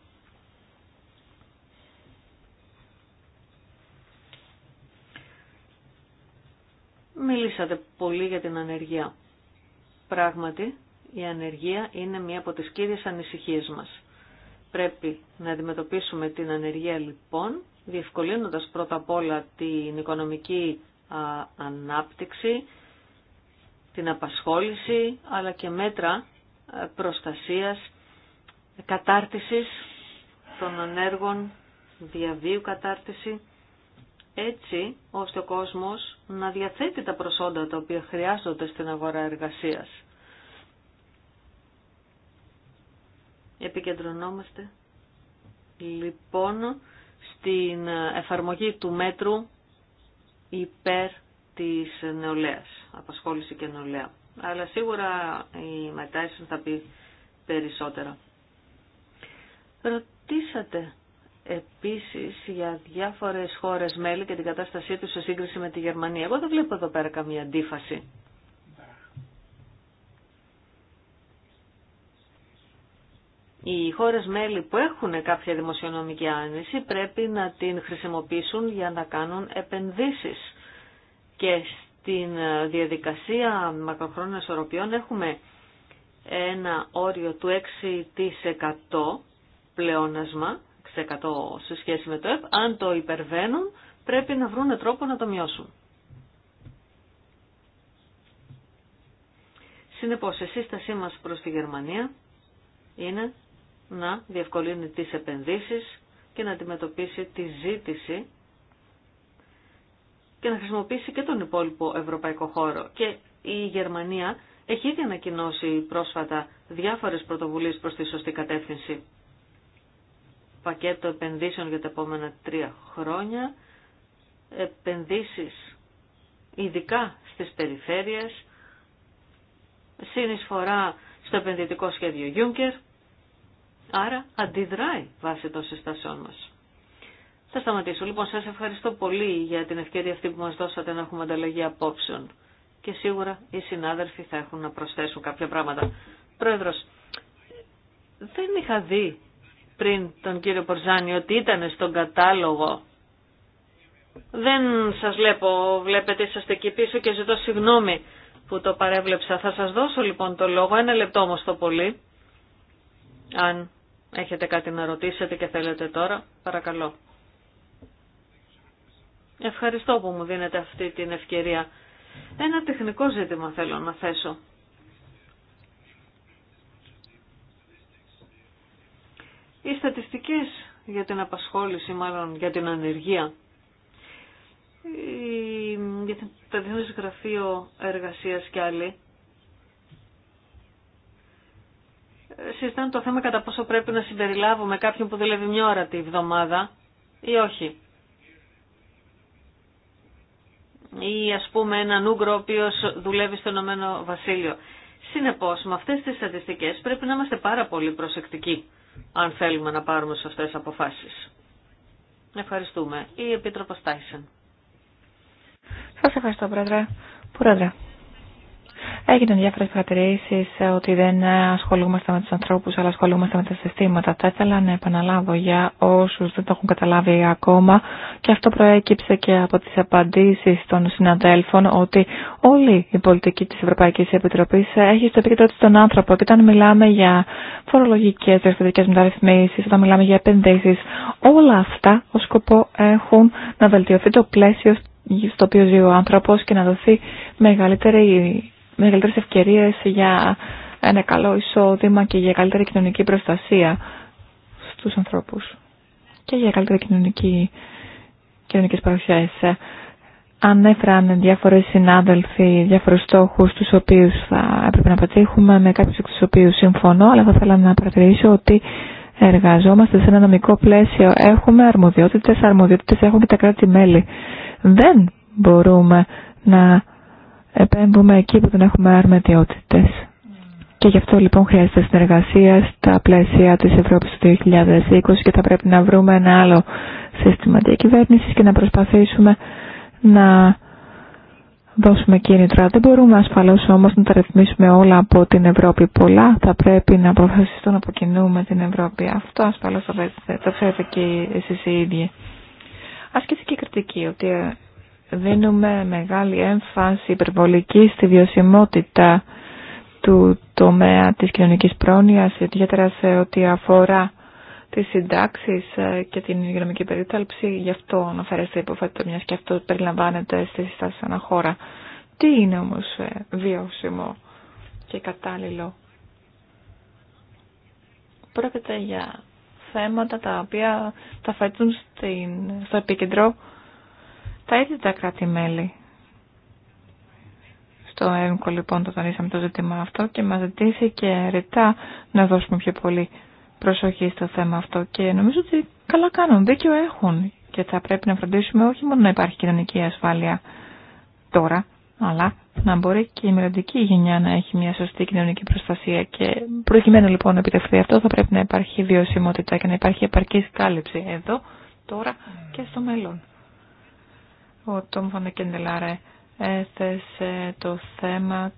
Μιλήσατε πολύ για την ανεργία. Πράγματι, η ανεργία είναι μία από τις κύριες ανησυχίες μας. Πρέπει να αντιμετωπίσουμε την ανεργία λοιπόν, διευκολύνοντας πρώτα απ' όλα την οικονομική ανάπτυξη, την απασχόληση, αλλά και μέτρα προστασίας, κατάρτισης των ανέργων, διαβίου κατάρτιση έτσι ώστε ο κόσμος να διαθέτει τα προσόντα τα οποία χρειάζονται στην αγορά εργασίας. Επικεντρωνόμαστε λοιπόν στην εφαρμογή του μέτρου υπέρ της νεολαίας, απασχόληση και νεολαία. Αλλά σίγουρα η Ματάισον θα πει περισσότερα. Ρωτήσατε επίσης για διάφορες χώρες μέλη και την κατάστασή τους σε σύγκριση με τη Γερμανία. Εγώ δεν βλέπω εδώ πέρα καμία αντίφαση. Οι χώρες μέλη που έχουν κάποια δημοσιονομική άνεση πρέπει να την χρησιμοποιήσουν για να κάνουν επενδύσεις. Και στην διαδικασία μακροχρόνων ισορροπιών έχουμε ένα όριο του 6% πλεόνασμα σε σχέση με το ΕΠ. Αν το υπερβαίνουν, πρέπει να βρουν τρόπο να το μειώσουν. Συνεπώς, η σύστασή μας προς τη Γερμανία είναι να διευκολύνει τις επενδύσεις και να αντιμετωπίσει τη ζήτηση και να χρησιμοποιήσει και τον υπόλοιπο ευρωπαϊκό χώρο. Και η Γερμανία έχει ήδη ανακοινώσει πρόσφατα διάφορες πρωτοβουλίες προς τη σωστή κατεύθυνση πακέτο επενδύσεων για τα επόμενα τρία χρόνια, επενδύσεις ειδικά στις περιφέρειες, συνεισφορά στο επενδυτικό σχέδιο Juncker, άρα αντιδράει βάσει των συστασιών μας. Θα σταματήσω. Λοιπόν, σας ευχαριστώ πολύ για την ευκαιρία αυτή που μας δώσατε να έχουμε ανταλλαγή απόψεων και σίγουρα οι συνάδελφοι θα έχουν να προσθέσουν κάποια πράγματα. Πρόεδρος, δεν είχα δει πριν τον κύριο Πορζάνη ότι ήταν στον κατάλογο. Δεν σας βλέπω, βλέπετε είσαστε εκεί πίσω και ζητώ συγγνώμη που το παρέβλεψα. Θα σας δώσω λοιπόν το λόγο, ένα λεπτό όμως το πολύ. Αν έχετε κάτι να ρωτήσετε και θέλετε τώρα, παρακαλώ. Ευχαριστώ που μου δίνετε αυτή την ευκαιρία. Ένα τεχνικό ζήτημα θέλω να θέσω. οι στατιστικές για την απασχόληση, μάλλον για την ανεργία, για το Διεθνές Γραφείο Εργασίας και άλλοι, ε, συζητάνε το θέμα κατά πόσο πρέπει να συμπεριλάβουμε κάποιον που δουλεύει μια ώρα τη εβδομάδα ή όχι. Ή ας πούμε έναν Ούγκρο ο οποίο δουλεύει στο Ηνωμένο Βασίλειο. Συνεπώς με αυτές τις στατιστικές πρέπει να είμαστε πάρα πολύ προσεκτικοί αν θέλουμε να πάρουμε σωστές αποφάσεις. Ευχαριστούμε. Η Επίτροπος Τάισεν. Σας ευχαριστώ, Πρόεδρε. Πρόεδρε, Έγιναν διάφορε παρατηρήσει ότι δεν ασχολούμαστε με του ανθρώπου, αλλά ασχολούμαστε με τα συστήματα. Θα ήθελα να επαναλάβω για όσου δεν το έχουν καταλάβει ακόμα, και αυτό προέκυψε και από τι απαντήσει των συναδέλφων, ότι όλη η πολιτική τη Ευρωπαϊκή Επιτροπή έχει στο επίκεντρο τη τον άνθρωπο. Και όταν μιλάμε για φορολογικέ, διευθυντικέ μεταρρυθμίσει, όταν μιλάμε για επενδύσει, όλα αυτά ω σκοπό έχουν να βελτιωθεί το πλαίσιο στο οποίο ζει ο άνθρωπο και να δοθεί μεγαλύτερη μεγαλύτερες ευκαιρίες για ένα καλό εισόδημα και για καλύτερη κοινωνική προστασία στους ανθρώπους και για καλύτερη κοινωνική κοινωνικές παρουσιάσεις. Ανέφεραν διάφορες συνάδελφοι, διάφορους στόχους τους οποίους θα έπρεπε να πετύχουμε, με κάποιους εκ τους οποίους συμφωνώ, αλλά θα ήθελα να παρατηρήσω ότι εργαζόμαστε σε ένα νομικό πλαίσιο. Έχουμε αρμοδιότητες, αρμοδιότητες έχουν και τα κράτη-μέλη. Δεν μπορούμε να επέμβουμε εκεί που δεν έχουμε αρμετιότητες. Και γι' αυτό λοιπόν χρειάζεται συνεργασία στα πλαίσια της Ευρώπης του 2020 και θα πρέπει να βρούμε ένα άλλο σύστημα διακυβέρνησης και να προσπαθήσουμε να δώσουμε κίνητρα. Δεν μπορούμε ασφαλώς όμως να τα ρυθμίσουμε όλα από την Ευρώπη. Πολλά θα πρέπει να αποφασιστούν από κοινού με την Ευρώπη. Αυτό ασφαλώς το ξέρετε και εσείς οι ίδιοι. Ασκήθηκε κριτική ότι δίνουμε μεγάλη έμφαση υπερβολική στη βιωσιμότητα του τομέα της κοινωνικής πρόνοιας, ιδιαίτερα σε ό,τι αφορά τις συντάξεις ε, και την υγειονομική περίταλψη. Γι' αυτό αναφέρεστε υποφέτω, μιας και αυτό περιλαμβάνεται στη συστάση αναχώρα. Τι είναι όμως ε, βιώσιμο και κατάλληλο. Πρόκειται για θέματα τα οποία θα φέτουν στην, στο επίκεντρο τα ίδια τα κράτη-μέλη. Στο ΕΜΚΟ λοιπόν το τονίσαμε το ζήτημα αυτό και μας ζητήθηκε ρητά να δώσουμε πιο πολύ προσοχή στο θέμα αυτό και νομίζω ότι καλά κάνουν, δίκιο έχουν και θα πρέπει να φροντίσουμε όχι μόνο να υπάρχει κοινωνική ασφάλεια τώρα, αλλά να μπορεί και η μελλοντική γενιά να έχει μια σωστή κοινωνική προστασία και προκειμένου λοιπόν να επιτευχθεί αυτό θα πρέπει να υπάρχει βιωσιμότητα και να υπάρχει επαρκή κάλυψη εδώ, τώρα και στο μέλλον ο Τόμ Κεντελάρε έθεσε το θέμα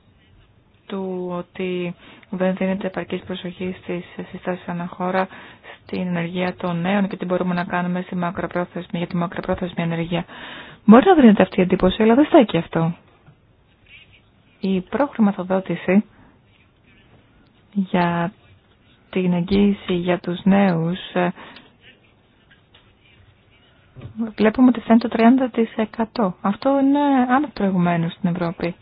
του ότι δεν δίνεται επαρκής προσοχή στις συστάσεις αναχώρα στην ενεργεία των νέων και τι μπορούμε να κάνουμε στη μακροπρόθεσμη, για τη μακροπρόθεσμη ενεργεία. Μπορεί να δίνεται αυτή η εντύπωση, αλλά δεν στέκει αυτό. Η προχρηματοδότηση για την εγγύηση για τους νέους βλέπουμε ότι φτάνει το 30%. Αυτό είναι άνευ προηγουμένου στην Ευρώπη.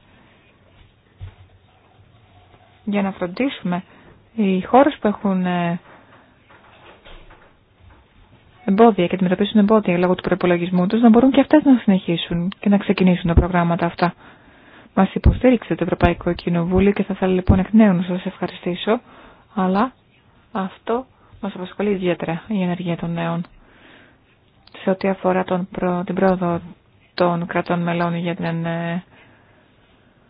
Για να φροντίσουμε οι χώρες που έχουν ε, εμπόδια και αντιμετωπίσουν εμπόδια λόγω του προπολογισμού τους να μπορούν και αυτές να συνεχίσουν και να ξεκινήσουν τα προγράμματα αυτά. Μας υποστήριξε το Ευρωπαϊκό Κοινοβούλιο και θα ήθελα λοιπόν εκ νέου να σας ευχαριστήσω, αλλά αυτό μας απασχολεί ιδιαίτερα η ενεργεία των νέων σε ό,τι αφορά τον την πρόοδο των κρατών μελών για την ε,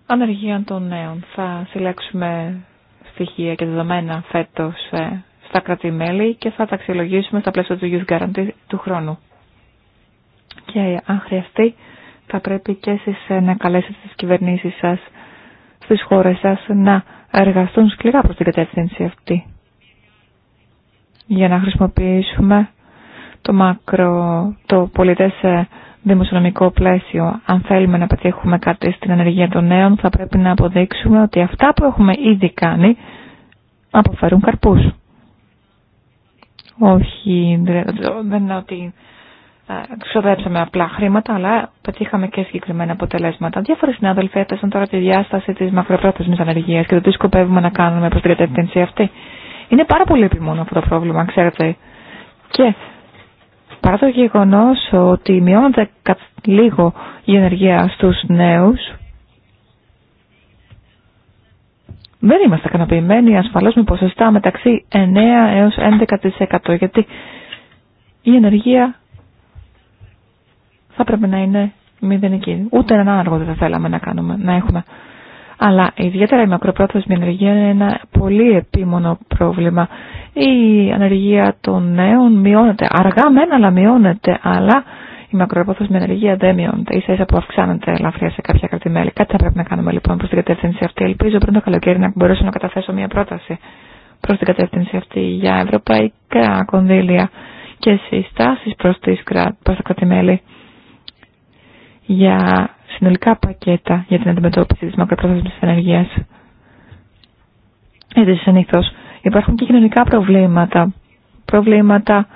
ανεργία των νέων. Θα συλλέξουμε στοιχεία και δεδομένα φέτος ε, στα κρατημέλη και θα τα αξιολογήσουμε στα πλαίσια του Youth Guarantee του χρόνου. Και αν χρειαστεί θα πρέπει και εσείς ε, να καλέσετε τις κυβερνήσεις σας στις χώρες σας να εργαστούν σκληρά προς την κατεύθυνση αυτή για να χρησιμοποιήσουμε το μακρο, το πολιτές ε, δημοσιονομικό πλαίσιο. Αν θέλουμε να πετύχουμε κάτι στην ενεργεία των νέων, θα πρέπει να αποδείξουμε ότι αυτά που έχουμε ήδη κάνει αποφέρουν καρπούς. Όχι, δεν είναι ότι ε, ξοδέψαμε απλά χρήματα, αλλά πετύχαμε και συγκεκριμένα αποτελέσματα. Διάφοροι συνάδελφοι έθεσαν τώρα τη διάσταση της μακροπρόθεσμης ανεργίας και το τι σκοπεύουμε να κάνουμε προς την κατεύθυνση αυτή. Είναι πάρα πολύ επιμόνο αυτό το πρόβλημα, ξέρετε. Και Παρά το γεγονός ότι μειώνονται λίγο η ενεργεία στους νέους, δεν είμαστε κανοποιημένοι ασφαλώς με ποσοστά μεταξύ 9 έως 11% γιατί η ενεργεία θα πρέπει να είναι μηδενική. Ούτε έναν άργο δεν θα θέλαμε να, κάνουμε, να έχουμε. Αλλά ιδιαίτερα η μακροπρόθεσμη ενεργεία είναι ένα πολύ επίμονο πρόβλημα η ανεργία των νέων μειώνεται. Αργά μεν, αλλά μειώνεται. Αλλά η με ανεργία δεν μειώνεται. σα ίσα που αυξάνεται ελαφριά σε κάποια κρατημέλη. Κάτι θα πρέπει να κάνουμε λοιπόν προ την κατεύθυνση αυτή. Ελπίζω πριν το καλοκαίρι να μπορέσω να καταθέσω μια πρόταση προ την κατεύθυνση αυτή για ευρωπαϊκά κονδύλια και συστάσει προ τα κρατημέλη για συνολικά πακέτα για την αντιμετώπιση της μακροπρόθεσμης ανεργία. Έτσι συνήθω Υπάρχουν και κοινωνικά προβλήματα, προβλήματα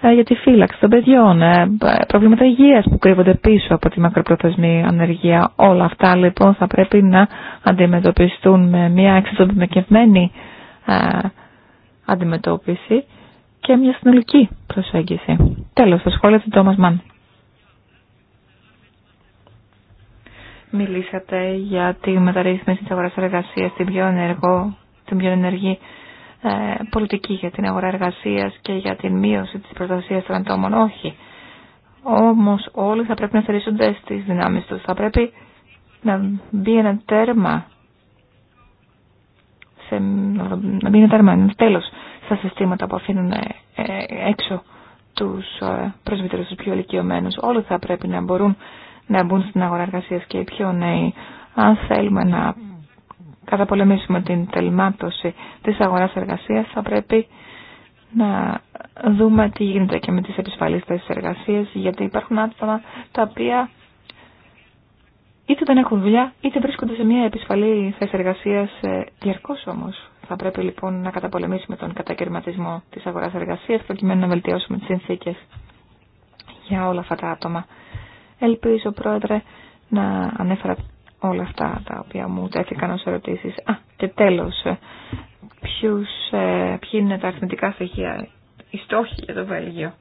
ε, για τη φύλαξη των παιδιών, ε, προβλήματα υγείας που κρύβονται πίσω από τη μακροπροθεσμή ανεργία. Όλα αυτά λοιπόν θα πρέπει να αντιμετωπιστούν με μια εξωτερικευμένη ε, αντιμετώπιση και μια συνολική προσέγγιση. Τέλος, το σχόλιο του Τόμας Μαν. Μιλήσατε για τη μεταρρύθμιση της αγοράς εργασίας, την την πιο ενεργή ε, πολιτική για την αγορά εργασίας και για την μείωση της προστασίας των ατόμων. Όχι. Όμως όλοι θα πρέπει να θερήσουν στις δυνάμεις τους. Θα πρέπει να μπει ένα τέρμα σε, να μπει ένα τέρμα, τέλος στα συστήματα που αφήνουν ε, ε, έξω τους προσβητέρους τους πιο ηλικιωμένους. Όλοι θα πρέπει να μπορούν να μπουν στην αγορά εργασίας και οι πιο νέοι. Αν θέλουμε να καταπολεμήσουμε την τελμάτωση της αγοράς εργασίας θα πρέπει να δούμε τι γίνεται και με τις επισφαλείς θέσεις εργασίας γιατί υπάρχουν άτομα τα οποία είτε δεν έχουν δουλειά είτε βρίσκονται σε μια επισφαλή θέση εργασίας ε, διαρκώς όμως. Θα πρέπει λοιπόν να καταπολεμήσουμε τον κατακαιρματισμό της αγοράς εργασίας προκειμένου να βελτιώσουμε τις συνθήκες για όλα αυτά τα άτομα. Ελπίζω, Πρόεδρε, να ανέφερα όλα αυτά τα οποία μου τέθηκαν ως ερωτήσεις. Α, και τέλος, ε, ποιους, ε, ποιοι είναι τα αριθμητικά στοιχεία, οι στόχοι για το Βέλγιο.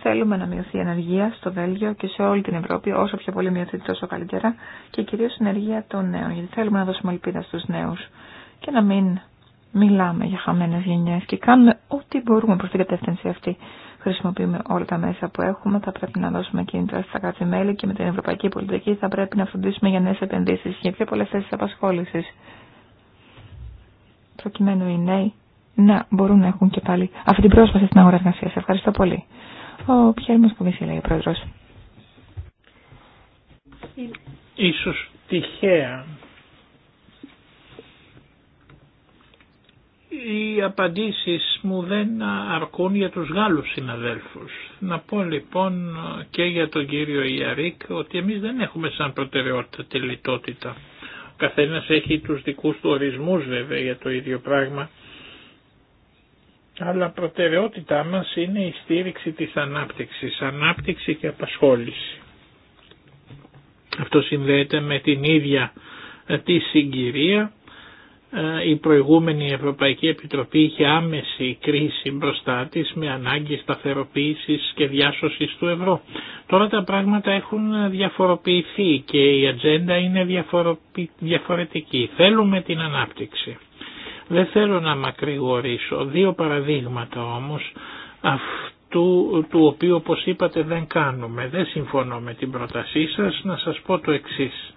Θέλουμε να μειωθεί η ενεργία στο Βέλγιο και σε όλη την Ευρώπη, όσο πιο πολύ μειωθεί τόσο καλύτερα, και κυρίως η ενεργία των νέων, γιατί θέλουμε να δώσουμε ελπίδα στους νέους και να μην μιλάμε για χαμένες γενιές και κάνουμε ό,τι μπορούμε προς την κατεύθυνση αυτή χρησιμοποιούμε όλα τα μέσα που έχουμε, θα πρέπει να δώσουμε κίνητρα στα κράτη-μέλη και με την ευρωπαϊκή πολιτική θα πρέπει να φροντίσουμε για νέε επενδύσει, για πιο πολλέ θέσει απασχόληση. Προκειμένου οι νέοι να μπορούν να έχουν και πάλι αυτή την πρόσβαση στην αγορά εργασία. Ευχαριστώ πολύ. Ο Πιέρ Μοσκοβίση, λέει ο πρόεδρο. Ίσως τυχαία οι απαντήσεις μου δεν αρκούν για τους Γάλλους συναδέλφους. Να πω λοιπόν και για τον κύριο Ιαρίκ ότι εμείς δεν έχουμε σαν προτεραιότητα τη λιτότητα. καθένας έχει τους δικούς του ορισμούς βέβαια για το ίδιο πράγμα. Αλλά προτεραιότητά μας είναι η στήριξη της ανάπτυξης, ανάπτυξη και απασχόληση. Αυτό συνδέεται με την ίδια τη συγκυρία ε, η προηγούμενη Ευρωπαϊκή Επιτροπή είχε άμεση κρίση μπροστά της με ανάγκη σταθεροποίησης και διάσωσης του ευρώ. Τώρα τα πράγματα έχουν διαφοροποιηθεί και η ατζέντα είναι διαφορετική. Θέλουμε την ανάπτυξη. Δεν θέλω να μακρηγορήσω. Δύο παραδείγματα όμως αυτού του οποίου όπως είπατε δεν κάνουμε. Δεν συμφωνώ με την πρότασή σας. Να σας πω το εξής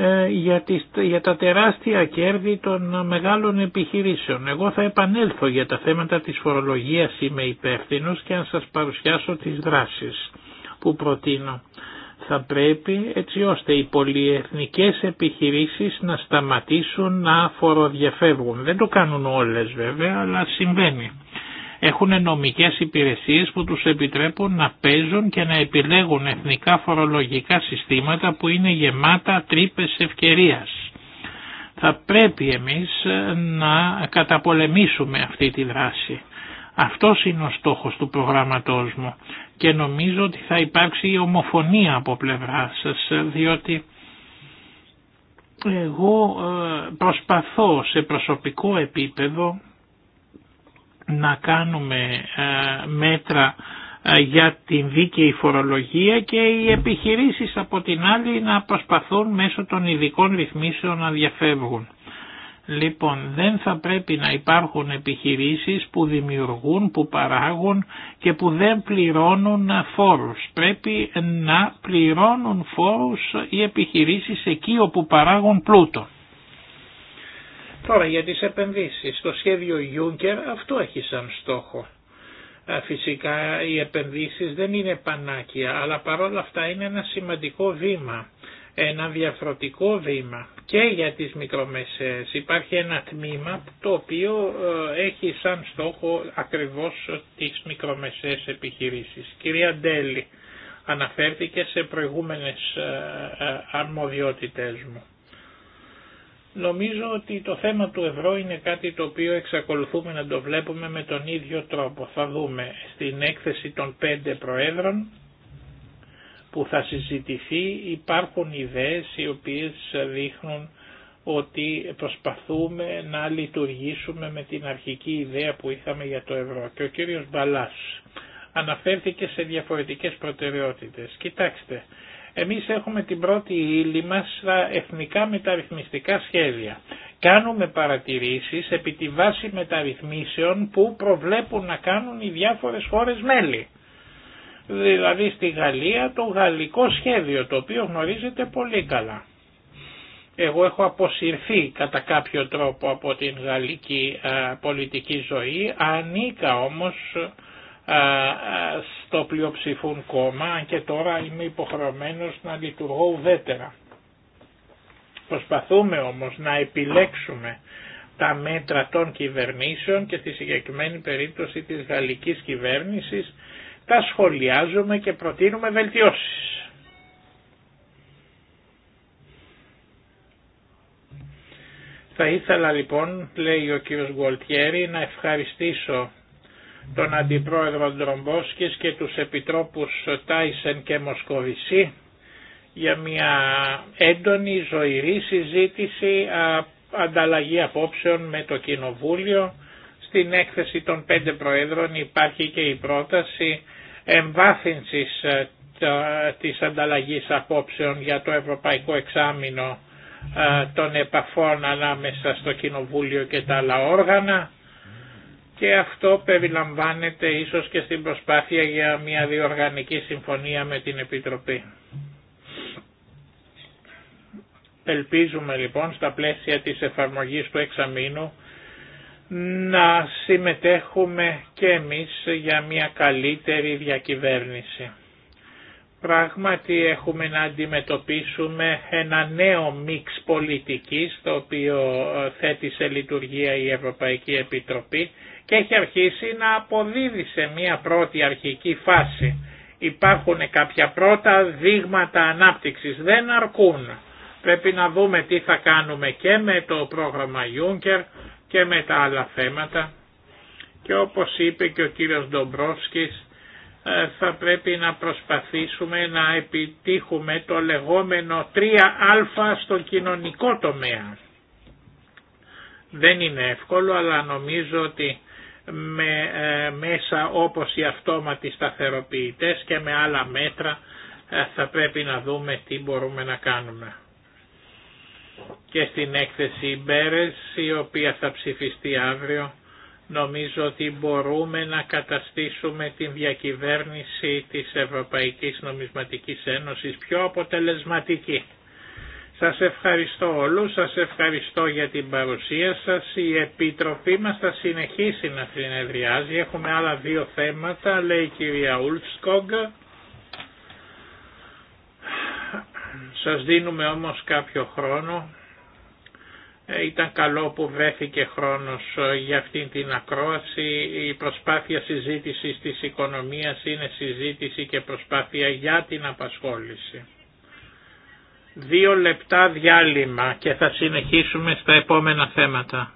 ε, για, τα τεράστια κέρδη των μεγάλων επιχειρήσεων. Εγώ θα επανέλθω για τα θέματα της φορολογίας είμαι υπεύθυνο και αν σας παρουσιάσω τις δράσεις που προτείνω. Θα πρέπει έτσι ώστε οι πολυεθνικές επιχειρήσεις να σταματήσουν να φοροδιαφεύγουν. Δεν το κάνουν όλες βέβαια αλλά συμβαίνει έχουν νομικές υπηρεσίες που τους επιτρέπουν να παίζουν και να επιλέγουν εθνικά φορολογικά συστήματα που είναι γεμάτα τρύπες ευκαιρίας. Θα πρέπει εμείς ε, να καταπολεμήσουμε αυτή τη δράση. Αυτός είναι ο στόχος του προγραμματός μου και νομίζω ότι θα υπάρξει ομοφωνία από πλευρά σας ε, διότι εγώ ε, προσπαθώ σε προσωπικό επίπεδο να κάνουμε ε, μέτρα ε, για την δίκαιη φορολογία και οι επιχειρήσεις από την άλλη να προσπαθούν μέσω των ειδικών ρυθμίσεων να διαφεύγουν. Λοιπόν, δεν θα πρέπει να υπάρχουν επιχειρήσεις που δημιουργούν, που παράγουν και που δεν πληρώνουν ε, φόρους. Πρέπει να πληρώνουν φόρους οι επιχειρήσεις εκεί όπου παράγουν πλούτο. Τώρα για τις επενδύσεις. Το σχέδιο Juncker αυτό έχει σαν στόχο. Ε, φυσικά οι επενδύσεις δεν είναι πανάκια, αλλά παρόλα αυτά είναι ένα σημαντικό βήμα, ένα διαφορετικό βήμα και για τις μικρομεσαίες. Υπάρχει ένα τμήμα το οποίο ε, έχει σαν στόχο ακριβώς τις μικρομεσαίες επιχειρήσεις. Κυρία Ντέλη, αναφέρθηκε σε προηγούμενες ε, αρμοδιότητές μου. Νομίζω ότι το θέμα του ευρώ είναι κάτι το οποίο εξακολουθούμε να το βλέπουμε με τον ίδιο τρόπο. Θα δούμε στην έκθεση των πέντε προέδρων που θα συζητηθεί υπάρχουν ιδέες οι οποίες δείχνουν ότι προσπαθούμε να λειτουργήσουμε με την αρχική ιδέα που είχαμε για το ευρώ. Και ο κύριος Μπαλάς αναφέρθηκε σε διαφορετικές προτεραιότητες. Κοιτάξτε, εμείς έχουμε την πρώτη ύλη μας στα εθνικά μεταρρυθμιστικά σχέδια. Κάνουμε παρατηρήσεις επί τη βάση μεταρρυθμίσεων που προβλέπουν να κάνουν οι διάφορες χώρες μέλη. Δηλαδή στη Γαλλία το γαλλικό σχέδιο το οποίο γνωρίζετε πολύ καλά. Εγώ έχω αποσυρθεί κατά κάποιο τρόπο από την γαλλική πολιτική ζωή, ανήκα όμως ε, ε, στο πλειοψηφούν κόμμα, αν και τώρα είμαι υποχρεωμένος να λειτουργώ ουδέτερα. Προσπαθούμε όμως να επιλέξουμε τα μέτρα των κυβερνήσεων και στη συγκεκριμένη περίπτωση της γαλλικής κυβέρνησης τα σχολιάζουμε και προτείνουμε βελτιώσεις. Θα ήθελα λοιπόν, λέει ο κύριος Γκολτιέρη, να ευχαριστήσω τον Αντιπρόεδρο Ντρομπόσκης και τους Επιτρόπους Τάισεν και Μοσκοβισή για μια έντονη ζωηρή συζήτηση ανταλλαγή απόψεων με το Κοινοβούλιο. Στην έκθεση των πέντε Προέδρων υπάρχει και η πρόταση εμβάθυνσης της ανταλλαγής απόψεων για το Ευρωπαϊκό Εξάμεινο των επαφών ανάμεσα στο Κοινοβούλιο και τα άλλα όργανα και αυτό περιλαμβάνεται ίσως και στην προσπάθεια για μια διοργανική συμφωνία με την Επιτροπή. Ελπίζουμε λοιπόν στα πλαίσια της εφαρμογής του εξαμήνου να συμμετέχουμε και εμείς για μια καλύτερη διακυβέρνηση. Πράγματι έχουμε να αντιμετωπίσουμε ένα νέο μίξ πολιτικής το οποίο ε, θέτει σε λειτουργία η Ευρωπαϊκή Επιτροπή και έχει αρχίσει να αποδίδει σε μία πρώτη αρχική φάση. Υπάρχουν κάποια πρώτα δείγματα ανάπτυξης, δεν αρκούν. Πρέπει να δούμε τι θα κάνουμε και με το πρόγραμμα Juncker και με τα άλλα θέματα. Και όπως είπε και ο κύριος Ντομπρόσκης, ε, θα πρέπει να προσπαθήσουμε να επιτύχουμε το λεγόμενο 3α στο κοινωνικό τομέα. Δεν είναι εύκολο αλλά νομίζω ότι με ε, μέσα όπως οι αυτόματοι σταθεροποιητές και με άλλα μέτρα ε, θα πρέπει να δούμε τι μπορούμε να κάνουμε. Και στην έκθεση Μπέρες η οποία θα ψηφιστεί αύριο νομίζω ότι μπορούμε να καταστήσουμε την διακυβέρνηση της Ευρωπαϊκής Νομισματικής Ένωσης πιο αποτελεσματική. Σας ευχαριστώ όλους, σας ευχαριστώ για την παρουσία σας. Η Επιτροπή μας θα συνεχίσει να συνεδριάζει. Έχουμε άλλα δύο θέματα, λέει η κυρία Ουλφσκόγκ. Σας δίνουμε όμως κάποιο χρόνο. Ε, ήταν καλό που βρέθηκε χρόνος ε, για αυτήν την ακρόαση. Η προσπάθεια συζήτησης της οικονομίας είναι συζήτηση και προσπάθεια για την απασχόληση. Δύο λεπτά διάλειμμα και θα συνεχίσουμε στα επόμενα θέματα.